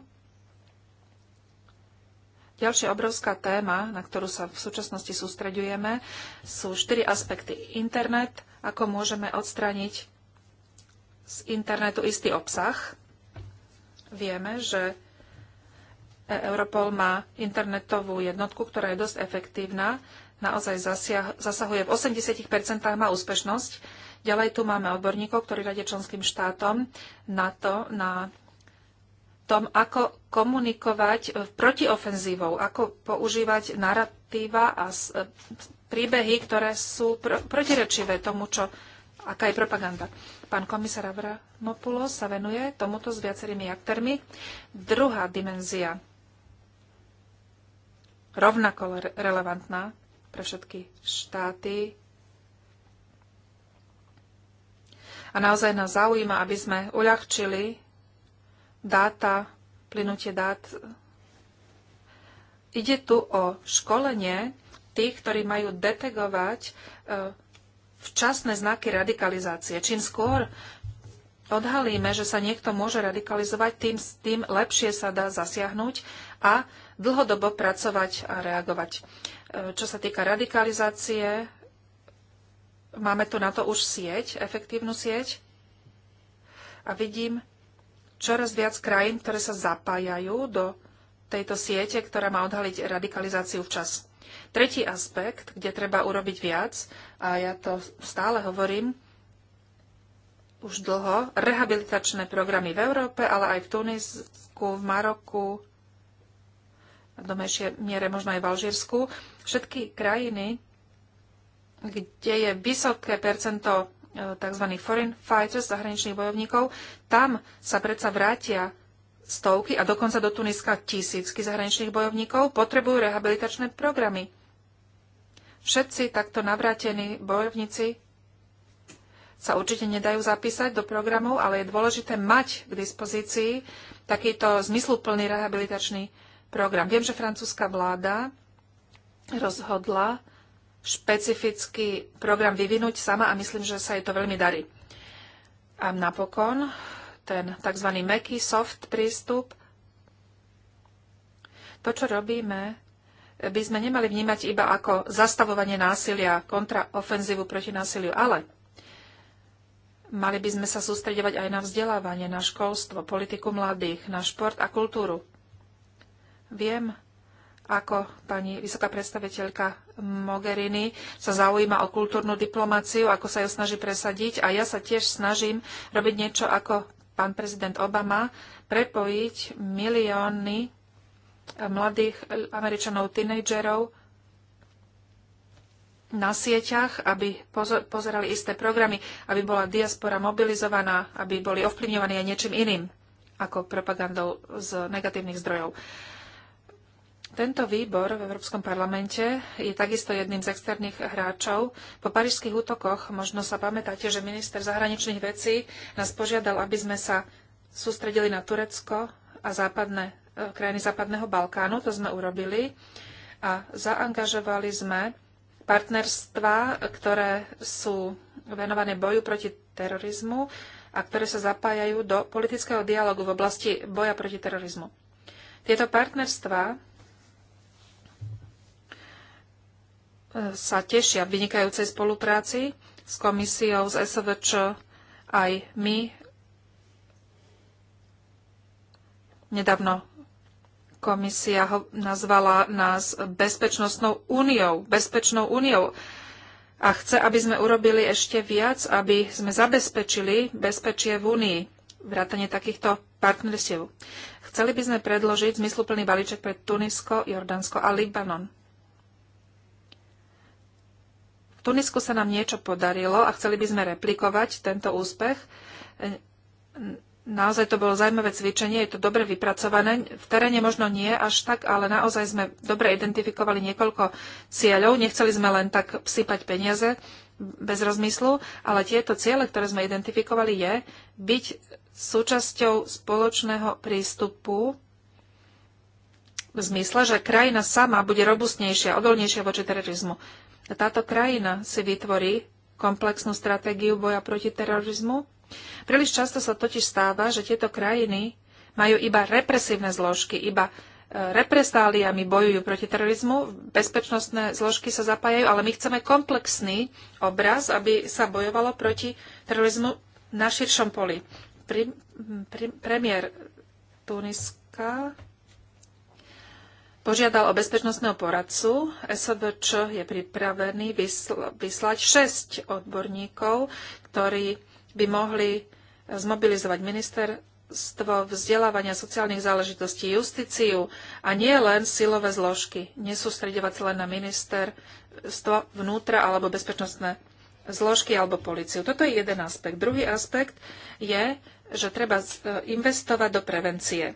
Ďalšia obrovská téma, na ktorú sa v súčasnosti sústreďujeme, sú štyri aspekty. Internet, ako môžeme odstrániť z internetu istý obsah. Vieme, že Europol má internetovú jednotku, ktorá je dosť efektívna, naozaj zasiah, zasahuje v 80%, má úspešnosť. Ďalej tu máme odborníkov, ktorí radia členským štátom na to, na tom, ako komunikovať e, protiofenzívou, ako používať narratíva a e, príbehy, ktoré sú pr- protirečivé tomu, čo, aká je propaganda. Pán komisár Avramopulo sa venuje tomuto s viacerými aktérmi. Druhá dimenzia rovnako relevantná pre všetky štáty. A naozaj nás zaujíma, aby sme uľahčili dáta, plynutie dát. Ide tu o školenie tých, ktorí majú detegovať e, včasné znaky radikalizácie. Čím skôr odhalíme, že sa niekto môže radikalizovať, tým, tým lepšie sa dá zasiahnuť a dlhodobo pracovať a reagovať. E, čo sa týka radikalizácie, máme tu na to už sieť, efektívnu sieť a vidím čoraz viac krajín, ktoré sa zapájajú do tejto siete, ktorá má odhaliť radikalizáciu včas. Tretí aspekt, kde treba urobiť viac, a ja to stále hovorím, už dlho rehabilitačné programy v Európe, ale aj v Tunisku, v Maroku, do menšej miere možno aj v Alžírsku. Všetky krajiny, kde je vysoké percento e, tzv. foreign fighters, zahraničných bojovníkov, tam sa predsa vrátia stovky a dokonca do Tuniska tisícky zahraničných bojovníkov potrebujú rehabilitačné programy. Všetci takto navrátení bojovníci sa určite nedajú zapísať do programov, ale je dôležité mať k dispozícii takýto zmysluplný rehabilitačný program program. Viem, že francúzska vláda rozhodla špecifický program vyvinúť sama a myslím, že sa jej to veľmi darí. A napokon ten tzv. meký soft prístup, to, čo robíme, by sme nemali vnímať iba ako zastavovanie násilia, kontraofenzívu proti násiliu, ale mali by sme sa sústredovať aj na vzdelávanie, na školstvo, politiku mladých, na šport a kultúru. Viem, ako pani vysoká predstaviteľka Mogherini sa zaujíma o kultúrnu diplomáciu, ako sa ju snaží presadiť a ja sa tiež snažím robiť niečo ako pán prezident Obama, prepojiť milióny mladých Američanov, tínejdžerov na sieťach, aby pozerali isté programy, aby bola diaspora mobilizovaná, aby boli ovplyvňovaní aj niečím iným ako propagandou z negatívnych zdrojov. Tento výbor v Európskom parlamente je takisto jedným z externých hráčov. Po parížských útokoch možno sa pamätáte, že minister zahraničných vecí nás požiadal, aby sme sa sústredili na Turecko a západné, e, krajiny Západného Balkánu. To sme urobili a zaangažovali sme partnerstva, ktoré sú venované boju proti terorizmu a ktoré sa zapájajú do politického dialogu v oblasti boja proti terorizmu. Tieto partnerstva sa tešia vynikajúcej spolupráci s komisiou, s SVČ, aj my. Nedávno komisia nazvala nás bezpečnostnou úniou, bezpečnou úniou a chce, aby sme urobili ešte viac, aby sme zabezpečili bezpečie v únii, vrátanie takýchto partnerstiev. Chceli by sme predložiť zmysluplný balíček pre Tunisko, Jordánsko a Libanon. Tunisku sa nám niečo podarilo a chceli by sme replikovať tento úspech. Naozaj to bolo zaujímavé cvičenie, je to dobre vypracované. V teréne možno nie až tak, ale naozaj sme dobre identifikovali niekoľko cieľov. Nechceli sme len tak psypať peniaze bez rozmyslu, ale tieto ciele, ktoré sme identifikovali, je byť súčasťou spoločného prístupu v zmysle, že krajina sama bude robustnejšia, odolnejšia voči terorizmu táto krajina si vytvorí komplexnú stratégiu boja proti terorizmu. Príliš často sa totiž stáva, že tieto krajiny majú iba represívne zložky, iba e, represáliami bojujú proti terorizmu, bezpečnostné zložky sa zapájajú, ale my chceme komplexný obraz, aby sa bojovalo proti terorizmu na širšom poli. Pri, pri, premiér Tuniska požiadal o bezpečnostného poradcu. SVČ je pripravený vyslať 6 odborníkov, ktorí by mohli eh, zmobilizovať ministerstvo vzdelávania sociálnych záležitostí, justíciu a nie len silové zložky. Nesústredovať sa len na ministerstvo vnútra alebo bezpečnostné zložky alebo policiu. Toto je jeden aspekt. Druhý aspekt je, že treba investovať do prevencie.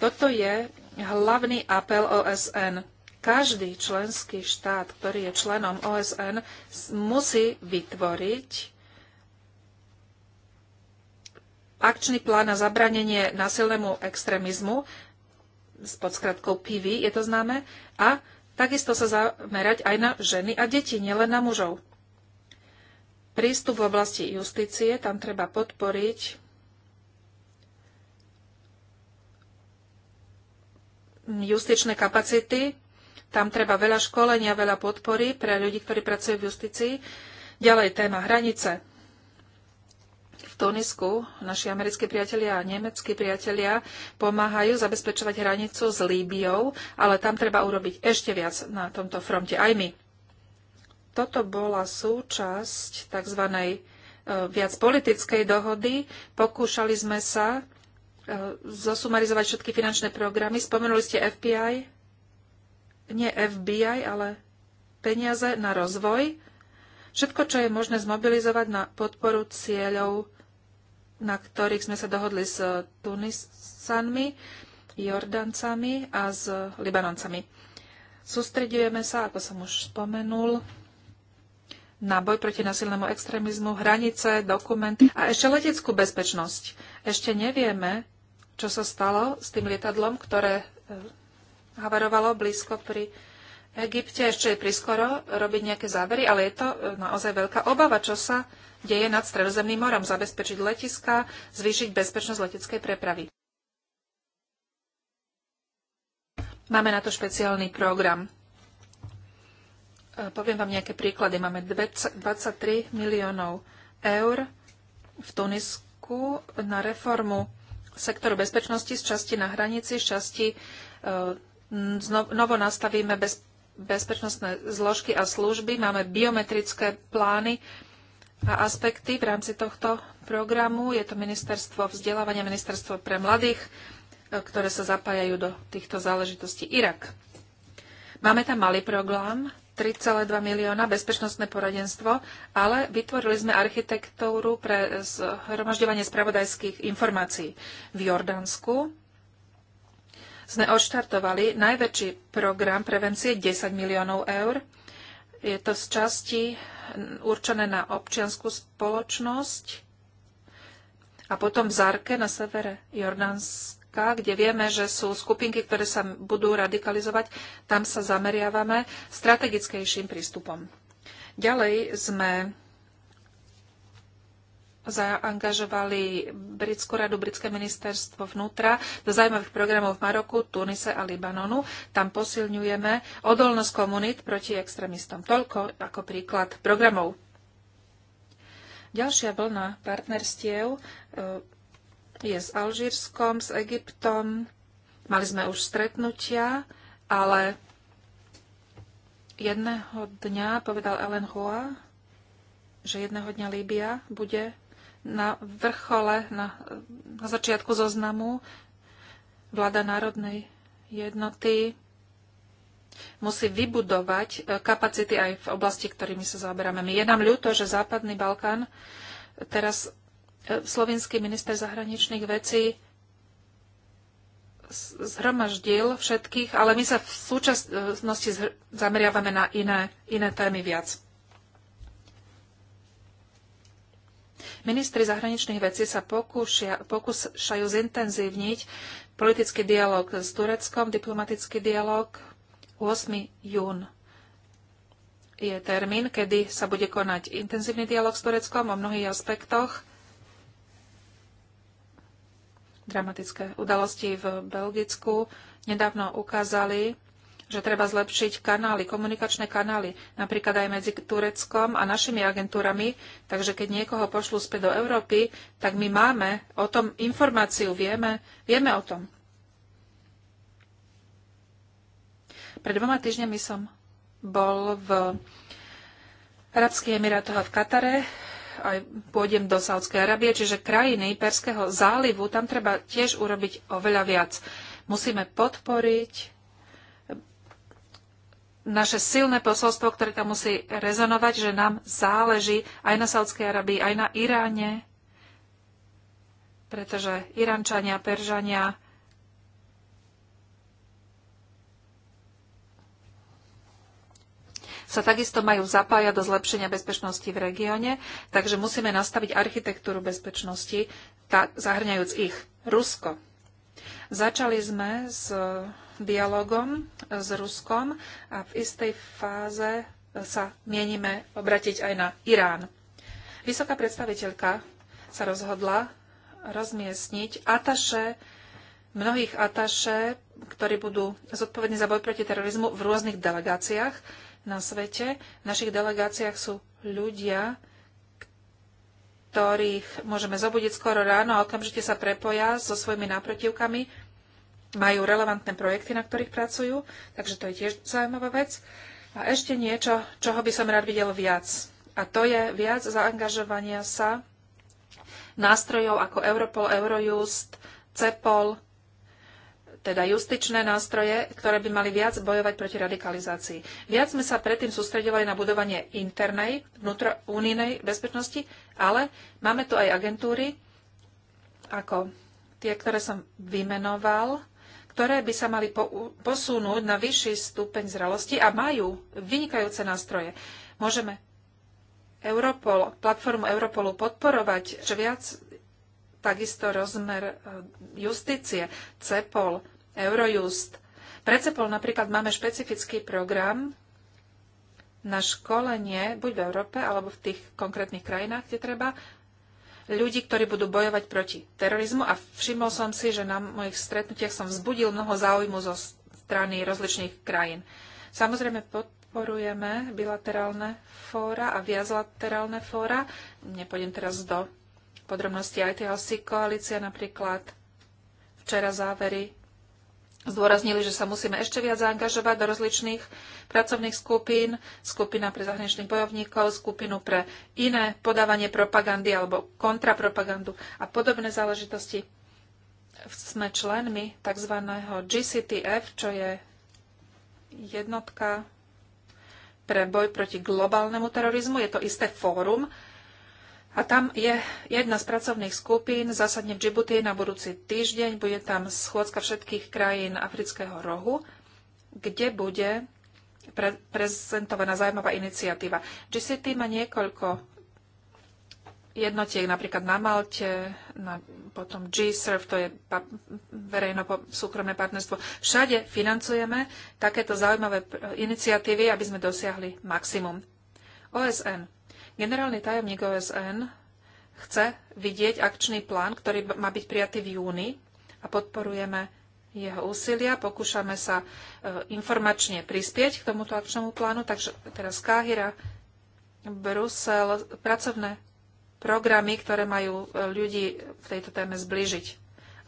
Toto je hlavný apel OSN. Každý členský štát, ktorý je členom OSN, musí vytvoriť akčný plán na zabranenie násilnému extrémizmu s podskratkou PV, je to známe, a takisto sa zamerať aj na ženy a deti, nielen na mužov. Prístup v oblasti justície, tam treba podporiť justičné kapacity. Tam treba veľa školenia, veľa podpory pre ľudí, ktorí pracujú v justícii. Ďalej téma hranice. V Tunisku naši americkí priatelia a nemeckí priatelia pomáhajú zabezpečovať hranicu s Líbiou, ale tam treba urobiť ešte viac na tomto fronte, aj my. Toto bola súčasť tzv. Eh, viac politickej dohody. Pokúšali sme sa Eh, zosumarizovať všetky finančné programy. Spomenuli ste FBI, nie FBI, ale peniaze na rozvoj. Všetko, čo je možné zmobilizovať na podporu cieľov, na ktorých sme sa dohodli s Tunisanmi, Jordancami a s Libanoncami. Sústredujeme sa, ako som už spomenul, na boj proti nasilnému extrémizmu, hranice, dokumenty a ešte leteckú bezpečnosť. Ešte nevieme, čo sa stalo s tým lietadlom, ktoré e, havarovalo blízko pri Egypte. Ešte je priskoro robiť nejaké závery, ale je to e, naozaj veľká obava, čo sa deje nad Stredozemným morom, zabezpečiť letiska, zvýšiť bezpečnosť leteckej prepravy. Máme na to špeciálny program. E, poviem vám nejaké príklady. Máme 23 miliónov eur v Tunisku na reformu sektor bezpečnosti, z časti na hranici, z časti e, novo nastavíme bez, bezpečnostné zložky a služby, máme biometrické plány a aspekty v rámci tohto programu. Je to ministerstvo vzdelávania, ministerstvo pre mladých, e, ktoré sa zapájajú do týchto záležitostí. Irak. Máme tam malý program, 3,2 milióna bezpečnostné poradenstvo, ale vytvorili sme architektúru pre zhromažďovanie spravodajských informácií. V Jordánsku sme odštartovali najväčší program prevencie 10 miliónov eur. Je to z časti určené na občianskú spoločnosť a potom v Zárke na severe Jordánska Afrika, kde vieme, že sú skupinky, ktoré sa budú radikalizovať, tam sa zameriavame strategickejším prístupom. Ďalej sme zaangažovali Britskú radu, Britské ministerstvo vnútra do zaujímavých programov v Maroku, Tunise a Libanonu. Tam posilňujeme odolnosť komunít proti extrémistom. Toľko ako príklad programov. Ďalšia vlna partnerstiev e, je s Alžírskom, s Egyptom. Mali sme už stretnutia, ale jedného dňa, povedal Ellen Hua, že jedného dňa Líbia bude na vrchole, na, na začiatku zoznamu vláda národnej jednoty musí vybudovať e, kapacity aj v oblasti, ktorými sa zaoberáme. je nám ľúto, že Západný Balkán teraz slovinský minister zahraničných vecí zhromaždil všetkých, ale my sa v súčasnosti zameriavame na iné, iné témy viac. Ministri zahraničných vecí sa pokúšia, pokúšajú zintenzívniť politický dialog s Tureckom, diplomatický dialog 8. jún je termín, kedy sa bude konať intenzívny dialog s Tureckom o mnohých aspektoch Dramatické udalosti v Belgicku nedávno ukázali, že treba zlepšiť kanály, komunikačné kanály, napríklad aj medzi Tureckom a našimi agentúrami. Takže keď niekoho pošlú späť do Európy, tak my máme o tom informáciu, vieme, vieme o tom. Pred dvoma týždňami som bol v Arabských Emirátoch a v Katare aj pôjdem do Saudskej Arábie, čiže krajiny Perského zálivu, tam treba tiež urobiť oveľa viac. Musíme podporiť naše silné posolstvo, ktoré tam musí rezonovať, že nám záleží aj na Saudskej Arabii, aj na Iráne, pretože Irančania, Peržania, sa takisto majú zapájať do zlepšenia bezpečnosti v regióne, takže musíme nastaviť architektúru bezpečnosti, tak, zahrňajúc ich. Rusko. Začali sme s dialogom s Ruskom a v istej fáze sa mienime obratiť aj na Irán. Vysoká predstaviteľka sa rozhodla rozmiestniť ataše, mnohých ataše, ktorí budú zodpovední za boj proti terorizmu v rôznych delegáciách na svete. V našich delegáciách sú ľudia, ktorých môžeme zobudiť skoro ráno a okamžite sa prepoja so svojimi náprotivkami. Majú relevantné projekty, na ktorých pracujú, takže to je tiež zaujímavá vec. A ešte niečo, čoho by som rád videl viac. A to je viac zaangažovania sa nástrojov ako Europol, Eurojust, CEPOL, teda justičné nástroje, ktoré by mali viac bojovať proti radikalizácii. Viac sme sa predtým sústredovali na budovanie internej, vnútrounínej bezpečnosti, ale máme tu aj agentúry, ako tie, ktoré som vymenoval, ktoré by sa mali po, posunúť na vyšší stupeň zrelosti a majú vynikajúce nástroje. Môžeme Europol, platformu Europolu podporovať, že viac takisto rozmer e, justície, CEPOL, Eurojust. Pre CEPOL napríklad máme špecifický program na školenie, buď v Európe, alebo v tých konkrétnych krajinách, kde treba, ľudí, ktorí budú bojovať proti terorizmu a všimol som si, že na mojich stretnutiach som vzbudil mnoho záujmu zo strany rozličných krajín. Samozrejme podporujeme bilaterálne fóra a viazlaterálne fóra. Nepôjdem teraz do podrobnosti ITLC koalícia napríklad. Včera závery Zdôraznili, že sa musíme ešte viac zaangažovať do rozličných pracovných skupín, skupina pre zahraničných bojovníkov, skupinu pre iné podávanie propagandy alebo kontrapropagandu a podobné záležitosti. Sme členmi tzv. GCTF, čo je jednotka pre boj proti globálnemu terorizmu. Je to isté fórum, a tam je jedna z pracovných skupín, zásadne v Džibuti na budúci týždeň. Bude tam schôdzka všetkých krajín Afrického rohu, kde bude pre- prezentovaná zaujímavá iniciatíva. GCT má niekoľko jednotiek, napríklad na Malte, na, potom G-Surf, to je pa- verejno-súkromné partnerstvo. Všade financujeme takéto zaujímavé iniciatívy, aby sme dosiahli maximum. OSN Generálny tajomník OSN chce vidieť akčný plán, ktorý má byť prijatý v júni a podporujeme jeho úsilia. Pokúšame sa e, informačne prispieť k tomuto akčnému plánu. Takže teraz Káhira, Brusel, pracovné programy, ktoré majú e, ľudí v tejto téme zblížiť.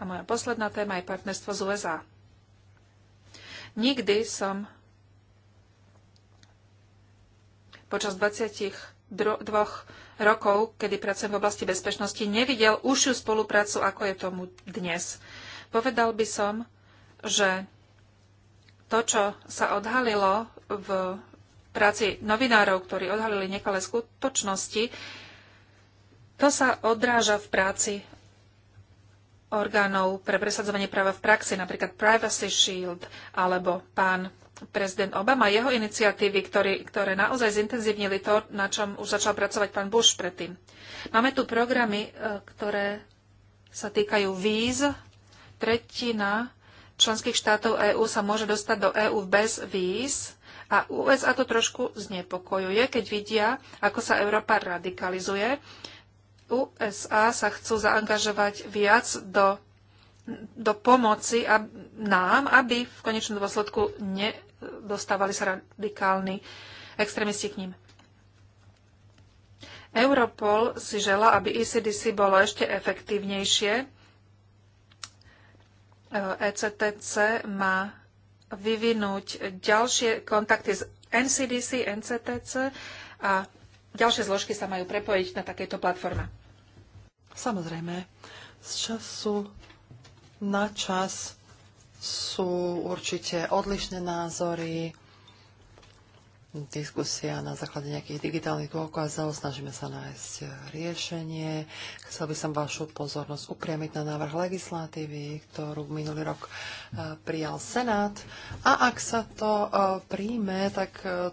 A moja posledná téma je partnerstvo z USA. Nikdy som počas 20 dvoch rokov, kedy pracujem v oblasti bezpečnosti, nevidel užšiu spoluprácu, ako je tomu dnes. Povedal by som, že to, čo sa odhalilo v práci novinárov, ktorí odhalili nekalé skutočnosti, to sa odráža v práci orgánov pre presadzovanie práva v praxi, napríklad Privacy Shield alebo pán prezident Obama, jeho iniciatívy, ktorý, ktoré naozaj zintenzívnili to, na čom už začal pracovať pán Bush predtým. Máme tu programy, e, ktoré sa týkajú víz. Tretina členských štátov EÚ sa môže dostať do EÚ bez víz. A USA to trošku znepokojuje, keď vidia, ako sa Európa radikalizuje. USA sa chcú zaangažovať viac do, do pomoci a, nám, aby v konečnom dôsledku ne, dostávali sa radikálni extrémisti k ním. Europol si žela, aby ECDC bolo ešte efektívnejšie. ECTC e má vyvinúť ďalšie kontakty s NCDC, NCTC a ďalšie zložky sa majú prepojiť na takéto platforme. Samozrejme, z času na čas sú určite odlišné názory, diskusia na základe nejakých digitálnych dôkazov, snažíme sa nájsť riešenie. Chcel by som vašu pozornosť upriamiť na návrh legislatívy, ktorú minulý rok e, prijal Senát. A ak sa to e, príjme, tak e,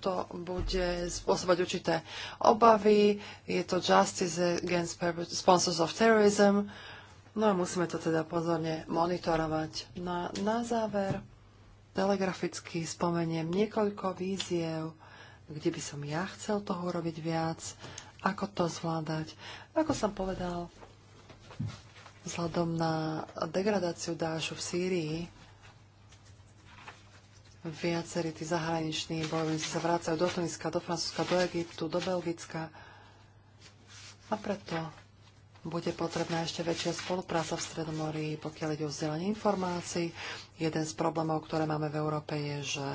to bude spôsobať určité obavy. Je to Justice Against Sponsors of Terrorism, No a musíme to teda pozorne monitorovať. Na, no na záver telegraficky spomeniem niekoľko víziev, kde by som ja chcel toho urobiť viac, ako to zvládať. Ako som povedal, vzhľadom na degradáciu Dášu v Sýrii, viacerí tí zahraniční bojovníci sa vracajú do Tuniska, do Francúzska, do Egyptu, do Belgicka. A preto bude potrebná ešte väčšia spolupráca v Stredomorí, pokiaľ ide o vzdelanie informácií. Jeden z problémov, ktoré máme v Európe, je, že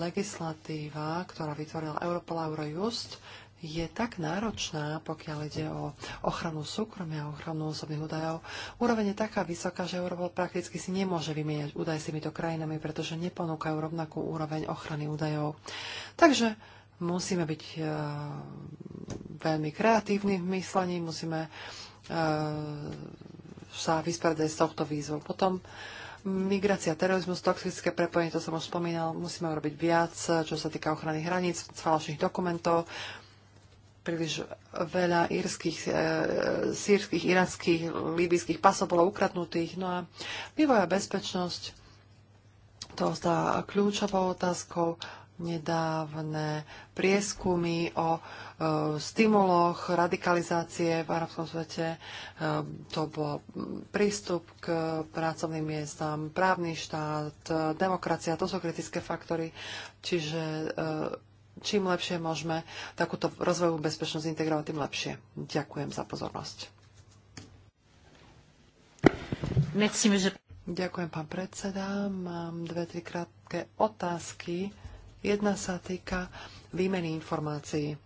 legislatíva, ktorá vytvorila Europol Eurojust, je tak náročná, pokiaľ ide o ochranu súkromia a ochranu osobných údajov. Úroveň je taká vysoká, že Europol prakticky si nemôže vymieňať údaj s týmito krajinami, pretože neponúkajú rovnakú úroveň ochrany údajov. Takže Musíme byť eh, veľmi kreatívni v myslení, musíme eh, sa vysporiadať s tohto výzvou. Potom migrácia, terorizmus, toxické prepojenie, to som už spomínal, musíme robiť viac, čo sa týka ochrany hraníc, falošných dokumentov, príliš veľa írskych, e, eh, sírskych, irackých, líbyských pasov bolo ukradnutých. No a vývoja bezpečnosť, to ostáva kľúčovou otázkou nedávne prieskumy o e, stimuloch radikalizácie v arabskom svete. E, to bol prístup k pracovným miestam, právny štát, e, demokracia, to sú kritické faktory. Čiže e, čím lepšie môžeme takúto rozvojovú bezpečnosť integrovať, tým lepšie. Ďakujem za pozornosť. Ďakujem, pán predseda. Mám dve, tri krátke otázky Jedna sa týka výmeny informácií.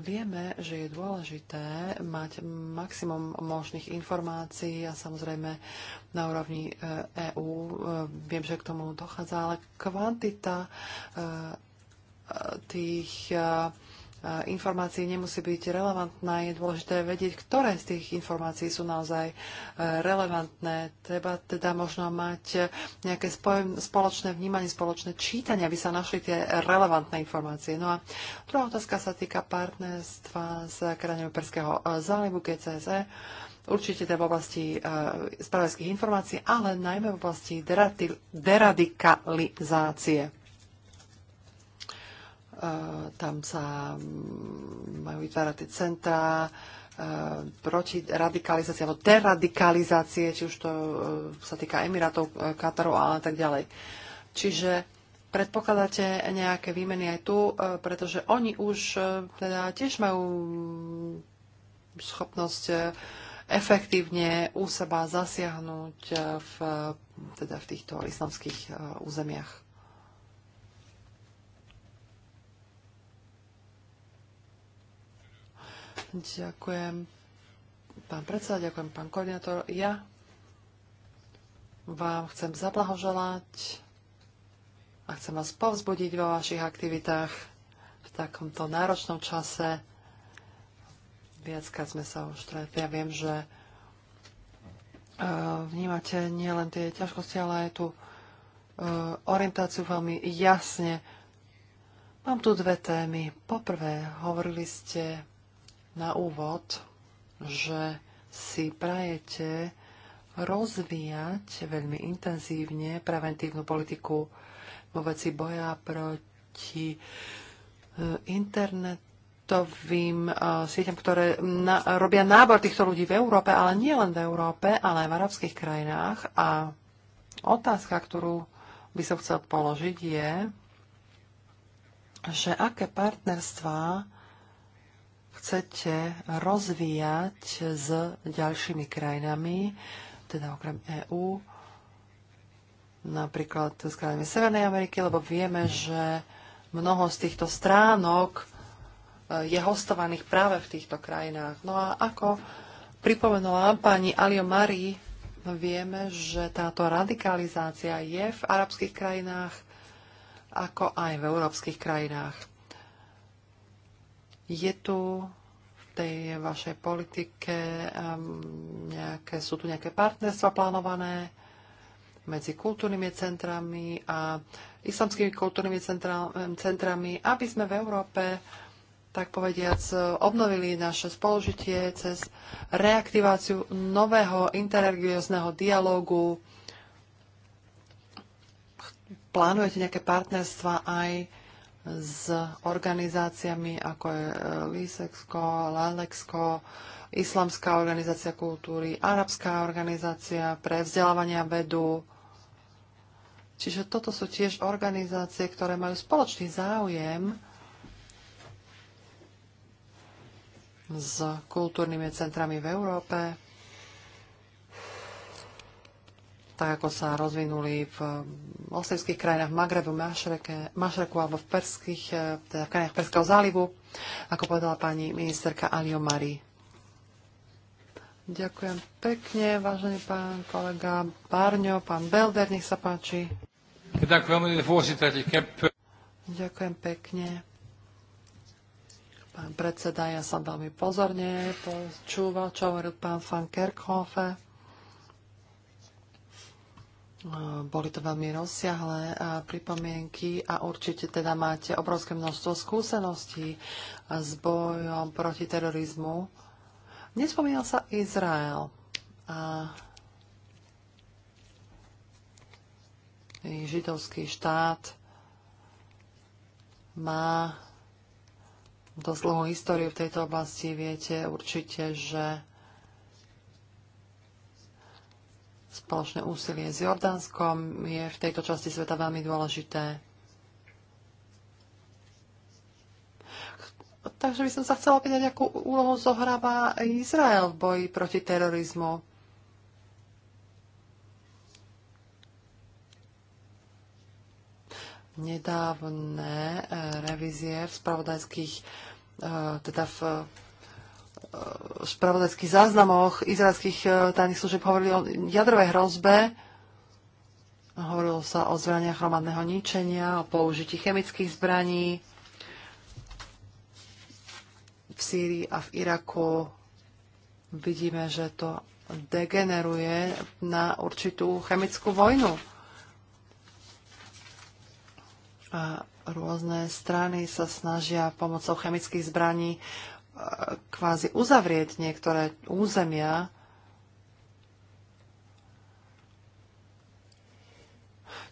Vieme, že je dôležité mať maximum možných informácií a samozrejme na úrovni EÚ eh, e eh, viem, že k tomu dochádza, ale kvantita eh, tých informácií nemusí byť relevantná. Je dôležité vedieť, ktoré z tých informácií sú naozaj e, relevantné. Treba teda možno mať nejaké spoločné vnímanie, spoločné čítanie, aby sa našli tie relevantné informácie. No a druhá otázka sa týka partnerstva s krajinami Perského e, zálivu GCSE určite teda v oblasti e, spravodajských informácií, ale najmä v oblasti deradikalizácie. Eh, tam sa mm, majú vytvárať tie centrá eh, proti radikalizácii alebo deradikalizácie, či už to eh, sa týka Emirátov, Katarov a tak ďalej. Čiže predpokladáte nejaké výmeny aj tu, pretože oni už teda tiež majú schopnosť efektívne u seba zasiahnuť v, teda v týchto islamských územiach. Ďakujem, pán predseda, ďakujem, pán koordinátor. Ja vám chcem zablahoželať a chcem vás povzbudiť vo vašich aktivitách v takomto náročnom čase. Viackrát sme sa už stretli. Ja viem, že e, vnímate nielen tie ťažkosti, ale aj tú e, orientáciu veľmi jasne. Mám tu dve témy. Poprvé, hovorili ste na úvod, že si prajete rozvíjať veľmi intenzívne preventívnu politiku vo veci boja proti e, internetovým e, sieťam, ktoré na, robia nábor týchto ľudí v Európe, ale nie len v Európe, ale aj v arabských krajinách. A otázka, ktorú by som chcel položiť, je, že aké partnerstvá chcete rozvíjať s ďalšími krajinami, teda okrem EÚ, napríklad s krajinami Severnej Ameriky, lebo vieme, že mnoho z týchto stránok eh, je hostovaných práve v týchto krajinách. No a ako pripomenula pani Alio Mari, no vieme, že táto radikalizácia je v arabských krajinách ako aj v európskych krajinách. Je tu v tej vašej politike nejaké, sú tu nejaké partnerstva plánované medzi kultúrnymi centrami a islamskými kultúrnymi centrami, aby sme v Európe tak povediac, obnovili naše spoložitie cez reaktiváciu nového interreligiózneho dialógu. Plánujete nejaké partnerstva aj s organizáciami ako je e, Lisexko, Lalexko, Islamská organizácia kultúry, Arabská organizácia pre vzdelávania vedu. Čiže toto sú tiež organizácie, ktoré majú spoločný záujem s kultúrnymi centrami v Európe. tak ako sa rozvinuli v oslimských krajinách v Magrebu, Mašreke, Mašreku alebo v, perských, eh, teda v krajinách Perského zálivu, ako povedala pani ministerka Alio Mari. Ďakujem pekne, vážený pán kolega Barňo, pán Belder, nech sa páči. Ďakujem eh, pekne. Pán predseda, ja som veľmi pozorne počúval, čo hovoril pán van Kerkhofe No, boli to veľmi rozsiahlé eh, pripomienky a určite teda máte obrovské množstvo skúseností eh, s bojom proti terorizmu. Nespomínal sa Izrael. A židovský štát má dosť dlhú históriu v tejto oblasti. Viete určite, že Spoločné úsilie s Jordánskom je v tejto časti sveta veľmi dôležité. Takže by som sa chcela opýtať, akú úlohu zohráva Izrael v boji proti terorizmu. Nedávne eh, revizie v spravodajských, eh, teda v v spravodajských záznamoch izraelských e, tajných služieb hovorili o jadrovej hrozbe. Hovorilo sa o zbraniach hromadného ničenia, o použití chemických zbraní v Sýrii a v Iraku. Vidíme, že to degeneruje na určitú chemickú vojnu. A rôzne strany sa snažia pomocou chemických zbraní kvázi uzavrieť niektoré územia,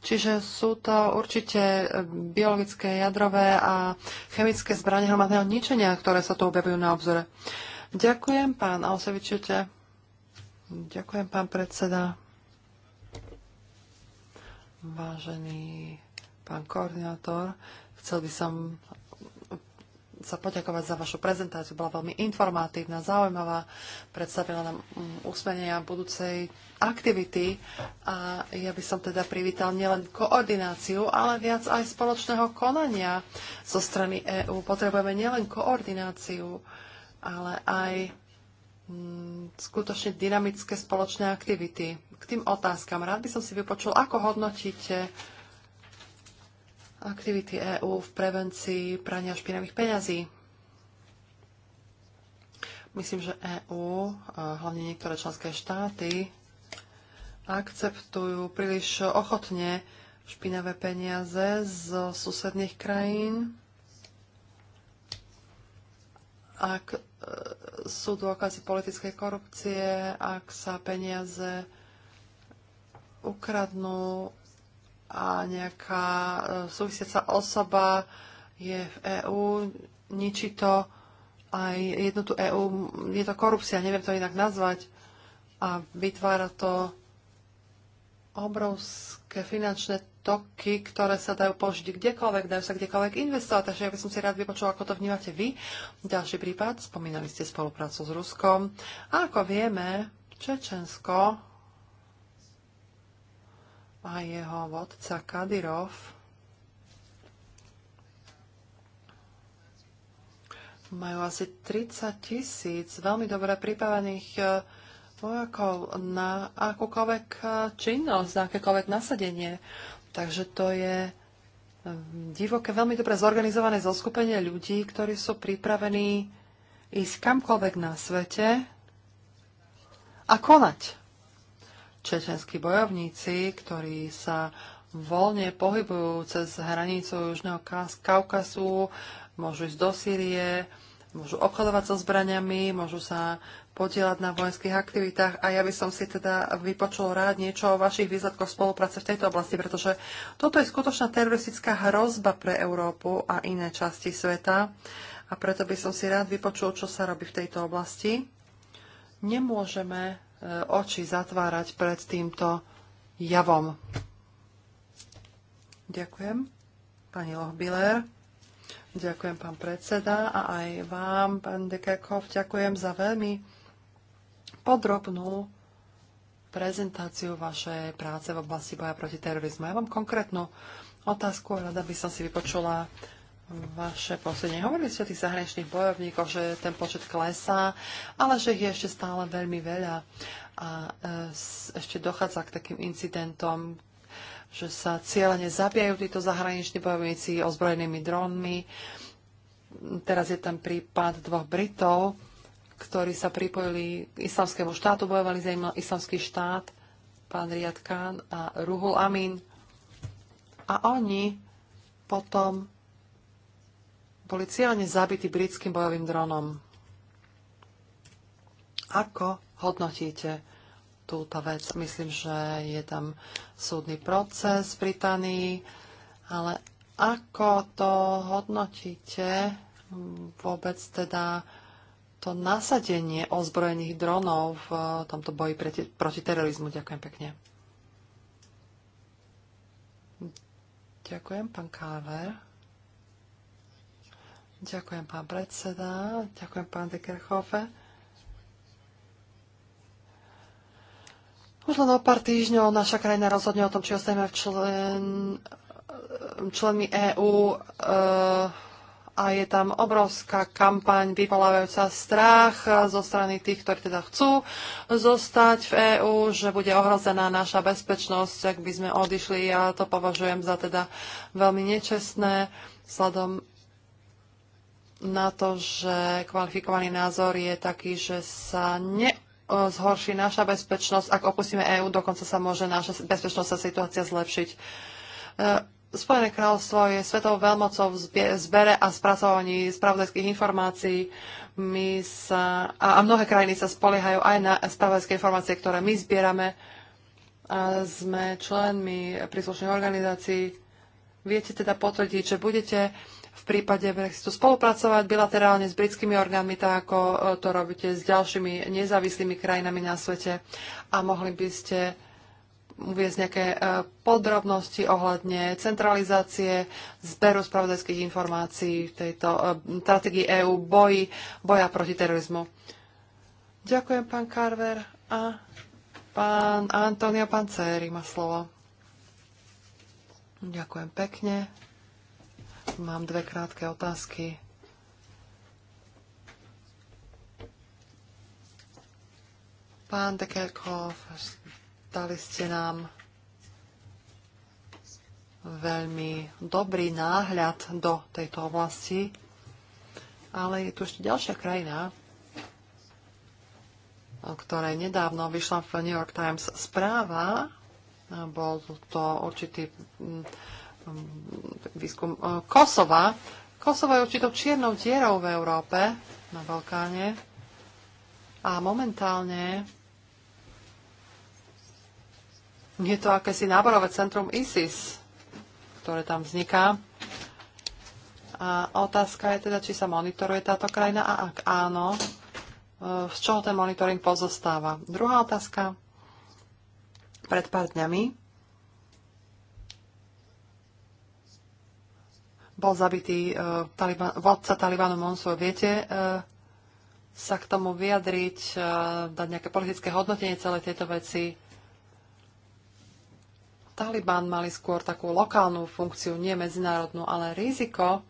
Čiže sú to určite biologické, jadrové a chemické zbranie hromadného ničenia, ktoré sa tu objavujú na obzore. Ďakujem, pán Alsevičite. Ďakujem, pán predseda. Vážený pán koordinátor, chcel by som sa poďakovať za vašu prezentáciu. Bola veľmi informatívna, zaujímavá. Predstavila nám mm, usmenia budúcej aktivity a ja by som teda privítal nielen koordináciu, ale viac aj spoločného konania zo strany EÚ. Potrebujeme nielen koordináciu, ale aj mm, skutočne dynamické spoločné aktivity. K tým otázkam rád by som si vypočul, ako hodnotíte aktivity EÚ v prevencii prania špinavých peňazí. Myslím, že EÚ, hlavne niektoré členské štáty, akceptujú príliš ochotne špinavé peniaze z susedných krajín. Ak e, sú dôkazy politickej korupcie, ak sa peniaze ukradnú a nejaká e, súvisiaca osoba je v EÚ, ničí to aj jednotu EÚ, je to korupcia, neviem to inak nazvať, a vytvára to obrovské finančné toky, ktoré sa dajú použiť kdekoľvek, dajú sa kdekoľvek investovať, takže ja by som si rád vypočul, ako to vnímate vy. Ďalší prípad, spomínali ste spoluprácu s Ruskom. A ako vieme, Čečensko a jeho vodca Kadyrov majú asi 30 tisíc veľmi dobre pripravených e, vojakov na akúkoľvek e, činnosť, na akékoľvek nasadenie. Takže to je e, divoké, veľmi dobre zorganizované zoskupenie ľudí, ktorí sú pripravení ísť kamkoľvek na svete a konať čečenskí bojovníci, ktorí sa voľne pohybujú cez hranicu Južného Kaukasu, môžu ísť do Sýrie, môžu obchodovať so zbraniami, môžu sa podielať na vojenských aktivitách a ja by som si teda vypočul rád niečo o vašich výsledkoch spolupráce v tejto oblasti, pretože toto je skutočná teroristická hrozba pre Európu a iné časti sveta a preto by som si rád vypočul, čo sa robí v tejto oblasti. Nemôžeme E, oči zatvárať pred týmto javom. Ďakujem. Pani Lohbiller. Ďakujem, pán predseda, a aj vám, pán Dekekov, ďakujem za veľmi podrobnú prezentáciu vašej práce v oblasti boja proti terorizmu. Ja mám konkrétnu otázku, rada by som si vypočula vaše posledne. Hovorili ste o tých zahraničných bojovníkoch, že ten počet klesá, ale že ich je ešte stále veľmi veľa a e, ešte dochádza k takým incidentom, že sa cieľene zabijajú títo zahraniční bojovníci ozbrojenými drónmi. Teraz je tam prípad dvoch Britov, ktorí sa pripojili k islamskému štátu, bojovali za islamský štát, pán Riad Khan a Ruhul Amin. A oni potom boli cieľne zabití britským bojovým dronom. Ako hodnotíte túto vec? Myslím, že je tam súdny proces v Británii, ale ako to hodnotíte vôbec teda to nasadenie ozbrojených dronov v tomto boji proti, proti terorizmu? Ďakujem pekne. Ďakujem, pán Káver. Ďakujem, pán predseda. Ďakujem, pán Dekerchofe. Už len o pár týždňov naša krajina rozhodne o tom, či ostaneme člen, členmi EÚ eh, a je tam obrovská kampaň vyvolávajúca strach zo strany tých, ktorí teda chcú zostať v EÚ, že bude ohrozená naša bezpečnosť, ak by sme odišli. Ja to považujem za teda veľmi nečestné vzhľadom na to, že kvalifikovaný názor je taký, že sa ne zhorší naša bezpečnosť. Ak opustíme EÚ, dokonca sa môže naša bezpečnostná situácia zlepšiť. E, Spojené kráľovstvo je svetovou veľmocou v zbere a spracovaní spravodajských informácií. My sa, a mnohé krajiny sa spoliehajú aj na spravodajské informácie, ktoré my zbierame. A sme členmi príslušných organizácií. Viete teda potvrdiť, že budete v prípade Brexitu spolupracovať bilaterálne s britskými orgánmi, tak ako e, to robíte s ďalšími nezávislými krajinami na svete. A mohli by ste uviezť nejaké e, podrobnosti ohľadne centralizácie, zberu spravodajských informácií v tejto e, stratégii EÚ boji, boja proti terorizmu. Ďakujem, pán Carver. A pán Antonio Pancéry má slovo. Ďakujem pekne. Mám dve krátke otázky. Pán Dekerkov, dali ste nám veľmi dobrý náhľad do tejto oblasti, ale je tu ešte ďalšia krajina, o ktorej nedávno vyšla v New York Times správa. Bol to určitý Mm, výskum e, Kosova. Kosovo je určitou čiernou dierou v Európe, na Balkáne. A momentálne je to akési náborové centrum ISIS, ktoré tam vzniká. A otázka je teda, či sa monitoruje táto krajina a ak áno, e, z čoho ten monitoring pozostáva. Druhá otázka. Pred pár dňami bol zabitý uh, taliban, vládca Talibanu Monsur. Viete uh, sa k tomu vyjadriť, uh, dať nejaké politické hodnotenie celej tejto veci? Taliban mali skôr takú lokálnu funkciu, nie medzinárodnú, ale riziko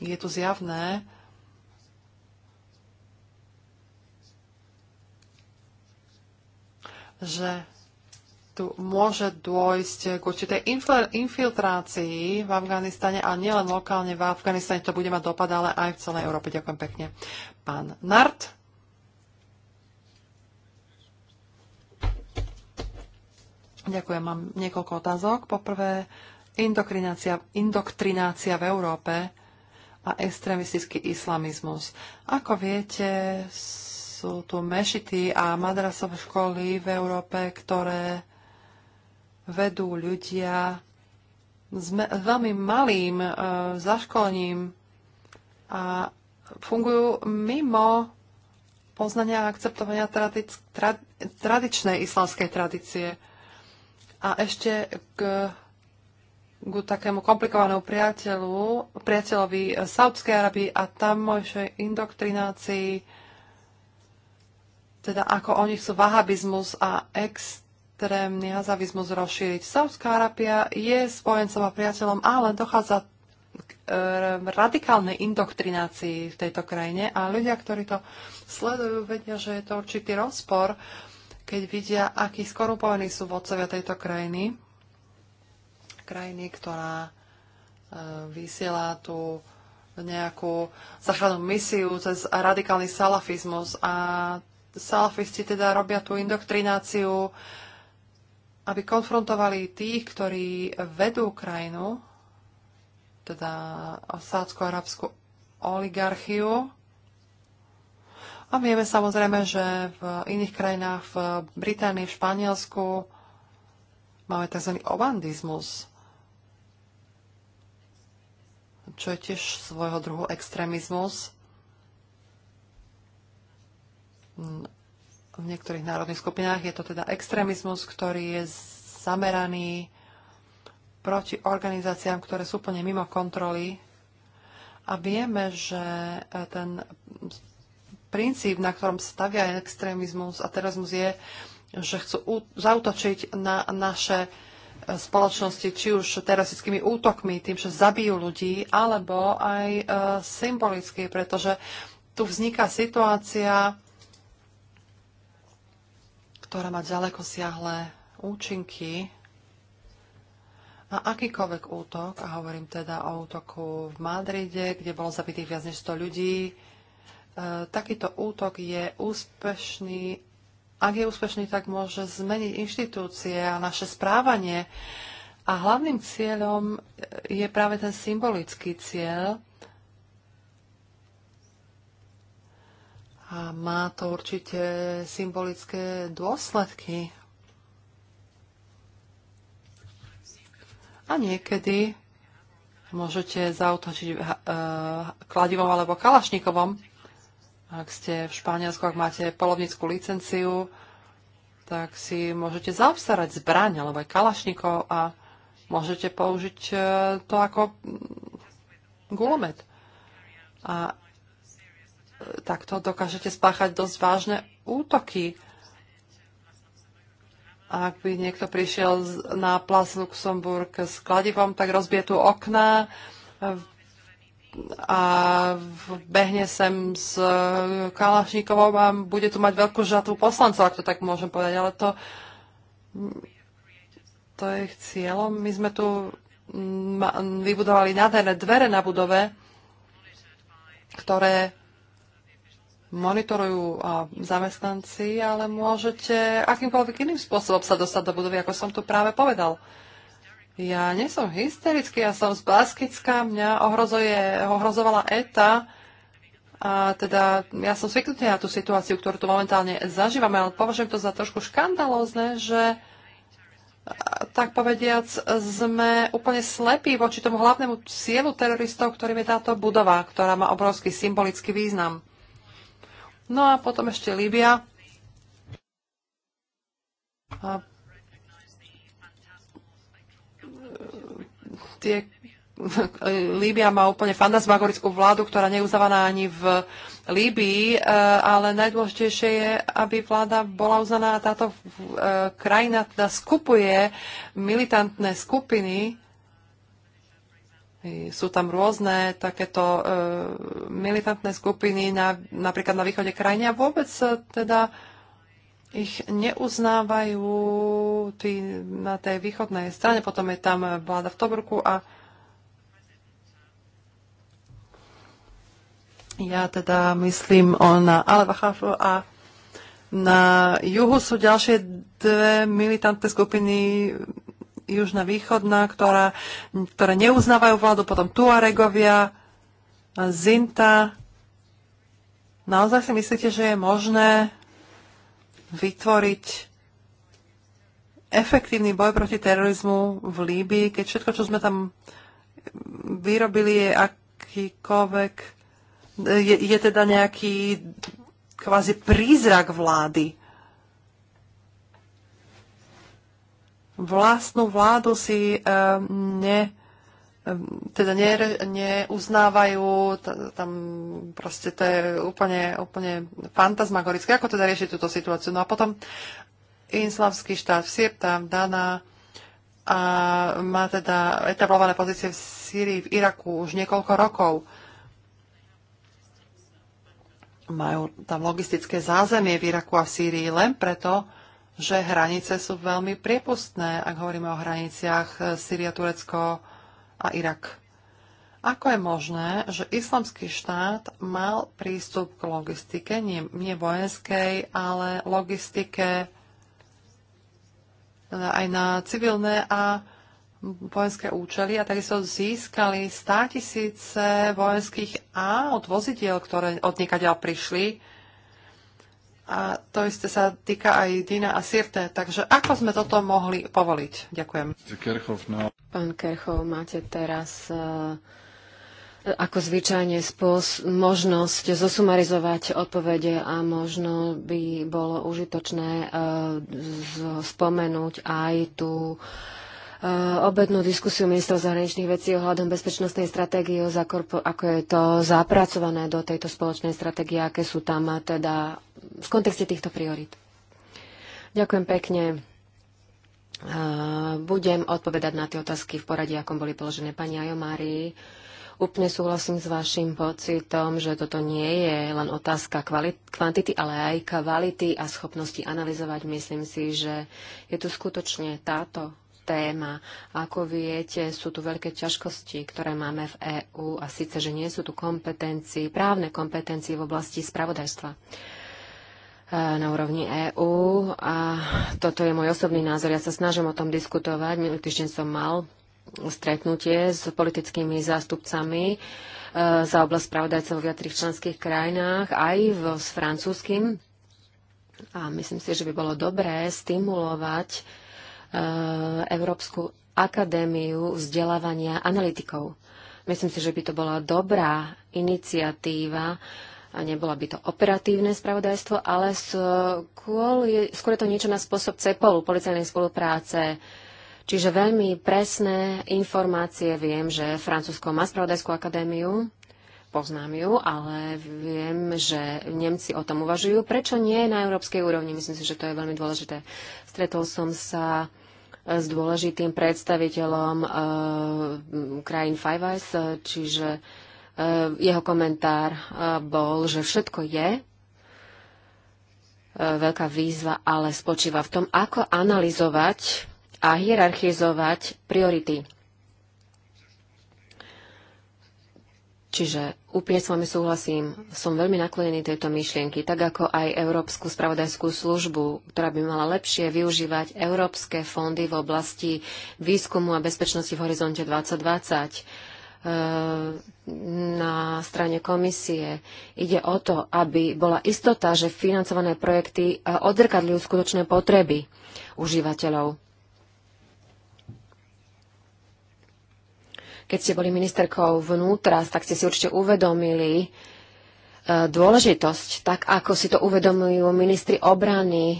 je tu zjavné. že tu môže dôjsť k určitej infiltrácii v Afganistane a nielen lokálne v Afganistane to bude mať dopad, ale aj v celej Európe. Ďakujem pekne. Pán Nart. Ďakujem, mám niekoľko otázok. Poprvé, indoktrinácia, indoktrinácia v Európe a extrémistický islamizmus. Ako viete, sú tu mešity a madrasové školy v Európe, ktoré vedú ľudia s veľmi malým e, zaškolením a fungujú mimo poznania a akceptovania tradic- tra- tradičnej islamskej tradície. A ešte k, k takému komplikovanému priateľu, priateľovi Saudskej Arabii a tamojšej indoktrinácii, teda ako oni sú vahabizmus a ex extrémny hazavizmus rozšíriť. Saudská Arábia je spojencom a priateľom, ale dochádza k e, radikálnej indoktrinácii v tejto krajine a ľudia, ktorí to sledujú, vedia, že je to určitý rozpor, keď vidia, akí skorupovaní sú vodcovia tejto krajiny. Krajiny, ktorá e, vysiela tú nejakú záchrannú misiu cez radikálny salafizmus a salafisti teda robia tú indoktrináciu aby konfrontovali tých, ktorí vedú krajinu, teda sádsko-arabskú oligarchiu. A vieme samozrejme, že v iných krajinách, v Británii, v Španielsku, máme tzv. obandizmus, čo je tiež svojho druhu extrémizmus v niektorých národných skupinách. Je to teda extrémizmus, ktorý je zameraný proti organizáciám, ktoré sú plne mimo kontroly. A vieme, že e, ten princíp, na ktorom stavia extrémizmus a terorizmus je, že chcú zautočiť na naše e, spoločnosti, či už teroristickými útokmi, tým, že zabijú ľudí, alebo aj e, symbolicky, pretože tu vzniká situácia, ktorá má ďaleko siahle účinky a akýkoľvek útok, a hovorím teda o útoku v Madride, kde bolo zabitých viac než 100 ľudí, e, takýto útok je úspešný, ak je úspešný, tak môže zmeniť inštitúcie a naše správanie. A hlavným cieľom je práve ten symbolický cieľ, A má to určite symbolické dôsledky. A niekedy môžete zautočiť eh, kladivom alebo kalašnikovom. Ak ste v Španielsku, ak máte polovnickú licenciu, tak si môžete zaobstarať zbraň alebo aj kalašnikov a môžete použiť eh, to ako mm, gulomet. A takto dokážete spáchať dosť vážne útoky. Ak by niekto prišiel na plas Luxemburg s kladivom, tak rozbije tu okná a behne sem s Kalašníkovom a bude tu mať veľkú žatvu poslancov, ak to tak môžem povedať, ale to, to je ich cieľom. My sme tu vybudovali nádherné dvere na budove, ktoré monitorujú zamestnanci, ale môžete akýmkoľvek iným spôsobom sa dostať do budovy, ako som tu práve povedal. Ja nie som hysterický, ja som z Baskická, mňa ohrozuje, ohrozovala ETA, a teda ja som zvyknutý na tú situáciu, ktorú tu momentálne zažívame, ale považujem to za trošku škandalózne, že tak povediac, sme úplne slepí voči tomu hlavnému cieľu teroristov, ktorým je táto budova, ktorá má obrovský symbolický význam. No a potom ešte Líbia. A tie Líbia má úplne fantasmagorickú vládu, ktorá neuzavaná ani v Líbii, e, ale najdôležitejšie je, aby vláda bola uznaná. Táto e, krajina teda skupuje militantné skupiny, sú tam rôzne takéto e, militantné skupiny, na, napríklad na východe krajiny a vôbec e, teda ich neuznávajú tí, na tej východnej strane. Potom je tam vláda v Tobruku a ja teda myslím o na al a na juhu sú ďalšie dve militantné skupiny južná, východná, ktorá, ktoré neuznávajú vládu, potom Tuaregovia, Zinta. Naozaj si myslíte, že je možné vytvoriť efektívny boj proti terorizmu v Líbii, keď všetko, čo sme tam vyrobili, je akýkoľvek, je, je teda nejaký kvázi prízrak vlády. vlastnú vládu si ne, teda ne, neuznávajú, tam proste to je úplne, úplne fantasmagorické, ako teda riešiť túto situáciu. No a potom Inslavský štát v Sýr, tam Dana a má teda etablované pozície v Sýrii, v Iraku už niekoľko rokov. Majú tam logistické zázemie v Iraku a v Sýrii len preto, že hranice sú veľmi priepustné, ak hovoríme o hraniciach Syria, Turecko a Irak. Ako je možné, že islamský štát mal prístup k logistike, nie, nie vojenskej, ale logistike e, aj na civilné a vojenské účely a takisto získali 100 tisíce vojenských aut, vozidiel, ktoré od prišli a to isté sa týka aj Dina a Sirte. Takže ako sme toto mohli povoliť? Ďakujem. No. Pán Kerchov, máte teraz e, ako zvyčajne spôs- možnosť zosumarizovať odpovede a možno by bolo užitočné e, spomenúť aj tú Eh, obednú diskusiu ministrov zahraničných vecí ohľadom bezpečnostnej stratégie, ako je to zapracované do tejto spoločnej stratégie, aké sú tam eh, teda v kontexte týchto priorit. Ďakujem pekne. Eh, budem odpovedať na tie otázky v poradí, akom boli položené pani Ajomári. Úplne súhlasím s vašim pocitom, že toto nie je len otázka kvantity, ale aj kvality a schopnosti analyzovať. Myslím si, že je tu skutočne táto téma. Ako viete, sú tu veľké ťažkosti, ktoré máme v EÚ a síce, že nie sú tu kompetencii, právne kompetencie v oblasti spravodajstva e, na úrovni EÚ a toto je môj osobný názor. Ja sa snažím o tom diskutovať. Minulý týždeň som mal stretnutie s politickými zástupcami e, za oblasť spravodajcov v viacerých členských krajinách, aj s francúzským. A myslím si, že by bolo dobré stimulovať Eh, Európsku akadémiu vzdelávania analytikov. Myslím si, že by to bola dobrá iniciatíva, a nebola by to operatívne spravodajstvo, ale skôr je, skôr je to niečo na spôsob CEPOLu, policajnej spolupráce. Čiže veľmi presné informácie. Viem, že Francúzsko má spravodajskú akadémiu, poznám ju, ale viem, že Nemci o tom uvažujú. Prečo nie na európskej úrovni? Myslím si, že to je veľmi dôležité. Stretol som sa s dôležitým predstaviteľom eh, krajín Five Eyes, čiže eh, jeho komentár eh, bol, že všetko je veľká výzva, ale spočíva v tom, ako analyzovať a hierarchizovať priority Čiže úplne s vami súhlasím, som veľmi naklonený tejto myšlienky, tak ako aj Európsku spravodajskú službu, ktorá by mala lepšie využívať európske fondy v oblasti výskumu a bezpečnosti v horizonte 2020 eh, na strane komisie. Ide o to, aby bola istota, že financované projekty eh, odrkadľujú skutočné potreby užívateľov. Keď ste boli ministerkou vnútra, tak ste si určite uvedomili e, dôležitosť, tak ako si to uvedomujú ministri obrany, e,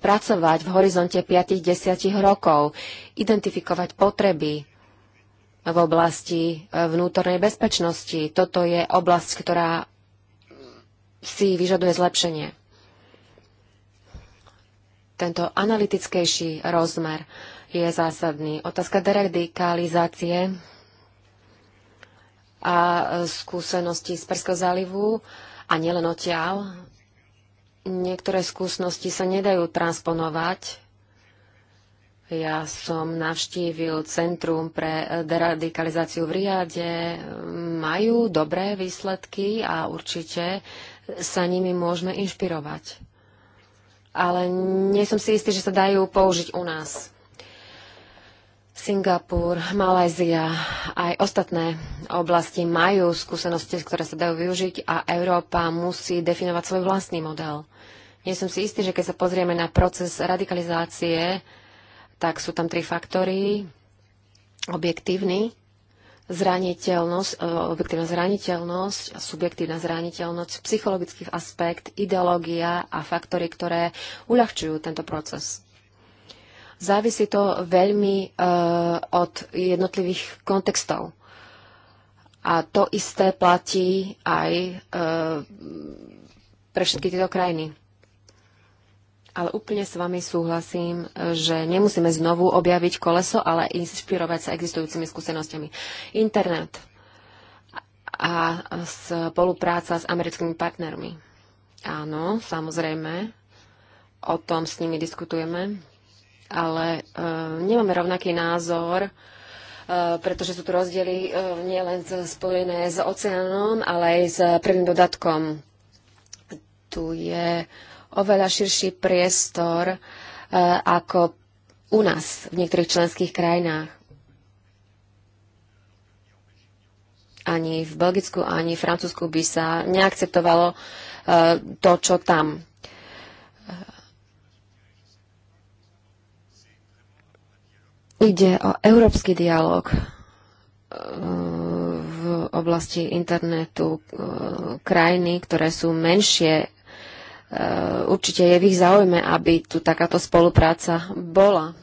pracovať v horizonte 5-10 rokov, identifikovať potreby v oblasti e, vnútornej bezpečnosti. Toto je oblasť, ktorá si vyžaduje zlepšenie. Tento analytickejší rozmer je zásadný. Otázka deradikalizácie a skúsenosti z Perského zálivu a nielen odtiaľ. Niektoré skúsenosti sa nedajú transponovať. Ja som navštívil Centrum pre deradikalizáciu v Riade. Majú dobré výsledky a určite sa nimi môžeme inšpirovať. Ale nie som si istý, že sa dajú použiť u nás. Singapur, Malajzia, aj ostatné oblasti majú skúsenosti, ktoré sa dajú využiť a Európa musí definovať svoj vlastný model. Nie som si istý, že keď sa pozrieme na proces radikalizácie, tak sú tam tri faktory. Objektívny, zraniteľnosť, e, objektívna zraniteľnosť, subjektívna zraniteľnosť, psychologický aspekt, ideológia a faktory, ktoré uľahčujú tento proces. Závisí to veľmi eh, od jednotlivých kontextov. A to isté platí aj eh, pre všetky tieto krajiny. Ale úplne s vami súhlasím, že nemusíme znovu objaviť koleso, ale inšpirovať sa existujúcimi skúsenostiami. Internet a spolupráca s americkými partnermi. Áno, samozrejme, o tom s nimi diskutujeme ale e, nemáme rovnaký názor e, pretože sú tu rozdiely e, nielen spojené s oceánom, ale aj s prvým dodatkom. Tu je oveľa širší priestor ako u nás v niektorých členských krajinách. Ani v Belgicku, ani v Francúzsku by sa neakceptovalo to, čo tam. Ide o európsky dialog e, v oblasti internetu e, krajiny, ktoré sú menšie. E, určite je v ich záujme, aby tu takáto spolupráca bola.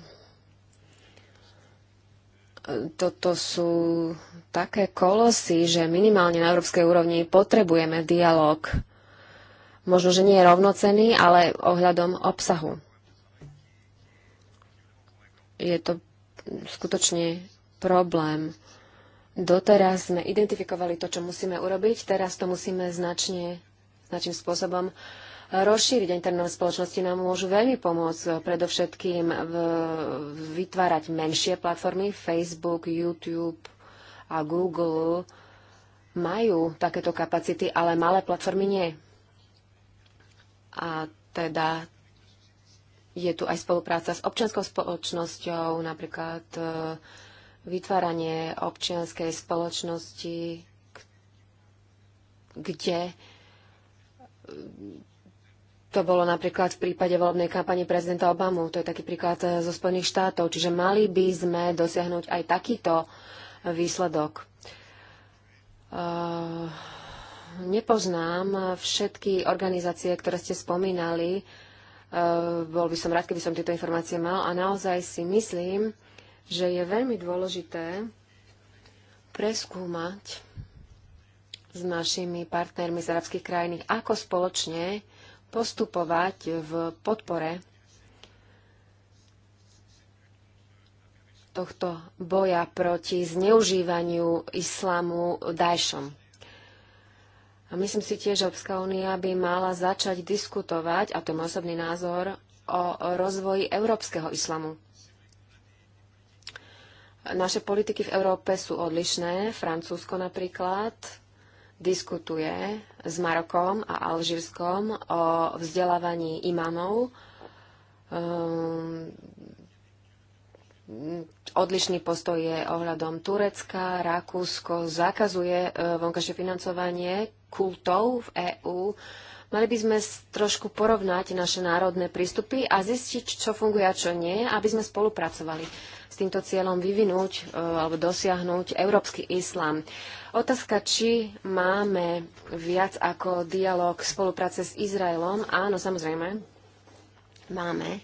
Toto sú také kolosy, že minimálne na európskej úrovni potrebujeme dialog. Možno, že nie je rovnocený, ale ohľadom obsahu. Je to skutočne problém. Doteraz sme identifikovali to, čo musíme urobiť, teraz to musíme značne, značným spôsobom rozšíriť. Internet spoločnosti nám môžu veľmi pomôcť, predovšetkým v, vytvárať menšie platformy, Facebook, YouTube a Google majú takéto kapacity, ale malé platformy nie. A teda je tu aj spolupráca s občianskou spoločnosťou, napríklad e, vytváranie občianskej spoločnosti, kde e, to bolo napríklad v prípade volebnej kampane prezidenta Obamu. To je taký príklad e, zo Spojených štátov. Čiže mali by sme dosiahnuť aj takýto výsledok. nepoznám všetky organizácie, ktoré ste spomínali, Eh, bol by som rád, keby som tieto informácie mal a naozaj si myslím, že je veľmi dôležité preskúmať s našimi partnermi z arabských krajín, ako spoločne postupovať v podpore tohto boja proti zneužívaniu islamu Dajšom. A myslím si tiež, že Európska únia by mala začať diskutovať, a to je môj osobný názor, o rozvoji európskeho islamu. Naše politiky v Európe sú odlišné. Francúzsko napríklad diskutuje s Marokom a Alžírskom o vzdelávaní imamov. Um, odlišný postoj je ohľadom Turecka. Rakúsko zakazuje eh, vonkajšie financovanie kultov v EÚ, mali by sme trošku porovnať naše národné prístupy a zistiť, čo funguje a čo nie, aby sme spolupracovali s týmto cieľom vyvinúť e, alebo dosiahnuť európsky islám. Otázka, či máme viac ako dialog spolupráce s Izraelom. Áno, samozrejme, máme.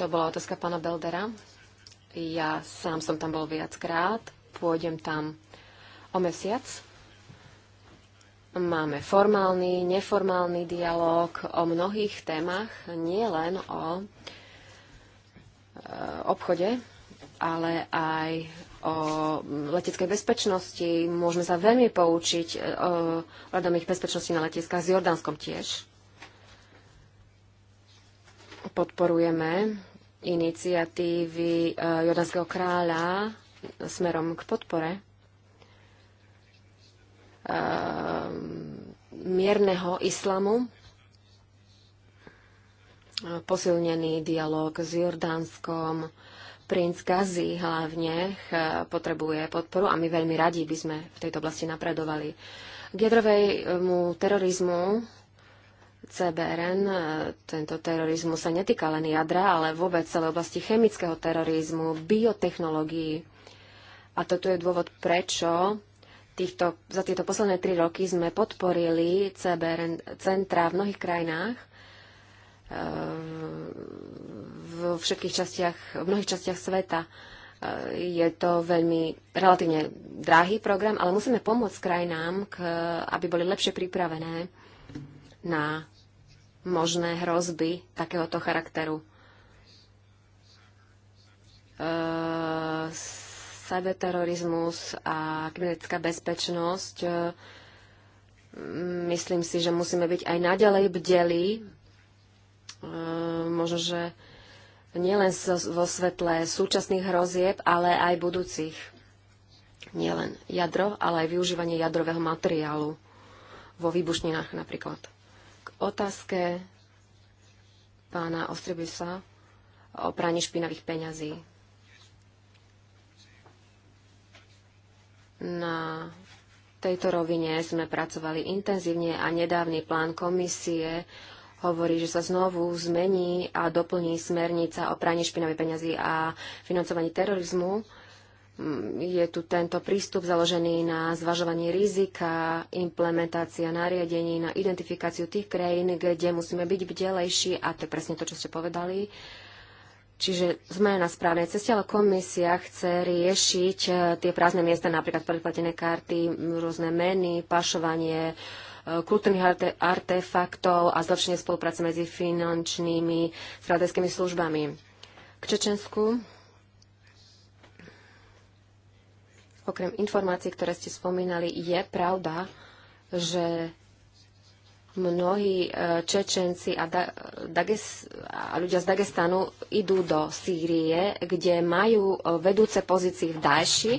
To bola otázka pána Beldera. Ja sám som tam bol viackrát, pôjdem tam o mesiac Máme formálny, neformálny dialog o mnohých témach, nie len o e, obchode, ale aj o leteckej bezpečnosti. Môžeme sa veľmi poučiť e, o radomých bezpečnosti na letiskách s Jordánskom tiež. Podporujeme iniciatívy e, Jordánskeho kráľa smerom k podpore Ehm, mierneho islamu, posilnený dialog s Jordánskom, princ Gazi hlavne eh, potrebuje podporu a my veľmi radi by sme v tejto oblasti napredovali. K jadrovému terorizmu CBRN, eh, tento terorizmus sa netýka len jadra, ale vôbec celé oblasti chemického terorizmu, biotechnológií. A toto je dôvod, prečo týchto, za tieto posledné tri roky sme podporili CBR centra v mnohých krajinách, eh, v všetkých častiach, v mnohých častiach sveta. Eh, je to veľmi relatívne drahý program, ale musíme pomôcť krajinám, k, aby boli lepšie pripravené na možné hrozby takéhoto charakteru. E, cyberterorizmus a kybernetická bezpečnosť. E, myslím si, že musíme byť aj naďalej bdeli. E, možno, že nielen vo svetle súčasných hrozieb, ale aj budúcich. Nielen jadro, ale aj využívanie jadrového materiálu vo výbušninách napríklad. K otázke pána Ostribisa o praní špinavých peňazí. Na tejto rovine sme pracovali intenzívne a nedávny plán komisie hovorí, že sa znovu zmení a doplní smernica o praní špinavých peňazí a financovaní terorizmu. Je tu tento prístup založený na zvažovanie rizika, implementácia nariadení na identifikáciu tých krajín, kde musíme byť bdelejší a to je presne to, čo ste povedali Čiže sme na správnej ceste, ale komisia chce riešiť e, tie prázdne miesta, napríklad predplatené karty, rôzne meny, pašovanie e, kultúrnych artefaktov a zlepšenie spolupráce medzi finančnými spravodajskými službami. K Čečensku. Okrem informácií, ktoré ste spomínali, je pravda, že mnohí e, Čečenci a, da, Dages, a ľudia z Dagestanu idú do Sýrie, kde majú e, vedúce pozície v Dajši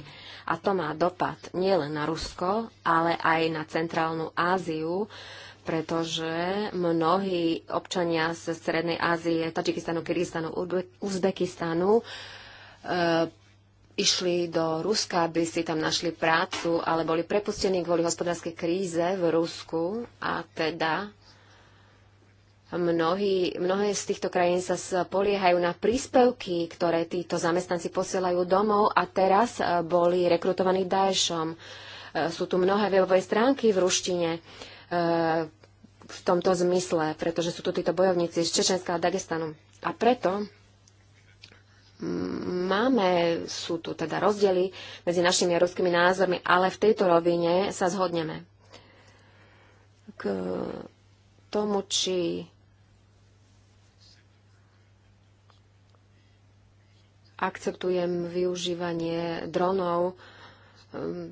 a to má dopad nielen na Rusko, ale aj na Centrálnu Áziu, pretože mnohí občania z Strednej Ázie, Tadžikistanu, Kyrgyzstanu, Uzbekistanu e, išli do Ruska, aby si tam našli prácu, ale boli prepustení kvôli hospodárskej kríze v Rusku a teda mnohí, mnohé z týchto krajín sa spoliehajú na príspevky, ktoré títo zamestnanci posielajú domov a teraz e, boli rekrutovaní Daešom. E, sú tu mnohé webové stránky v ruštine e, v tomto zmysle, pretože sú tu títo bojovníci z Čečenska a Dagestanu. A preto máme, sú tu teda rozdiely medzi našimi a ruskými názormi, ale v tejto rovine sa zhodneme. K tomu, či akceptujem využívanie dronov, um,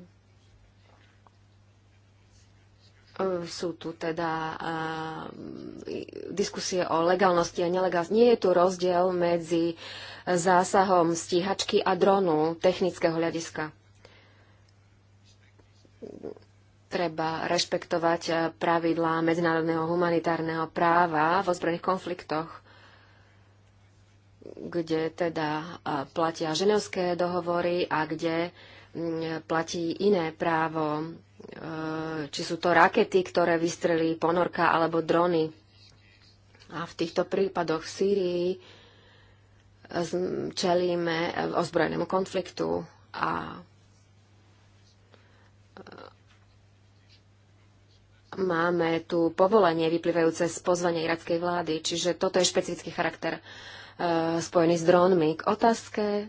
E, sú tu teda e, diskusie o legálnosti a nelegálnosti. Nie je tu rozdiel medzi zásahom stíhačky a dronu technického hľadiska. Treba rešpektovať pravidlá medzinárodného humanitárneho práva v ozbrojených konfliktoch, kde teda e, platia ženevské dohovory a kde platí iné právo Eh, či sú to rakety, ktoré vystrelí ponorka alebo drony. A v týchto prípadoch v Sýrii eh, čelíme eh, ozbrojenému konfliktu a máme tu povolenie vyplývajúce z pozvania irackej vlády, čiže toto je špecifický charakter spojený s drónmi. K otázke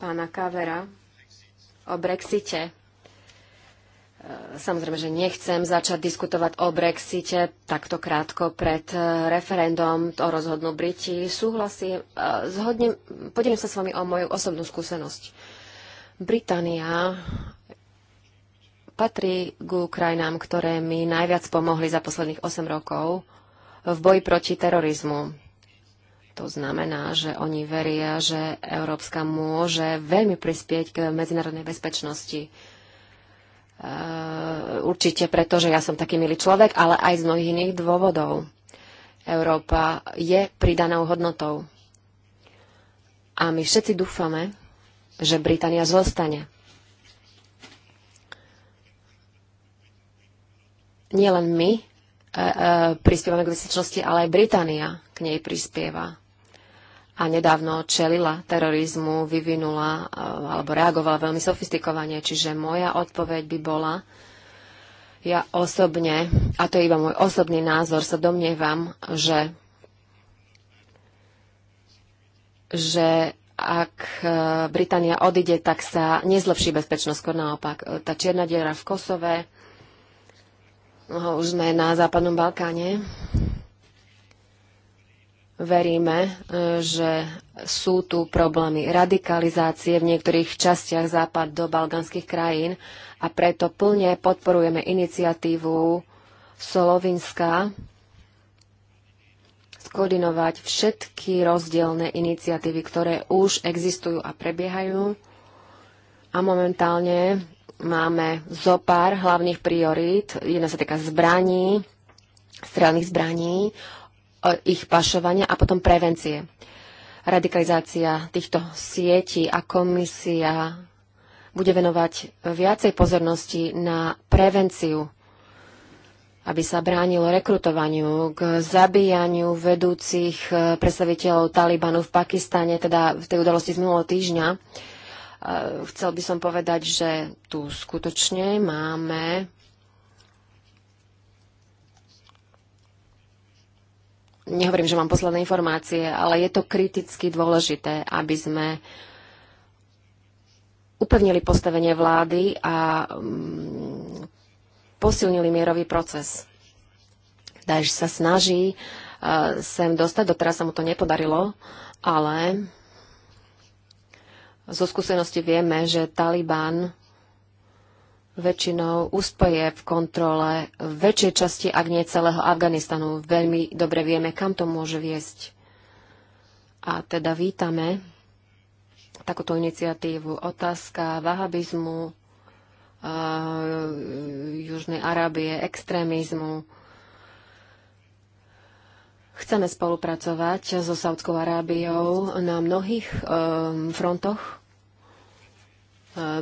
pána Kavera o Brexite. E, samozrejme, že nechcem začať diskutovať o Brexite takto krátko pred e, referendum, to rozhodnú Briti. Súhlasím, e, zhodnem, podelím sa s vami o moju osobnú skúsenosť. Británia patrí k krajinám, ktoré mi najviac pomohli za posledných 8 rokov v boji proti terorizmu. To znamená, že oni veria, že Európska môže veľmi prispieť k medzinárodnej bezpečnosti Eh, určite preto, že ja som taký milý človek, ale aj z mnohých iných dôvodov. Európa je pridanou hodnotou. A my všetci dúfame, že Británia zostane. Nielen my e, e, prispievame k bezpečnosti, ale aj Británia k nej prispieva a nedávno čelila terorizmu, vyvinula eh, alebo reagovala veľmi sofistikovane. Čiže moja odpoveď by bola, ja osobne, a to je iba môj osobný názor, sa domnievam, že, že ak eh, Británia odíde, tak sa nezlepší bezpečnosť, skôr naopak. Eh, tá čierna diera v Kosove, no, už sme na Západnom Balkáne, veríme, e, že sú tu problémy radikalizácie v niektorých častiach západ do balkánskych krajín a preto plne podporujeme iniciatívu Slovinska skoordinovať všetky rozdielne iniciatívy, ktoré už existujú a prebiehajú. A momentálne máme zo pár hlavných priorít. Jedna sa týka zbraní, strelných zbraní, ich pašovania a potom prevencie. Radikalizácia týchto sietí a komisia bude venovať viacej pozornosti na prevenciu, aby sa bránilo rekrutovaniu k zabíjaniu vedúcich eh, predstaviteľov Talibanu v Pakistane, teda v tej udalosti z minulého týždňa. Eh, chcel by som povedať, že tu skutočne máme nehovorím, že mám posledné informácie, ale je to kriticky dôležité, aby sme upevnili postavenie vlády a mm, posilnili mierový proces. Daesh sa snaží e, sem dostať, doteraz sa mu to nepodarilo, ale zo skúsenosti vieme, že Taliban väčšinou úspeje v kontrole väčšej časti, ak nie celého Afganistanu. Veľmi dobre vieme, kam to môže viesť. A teda vítame takúto iniciatívu. Otázka vahabizmu, Južnej Arábie, extrémizmu. Chceme spolupracovať so Saudskou Arábiou na mnohých um, frontoch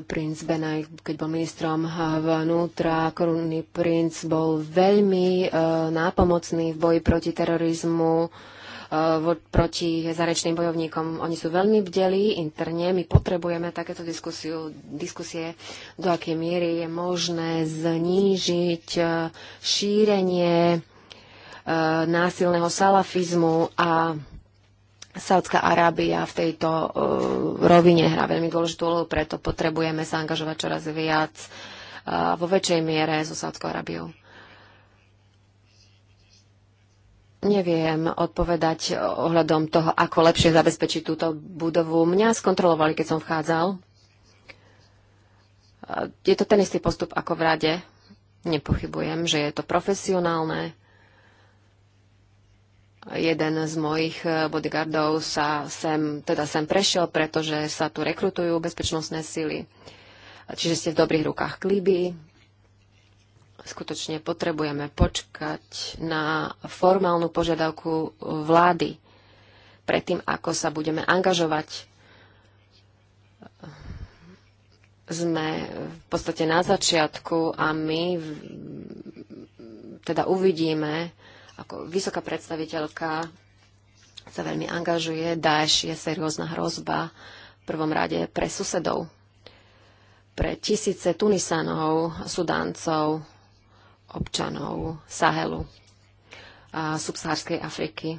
princ Benaj, keď bol ministrom vnútra, korunný princ bol veľmi e, nápomocný v boji proti terorizmu, e, proti zarečným bojovníkom. Oni sú veľmi bdelí interne. My potrebujeme takéto diskusiu, diskusie, do akej miery je možné znížiť e, šírenie násilného salafizmu a Saudská Arábia v tejto uh, rovine hrá veľmi dôležitú úlohu, preto potrebujeme sa angažovať čoraz viac uh, vo väčšej miere so Saudskou Arábiou. Neviem odpovedať ohľadom toho, ako lepšie zabezpečiť túto budovu. Mňa skontrolovali, keď som vchádzal. E, je to ten istý postup ako v rade. Nepochybujem, že je to profesionálne, jeden z mojich eh, bodyguardov sa sem, teda sem prešiel, pretože sa tu rekrutujú bezpečnostné sily. Čiže ste v dobrých rukách Kliby. Skutočne potrebujeme počkať na formálnu požiadavku vlády predtým, ako sa budeme angažovať. Sme v podstate na začiatku a my teda uvidíme, ako vysoká predstaviteľka sa veľmi angažuje. Daesh je seriózna hrozba v prvom rade pre susedov, pre tisíce Tunisanov, Sudáncov, občanov Sahelu a subsahárskej Afriky.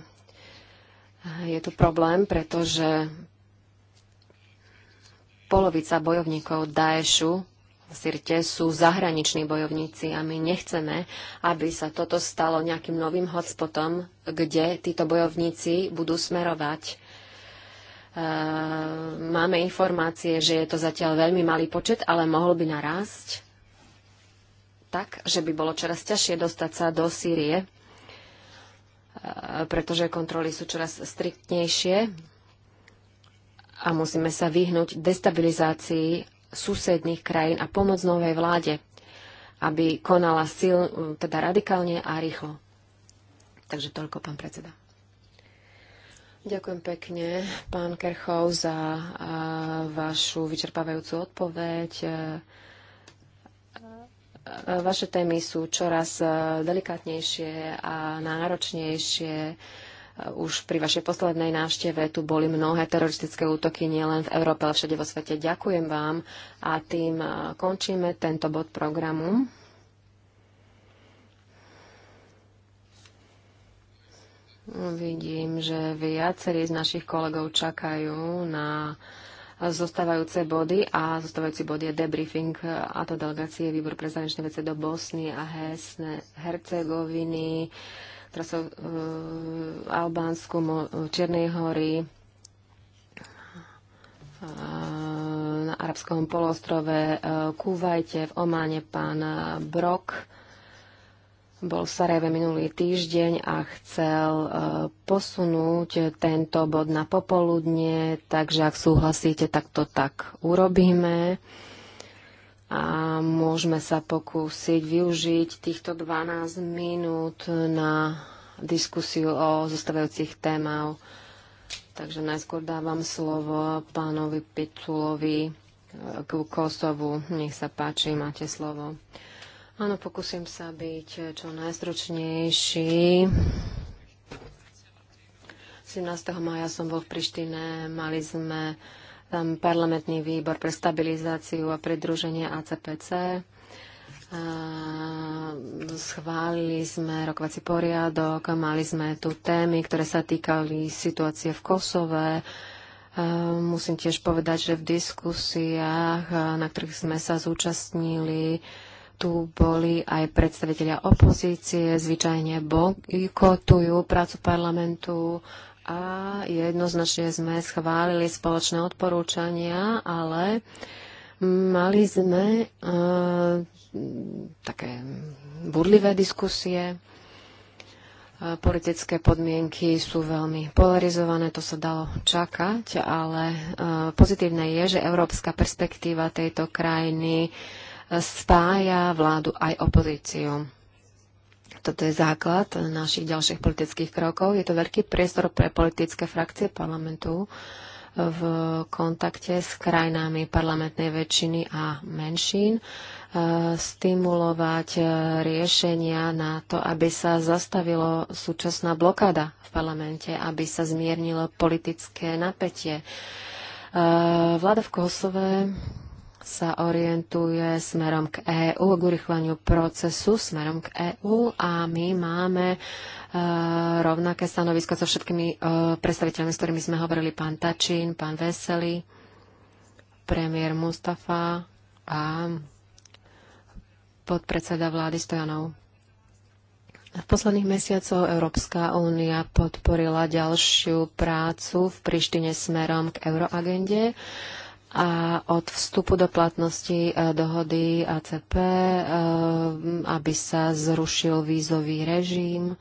Je to problém, pretože polovica bojovníkov Daešu Sirte sú zahraniční bojovníci a my nechceme, aby sa toto stalo nejakým novým hotspotom, kde títo bojovníci budú smerovať. E, máme informácie, že je to zatiaľ veľmi malý počet, ale mohol by narásť tak, že by bolo čoraz ťažšie dostať sa do Sýrie, e, pretože kontroly sú čoraz striktnejšie a musíme sa vyhnúť destabilizácii susedných krajín a pomoc novej vláde, aby konala sil, teda radikálne a rýchlo. Takže toľko, pán predseda. Ďakujem pekne, pán Kerchov, za vašu vyčerpávajúcu odpoveď. Vaše témy sú čoraz delikátnejšie a náročnejšie už pri vašej poslednej návšteve tu boli mnohé teroristické útoky nielen v Európe, ale všade vo svete. Ďakujem vám a tým končíme tento bod programu. Vidím, že viacerí z našich kolegov čakajú na zostávajúce body a zostávajúci bod je debriefing a to delegácie výbor pre zahraničné veci do Bosny a Hercegoviny trasou e, Albánsku, Mo, e, Čiernej hory, e, na Arabskom polostrove, e, Kuvajte, v Ománe pán Brok bol v Sarajeve minulý týždeň a chcel posunúť tento bod na popoludne, takže ak súhlasíte, tak to tak urobíme a môžeme sa pokúsiť využiť týchto 12 minút na diskusiu o zostávajúcich témach. Takže najskôr dávam slovo pánovi Pitulovi k Kosovu. Nech sa páči, máte slovo. Áno, pokúsim sa byť čo najstručnejší. 17. maja som bol v Prištine, mali sme parlamentný výbor pre stabilizáciu a predruženie ACPC. Schválili sme rokovací poriadok, mali sme tu témy, ktoré sa týkali situácie v Kosove. Musím tiež povedať, že v diskusiách, na ktorých sme sa zúčastnili, tu boli aj predstavitelia opozície, zvyčajne bojkotujú prácu parlamentu a jednoznačne sme schválili spoločné odporúčania, ale mali sme uh, také burlivé diskusie. Uh, politické podmienky sú veľmi polarizované, to sa dalo čakať, ale uh, pozitívne je, že európska perspektíva tejto krajiny spája vládu aj opozíciu toto je základ našich ďalších politických krokov. Je to veľký priestor pre politické frakcie parlamentu v kontakte s krajinami parlamentnej väčšiny a menšín eh, stimulovať eh, riešenia na to, aby sa zastavilo súčasná blokáda v parlamente, aby sa zmiernilo politické napätie. Eh, vláda v Kosove sa orientuje smerom k EÚ, k urychleniu procesu smerom k EÚ a my máme e, rovnaké stanovisko so všetkými e, predstaviteľmi, s ktorými sme hovorili, pán Tačín, pán Veselý, premiér Mustafa a podpredseda vlády Stojanov. V posledných mesiacoch Európska únia podporila ďalšiu prácu v Prištine smerom k euroagende a od vstupu do platnosti e, dohody ACP, e, aby sa zrušil vízový režim.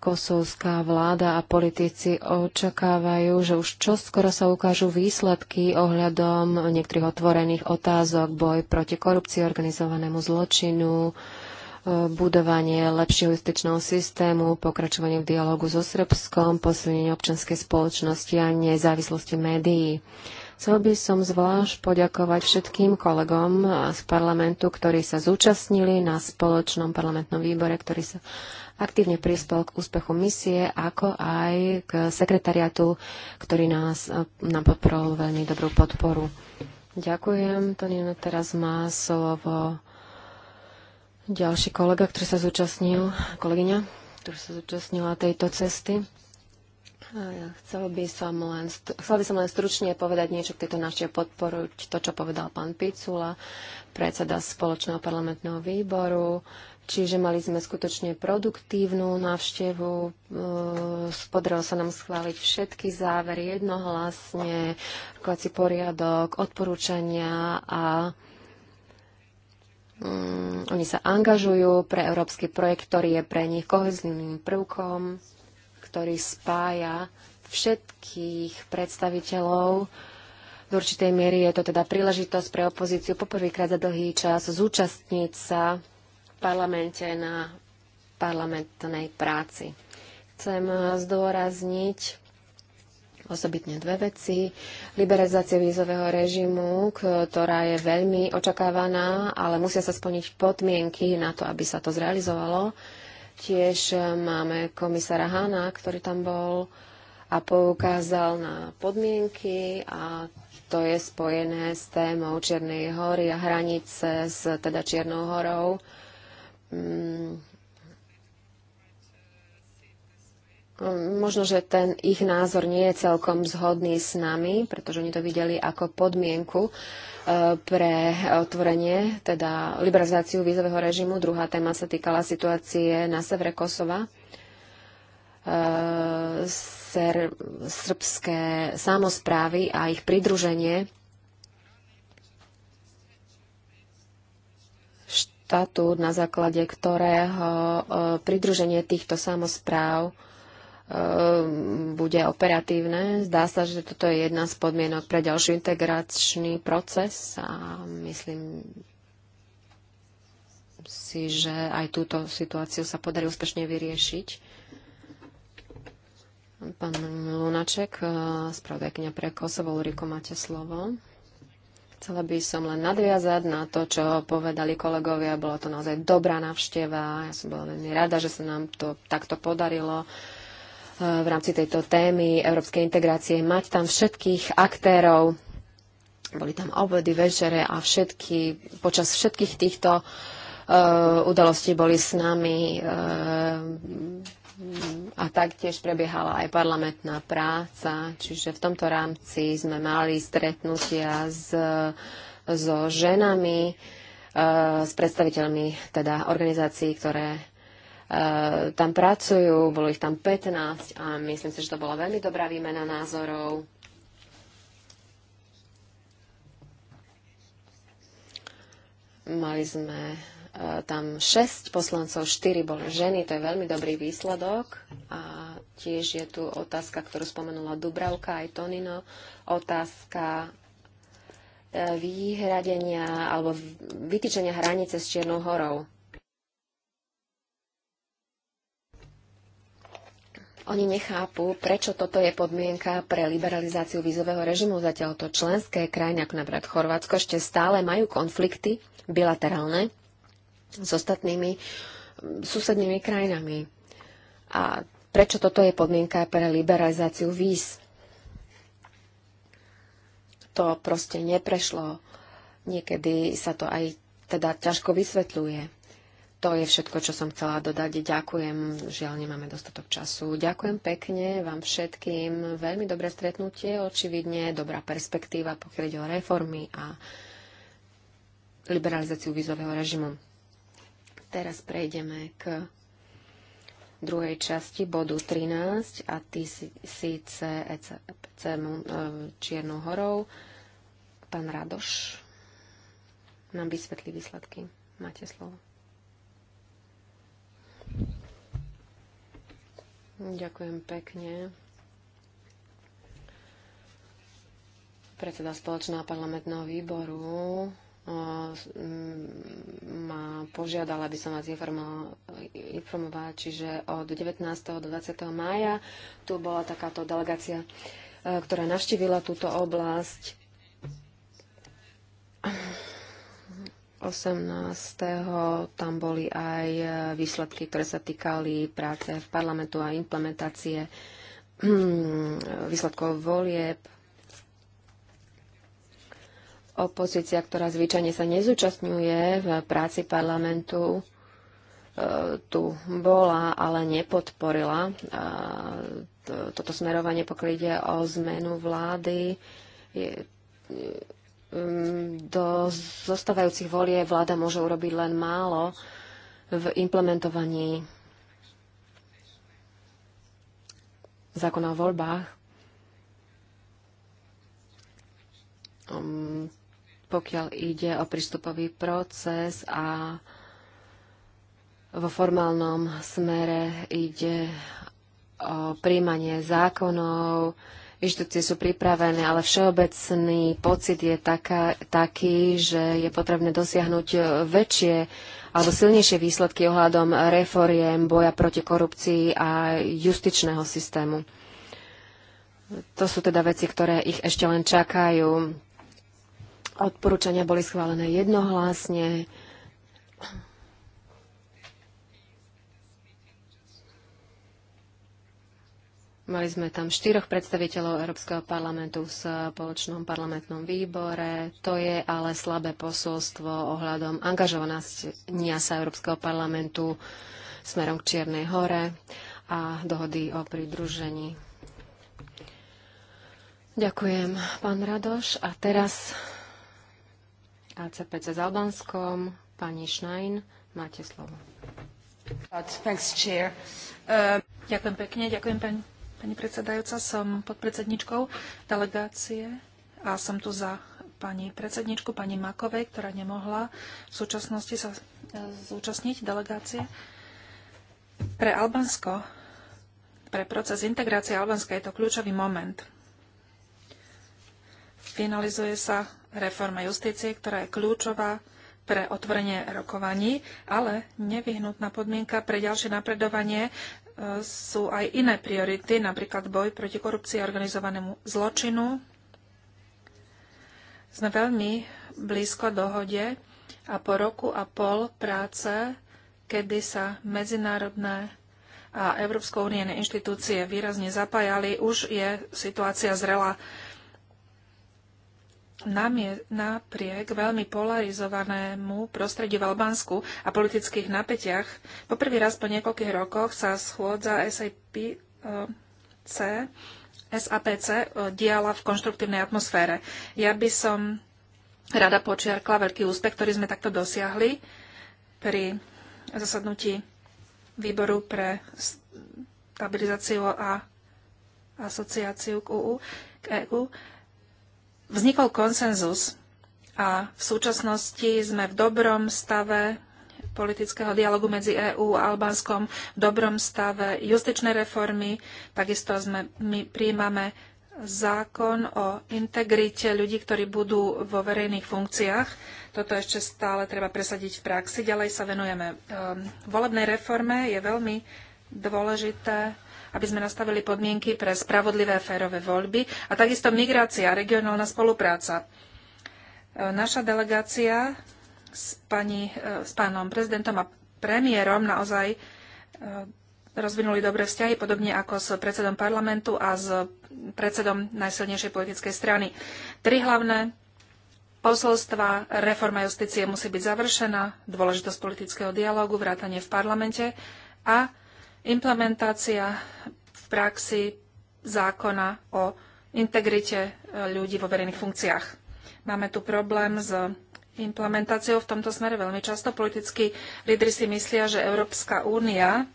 Kosovská vláda a politici očakávajú, že už čoskoro sa ukážu výsledky ohľadom niektorých otvorených otázok, boj proti korupcii, organizovanému zločinu, e, budovanie lepšieho justičného systému, pokračovanie v dialogu so Srbskom, posilnenie občanskej spoločnosti a nezávislosti médií. Chcel by som zvlášť poďakovať všetkým kolegom z parlamentu, ktorí sa zúčastnili na spoločnom parlamentnom výbore, ktorý sa aktívne prispel k úspechu misie, ako aj k sekretariatu, ktorý nás nám veľmi dobrú podporu. Ďakujem. Tonino teraz má slovo ďalší kolega, ktorý sa zúčastnil, kolegyňa, ktorá sa zúčastnila tejto cesty. Chcel by, som len, chcel by som len stručne povedať niečo k tejto našej podporuť to, čo povedal pán Picula, predseda spoločného parlamentného výboru. Čiže mali sme skutočne produktívnu návštevu. E, podarilo sa nám schváliť všetky závery jednohlasne, rokovací poriadok, odporúčania a um, oni sa angažujú pre európsky projekt, ktorý je pre nich kohezným prvkom ktorý spája všetkých predstaviteľov. V určitej miery je to teda príležitosť pre opozíciu poprvýkrát za dlhý čas zúčastniť sa v parlamente na parlamentnej práci. Chcem zdôrazniť osobitne dve veci. Liberalizácia vízového režimu, ktorá je veľmi očakávaná, ale musia sa splniť podmienky na to, aby sa to zrealizovalo. Tiež e, máme komisára Hana, ktorý tam bol a poukázal na podmienky a to je spojené s témou Čiernej hory a hranice s teda Čiernou horou. Mm, Možno, že ten ich názor nie je celkom zhodný s nami, pretože oni to videli ako podmienku e, pre otvorenie, teda liberalizáciu vízového režimu. Druhá téma sa týkala situácie na severe Kosova. E, ser, srbské samozprávy a ich pridruženie štatút, na základe ktorého e, pridruženie týchto samozpráv Ehm, bude operatívne. Zdá sa, že toto je jedna z podmienok pre ďalší integračný proces a myslím si, že aj túto situáciu sa podarí úspešne vyriešiť. Pán Lunaček, eh, spravodajkňa pre Kosovo, Ulriko, máte slovo. Chcela by som len nadviazať na to, čo povedali kolegovia. Bola to naozaj dobrá návšteva. Ja som bola veľmi rada, že sa nám to takto podarilo. Uh, v rámci tejto témy európskej integrácie, mať tam všetkých aktérov, boli tam obedy, večere a všetky, počas všetkých týchto uh, udalostí boli s nami uh, a taktiež prebiehala aj parlamentná práca, čiže v tomto rámci sme mali stretnutia s, so ženami, uh, s predstaviteľmi teda organizácií, ktoré Eh, tam pracujú, bolo ich tam 15 a myslím si, že to bola veľmi dobrá výmena názorov. Mali sme eh, tam 6 poslancov, 4 boli ženy, to je veľmi dobrý výsledok. A tiež je tu otázka, ktorú spomenula Dubravka aj Tonino, otázka eh, vyhradenia alebo vytýčenia hranice s Čiernou horou. Oni nechápu, prečo toto je podmienka pre liberalizáciu vízového režimu. Zatiaľ to členské krajiny, ako napríklad Chorvátsko, ešte stále majú konflikty bilaterálne s ostatnými mm, susednými krajinami. A prečo toto je podmienka pre liberalizáciu víz? To proste neprešlo. Niekedy sa to aj teda ťažko vysvetľuje to je všetko, čo som chcela dodať. Ďakujem, žiaľ nemáme dostatok času. Ďakujem pekne vám všetkým. Veľmi dobré stretnutie, očividne dobrá perspektíva, pokiaľ ide o reformy a liberalizáciu vízového režimu. Teraz prejdeme k druhej časti bodu 13 a síce ECPC e, Čiernou horou. Pán Radoš nám vysvetlí výsledky. Máte slovo. Ďakujem pekne. Predseda spoločného parlamentného výboru ma požiadala, aby som vás informovala, čiže od 19. do 20. mája tu bola takáto delegácia, e, ktorá navštívila túto oblasť 18. tam boli aj e, výsledky, ktoré sa týkali práce v parlamentu a implementácie mm, výsledkov volieb. Opozícia, ktorá zvyčajne sa nezúčastňuje v práci parlamentu, e, tu bola, ale nepodporila e, toto smerovanie, pokiaľ ide o zmenu vlády. Je, Mm, do zostávajúcich volie vláda môže urobiť len málo v implementovaní zákona o voľbách. Um, pokiaľ ide o prístupový proces a vo formálnom smere ide o príjmanie zákonov, inštitúcie sú pripravené, ale všeobecný pocit je taká, taký, že je potrebné dosiahnuť väčšie alebo silnejšie výsledky ohľadom reforiem, boja proti korupcii a justičného systému. To sú teda veci, ktoré ich ešte len čakajú. Odporúčania boli schválené jednohlásne Mali sme tam štyroch predstaviteľov Európskeho parlamentu v spoločnom parlamentnom výbore. To je ale slabé posolstvo ohľadom angažovanosti sa Európskeho parlamentu smerom k Čiernej hore a dohody o pridružení. Ďakujem, pán Radoš. A teraz ACPC s Albánskom, pani Šnain, máte slovo. Thanks, chair. Uh... Ďakujem pekne, ďakujem pani Pani predsedajúca, som podpredsedničkou delegácie a som tu za pani predsedničku, pani Makovej, ktorá nemohla v súčasnosti sa e, zúčastniť delegácie. Pre Albánsko, pre proces integrácie Albánska je to kľúčový moment. Finalizuje sa reforma justície, ktorá je kľúčová pre otvorenie rokovaní, ale nevyhnutná podmienka pre ďalšie napredovanie sú aj iné priority, napríklad boj proti korupcii a organizovanému zločinu. Sme veľmi blízko dohode a po roku a pol práce, kedy sa medzinárodné a Európsko-unijné inštitúcie výrazne zapájali, už je situácia zrela napriek veľmi polarizovanému prostrediu v Albánsku a politických napätiach, poprvý raz po niekoľkých rokoch sa schôdza SAPC, eh, SAPC eh, diala v konštruktívnej atmosfére. Ja by som rada počiarkla veľký úspech, ktorý sme takto dosiahli pri zasadnutí výboru pre stabilizáciu a asociáciu k EU. K EU Vznikol konsenzus a v súčasnosti sme v dobrom stave politického dialogu medzi EÚ a Albánskom, v dobrom stave justičnej reformy. Takisto sme, my príjmame zákon o integrite ľudí, ktorí budú vo verejných funkciách. Toto ešte stále treba presadiť v praxi. Ďalej sa venujeme ehm, volebnej reforme. Je veľmi dôležité aby sme nastavili podmienky pre spravodlivé a férové voľby a takisto migrácia, regionálna spolupráca. E, naša delegácia s, pani, e, s pánom prezidentom a premiérom naozaj e, rozvinuli dobré vzťahy, podobne ako s predsedom parlamentu a s predsedom najsilnejšej politickej strany. Tri hlavné Posolstva reforma justície musí byť završená, dôležitosť politického dialógu, vrátanie v parlamente a implementácia v praxi zákona o integrite e, ľudí vo verejných funkciách. Máme tu problém s implementáciou v tomto smere veľmi často. Politickí lídry si myslia, že Európska únia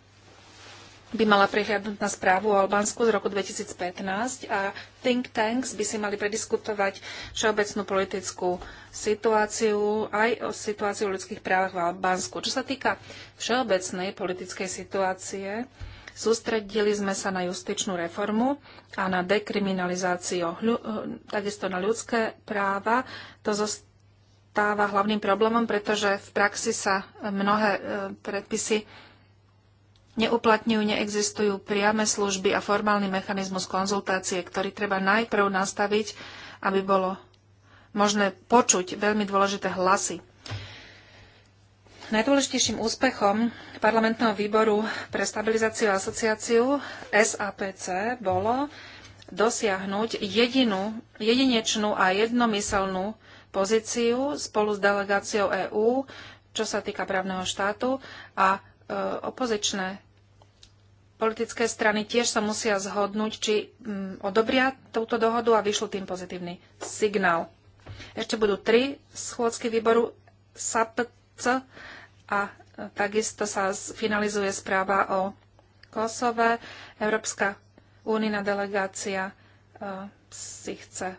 by mala prihľadnúť na správu o Albánsku z roku 2015 a think tanks by si mali prediskutovať všeobecnú politickú situáciu aj o situáciu ľudských právach v Albánsku. Čo sa týka všeobecnej politickej situácie, sústredili sme sa na justičnú reformu a na dekriminalizáciu, eh, takisto na ľudské práva. To zostáva hlavným problémom, pretože v praxi sa mnohé eh, predpisy neuplatňujú, neexistujú priame služby a formálny mechanizmus konzultácie, ktorý treba najprv nastaviť, aby bolo možné počuť veľmi dôležité hlasy. Najdôležitejším úspechom parlamentného výboru pre stabilizáciu a asociáciu SAPC bolo dosiahnuť jedinú, jedinečnú a jednomyselnú pozíciu spolu s delegáciou EÚ, čo sa týka právneho štátu a e, opozičné politické strany tiež sa musia zhodnúť, či mm, odobria túto dohodu a vyšlo tým pozitívny signál. Ešte budú tri schôdzky výboru SAPC a e, takisto sa finalizuje správa o Kosove. Európska únina delegácia e, si chce,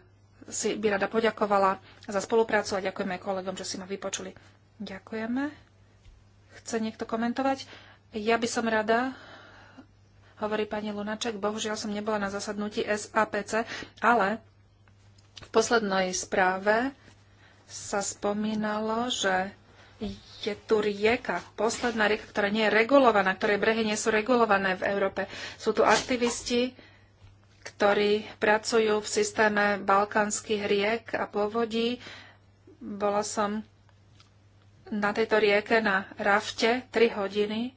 si by rada poďakovala za spoluprácu a ďakujeme aj kolegom, že si ma vypočuli. Ďakujeme. Chce niekto komentovať? Ja by som rada hovorí pani Lunaček. Bohužiaľ som nebola na zasadnutí SAPC, ale v poslednej správe sa spomínalo, že je tu rieka, posledná rieka, ktorá nie je regulovaná, ktoré brehy nie sú regulované v Európe. Sú tu aktivisti, ktorí pracujú v systéme balkánskych riek a povodí. Bola som na tejto rieke na rafte 3 hodiny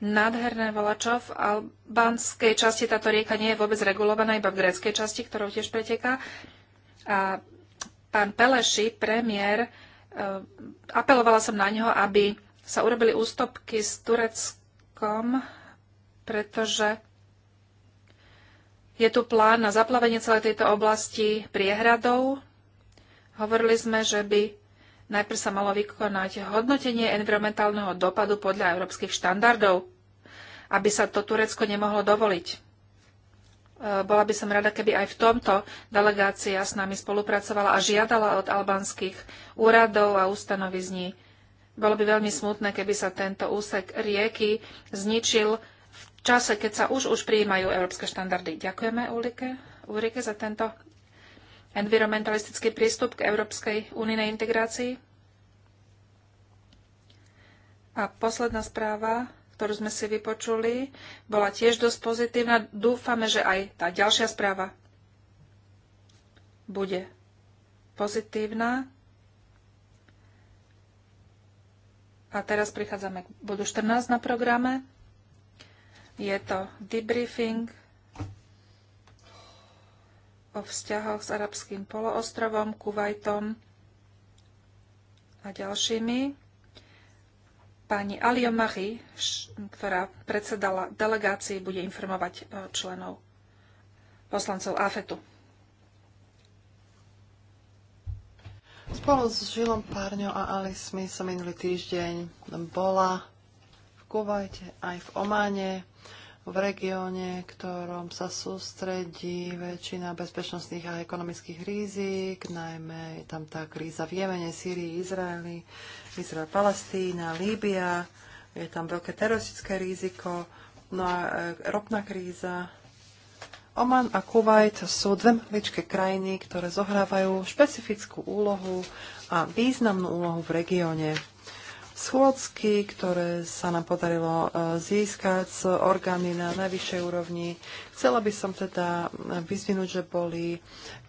nádherné volačo. V albánskej časti táto rieka nie je vôbec regulovaná, iba v gréckej časti, ktorou tiež preteká. A pán Peleši, premiér, eh, apelovala som na neho, aby sa urobili ústopky s Tureckom, pretože je tu plán na zaplavenie celej tejto oblasti priehradou. Hovorili sme, že by najprv sa malo vykonať hodnotenie environmentálneho dopadu podľa európskych štandardov aby sa to Turecko nemohlo dovoliť. E, bola by som rada, keby aj v tomto delegácia s nami spolupracovala a žiadala od albanských úradov a ustanovizní. Bolo by veľmi smutné, keby sa tento úsek rieky zničil v čase, keď sa už, už prijímajú európske štandardy. Ďakujeme Ulrike, Ulrike za tento environmentalistický prístup k Európskej unijnej integrácii. A posledná správa ktorú sme si vypočuli, bola tiež dosť pozitívna. Dúfame, že aj tá ďalšia správa bude pozitívna. A teraz prichádzame k bodu 14 na programe. Je to debriefing o vzťahoch s arabským poloostrovom, Kuwaitom a ďalšími. Pani Mahi, ktorá predsedala delegácii, bude informovať e, členov poslancov AFETu. Spolu s Žilom Párňou a Alismi som minulý týždeň bola v Kuvajte aj v Ománe v regióne, ktorom sa sústredí väčšina bezpečnostných a ekonomických rizik, najmä je tam tá kríza v Jemene, Sýrii, Izraeli, Izrael, Palestína, Líbia, je tam veľké teroristické riziko, no a e, ropná kríza. Oman a Kuwait sú dve maličké krajiny, ktoré zohrávajú špecifickú úlohu a významnú úlohu v regióne schôdzky, ktoré sa nám podarilo e, získať s orgánmi na najvyššej úrovni. Chcela by som teda vyzvinúť, že boli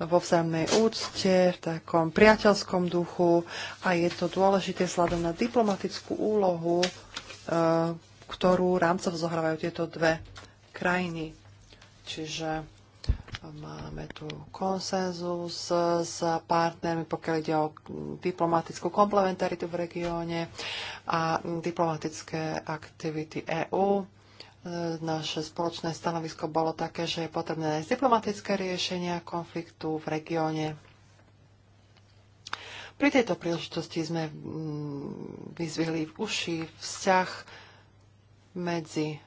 vo vzájomnej úcte, v takom priateľskom duchu a je to dôležité vzhľadom na diplomatickú úlohu, e, ktorú rámcov zohrávajú tieto dve krajiny. Čiže Máme tu konsenzus s partnermi, pokiaľ ide o diplomatickú komplementaritu v regióne a diplomatické aktivity EÚ. Naše spoločné stanovisko bolo také, že je potrebné nájsť diplomatické riešenia konfliktu v regióne. Pri tejto príležitosti sme mm, vyzvihli v uši vzťah medzi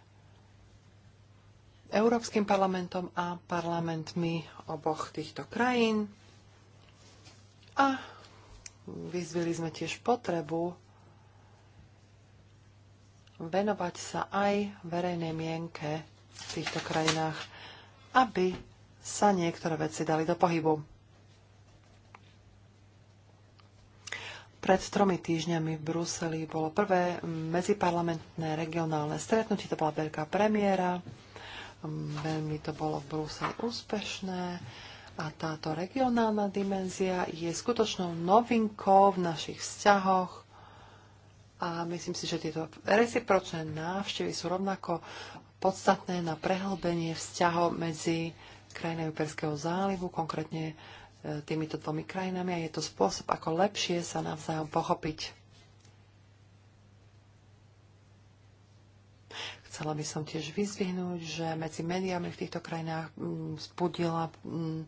Európskym parlamentom a parlamentmi oboch týchto krajín. A vyzvili sme tiež potrebu venovať sa aj verejnej mienke v týchto krajinách, aby sa niektoré veci dali do pohybu. Pred tromi týždňami v Bruseli bolo prvé medziparlamentné regionálne stretnutie, to bola veľká premiéra. Ehm, veľmi to bolo v Bruseli úspešné a táto regionálna dimenzia je skutočnou novinkou v našich vzťahoch a myslím si, že tieto recipročné návštevy sú rovnako podstatné na prehlbenie vzťahov medzi krajinami Perského zálivu, konkrétne e, týmito dvomi krajinami a je to spôsob, ako lepšie sa navzájom pochopiť. Chcela by som tiež vyzvihnúť, že medzi médiami v týchto krajinách spudila mm, mm,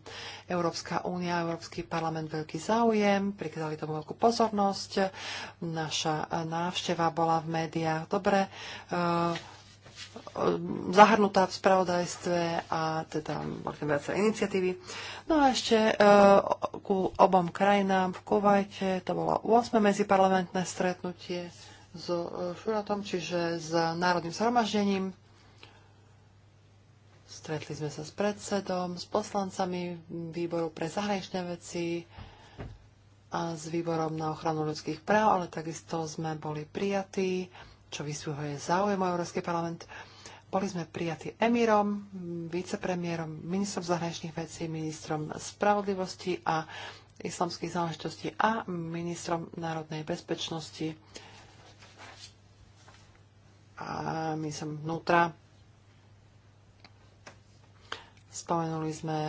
Európska únia, Európsky parlament veľký záujem, prikázali tomu veľkú pozornosť. Naša návšteva bola v médiách dobre e, zahrnutá v spravodajstve a teda boli viacej iniciatívy. No a ešte e, ku obom krajinám v Kuvajte, to bolo 8. medziparlamentné stretnutie so e, Šuratom, čiže s Národným zhromaždením. Stretli sme sa s predsedom, s poslancami výboru pre zahraničné veci a s výborom na ochranu ľudských práv, ale takisto sme boli prijatí, čo vysvúhoje záujem Európsky parlament. Boli sme prijatí emírom, vicepremiérom, ministrom zahraničných vecí, ministrom spravodlivosti a islamských záležitostí a ministrom národnej bezpečnosti a my som vnútra. Spomenuli sme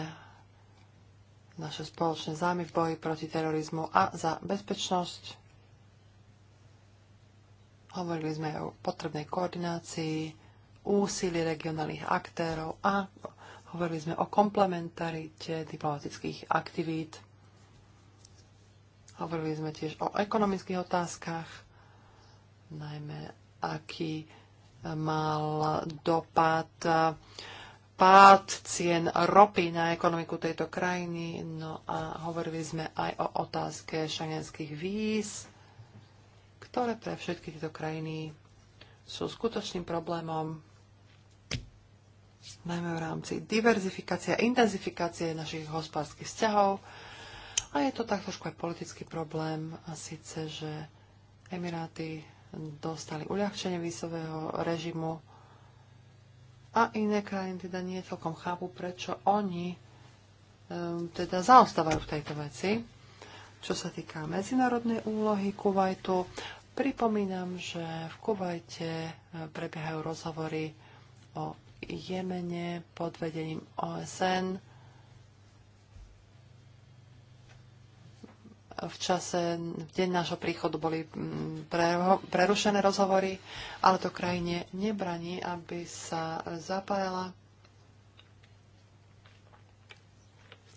naše spoločné zámy v boji proti terorizmu a za bezpečnosť. Hovorili sme o potrebnej koordinácii, úsilí regionálnych aktérov a hovorili sme o komplementarite diplomatických aktivít. Hovorili sme tiež o ekonomických otázkach, najmä aký mal dopad e, pád cien ropy na ekonomiku tejto krajiny. No a hovorili sme aj o otázke šangenských víz, ktoré pre všetky tieto krajiny sú skutočným problémom, najmä v rámci diverzifikácie a intenzifikácie našich hospodárskych vzťahov. A je to tak trošku aj politický problém, a síce, že Emiráty dostali uľahčenie výsového režimu a iné krajiny teda nie celkom chápu, prečo oni um, teda zaostávajú v tejto veci. Čo sa týka medzinárodnej úlohy Kuwaitu, pripomínam, že v Kuwaite prebiehajú rozhovory o Jemene pod vedením OSN v čase, v deň nášho príchodu boli mm, prerušené rozhovory, ale to krajine nebraní, aby sa zapájala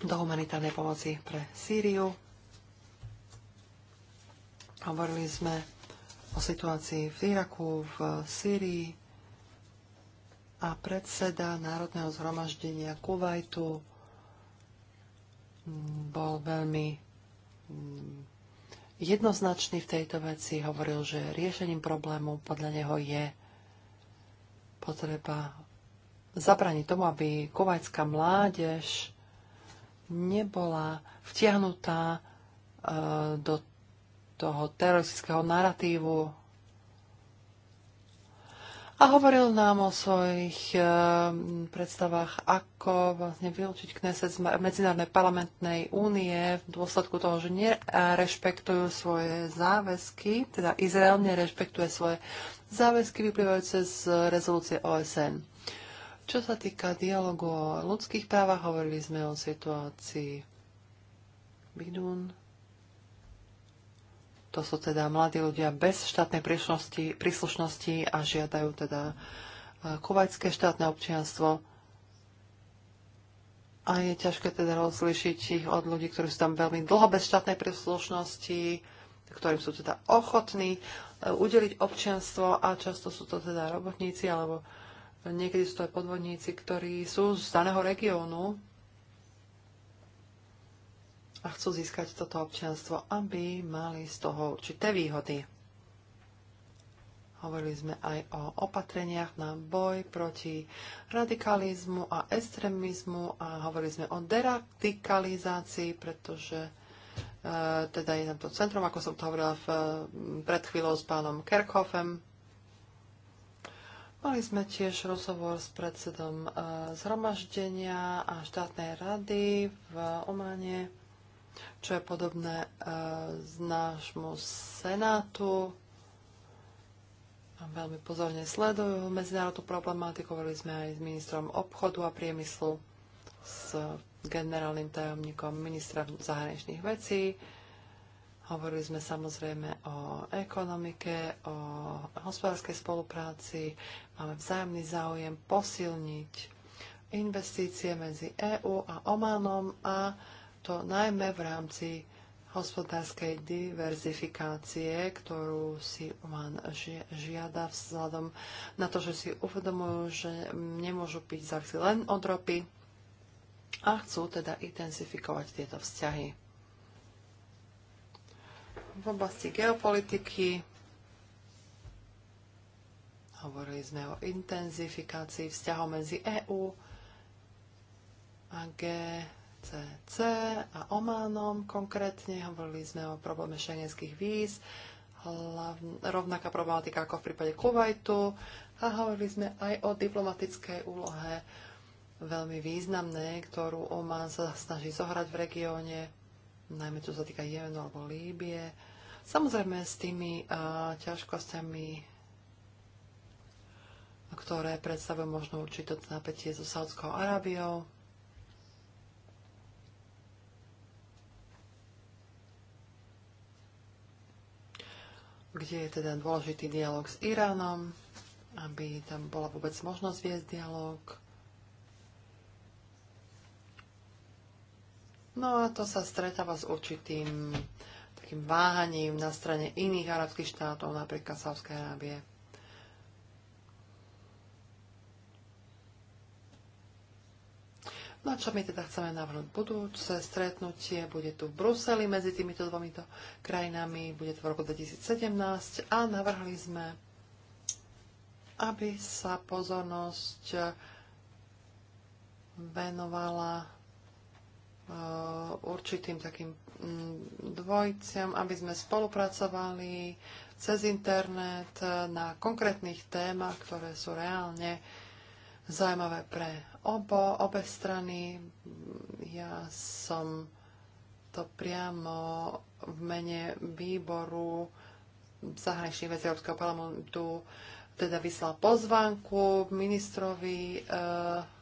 do humanitárnej pomoci pre Sýriu. Hovorili sme o situácii v Iraku, v Sýrii a predseda Národného zhromaždenia Kuwaitu mm, bol veľmi Mm, jednoznačný v tejto veci. Hovoril, že riešením problému podľa neho je potreba zabraniť tomu, aby kovajská mládež nebola vtiahnutá e, do toho teroristického narratívu a hovoril nám o svojich eh, predstavách, ako vlastne vylúčiť Kneset z Medzinárodnej parlamentnej únie v dôsledku toho, že nerešpektujú svoje záväzky, teda Izrael nerešpektuje svoje záväzky vyplývajúce z rezolúcie OSN. Čo sa týka dialogu o ľudských právach, hovorili sme o situácii Bidun to sú teda mladí ľudia bez štátnej príslušnosti a žiadajú teda e, kuvajské štátne občianstvo. A je ťažké teda rozlišiť ich od ľudí, ktorí sú tam veľmi dlho bez štátnej príslušnosti, ktorým sú teda ochotní e, udeliť občianstvo a často sú to teda robotníci alebo niekedy sú to aj podvodníci, ktorí sú z daného regiónu, a chcú získať toto občianstvo, aby mali z toho určité výhody. Hovorili sme aj o opatreniach na boj proti radikalizmu a extrémizmu a hovorili sme o deradikalizácii, pretože e, teda je tam to centrum, ako som to hovorila v, pred chvíľou s pánom Kerkhoffem. Mali sme tiež rozhovor s predsedom e, zhromaždenia a štátnej rady v Ománe čo je podobné e, z nášmu senátu. Veľmi pozorne sledujú medzinárodnú problematiku. Hovorili sme aj s ministrom obchodu a priemyslu, s generálnym tajomníkom ministra zahraničných vecí. Hovorili sme samozrejme o ekonomike, o hospodárskej spolupráci. Máme vzájomný záujem posilniť investície medzi EÚ a Omanom a to najmä v rámci hospodárskej diverzifikácie, ktorú si Oman žiada vzhľadom na to, že si uvedomujú, že nemôžu piť závisí len od ropy a chcú teda intenzifikovať tieto vzťahy. V oblasti geopolitiky hovorili sme o intenzifikácii vzťahov medzi EÚ a G CC a Ománom. Konkrétne hovorili sme o probléme šengenských víz, rovnaká problematika ako v prípade Kuwaitu a hovorili sme aj o diplomatickej úlohe veľmi významné, ktorú Oman sa snaží zohrať v regióne, najmä čo sa týka Jemenu alebo Líbie. Samozrejme s tými a, ťažkosťami, ktoré predstavujú možno určité napätie so Saudskou Arábiou, kde je teda dôležitý dialog s Iránom, aby tam bola vôbec možnosť viesť dialog. No a to sa stretáva s určitým takým váhaním na strane iných arabských štátov, napríklad Sávskej Arábie. No a čo my teda chceme navrhnúť budúce stretnutie, bude tu v Bruseli medzi týmito dvomi krajinami, bude to v roku 2017 a navrhli sme, aby sa pozornosť eh, venovala eh, určitým takým mm, dvojciam, aby sme spolupracovali cez internet eh, na konkrétnych témach, ktoré sú reálne zaujímavé pre obo, obe strany. Ja som to priamo v mene výboru zahraničných vecí Európskeho parlamentu teda vyslal pozvánku ministrovi eh,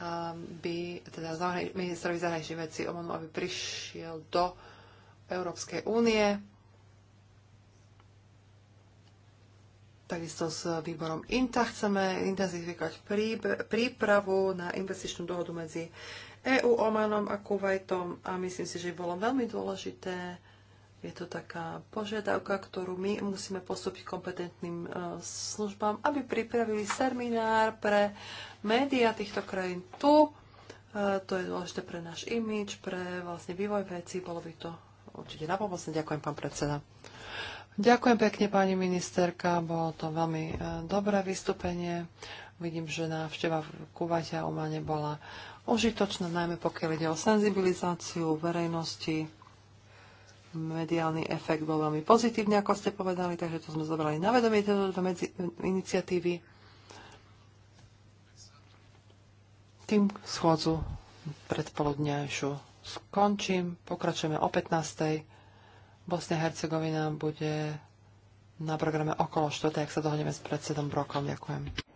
aby teda ministrovi zahraničných vecí aby prišiel do Európskej únie Takisto s výborom INTA chceme intenzifikovať prípravu na investičnú dohodu medzi EU, Omanom a Kuwaitom a myslím si, že by bolo veľmi dôležité. Je to taká požiadavka, ktorú my musíme postupiť kompetentným e, službám, aby pripravili seminár pre médiá týchto krajín tu. E, to je dôležité pre náš imič, pre vlastne vývoj veci. Bolo by to určite napomocné. Ďakujem, pán predseda. Ďakujem pekne, pani ministerka. Bolo to veľmi e, dobré vystúpenie. Vidím, že návšteva v Kuvate a Umane bola užitočná, najmä pokiaľ ide o senzibilizáciu verejnosti. Mediálny efekt bol veľmi pozitívny, ako ste povedali, takže to sme zobrali na vedomie tieto dve medzi, iniciatívy. Tým schôdzu predpoludňajšiu skončím. Pokračujeme o 15. Bosnia a Hercegovina bude na programe okolo 4, ak sa dohodneme s predsedom Brokom. Ďakujem.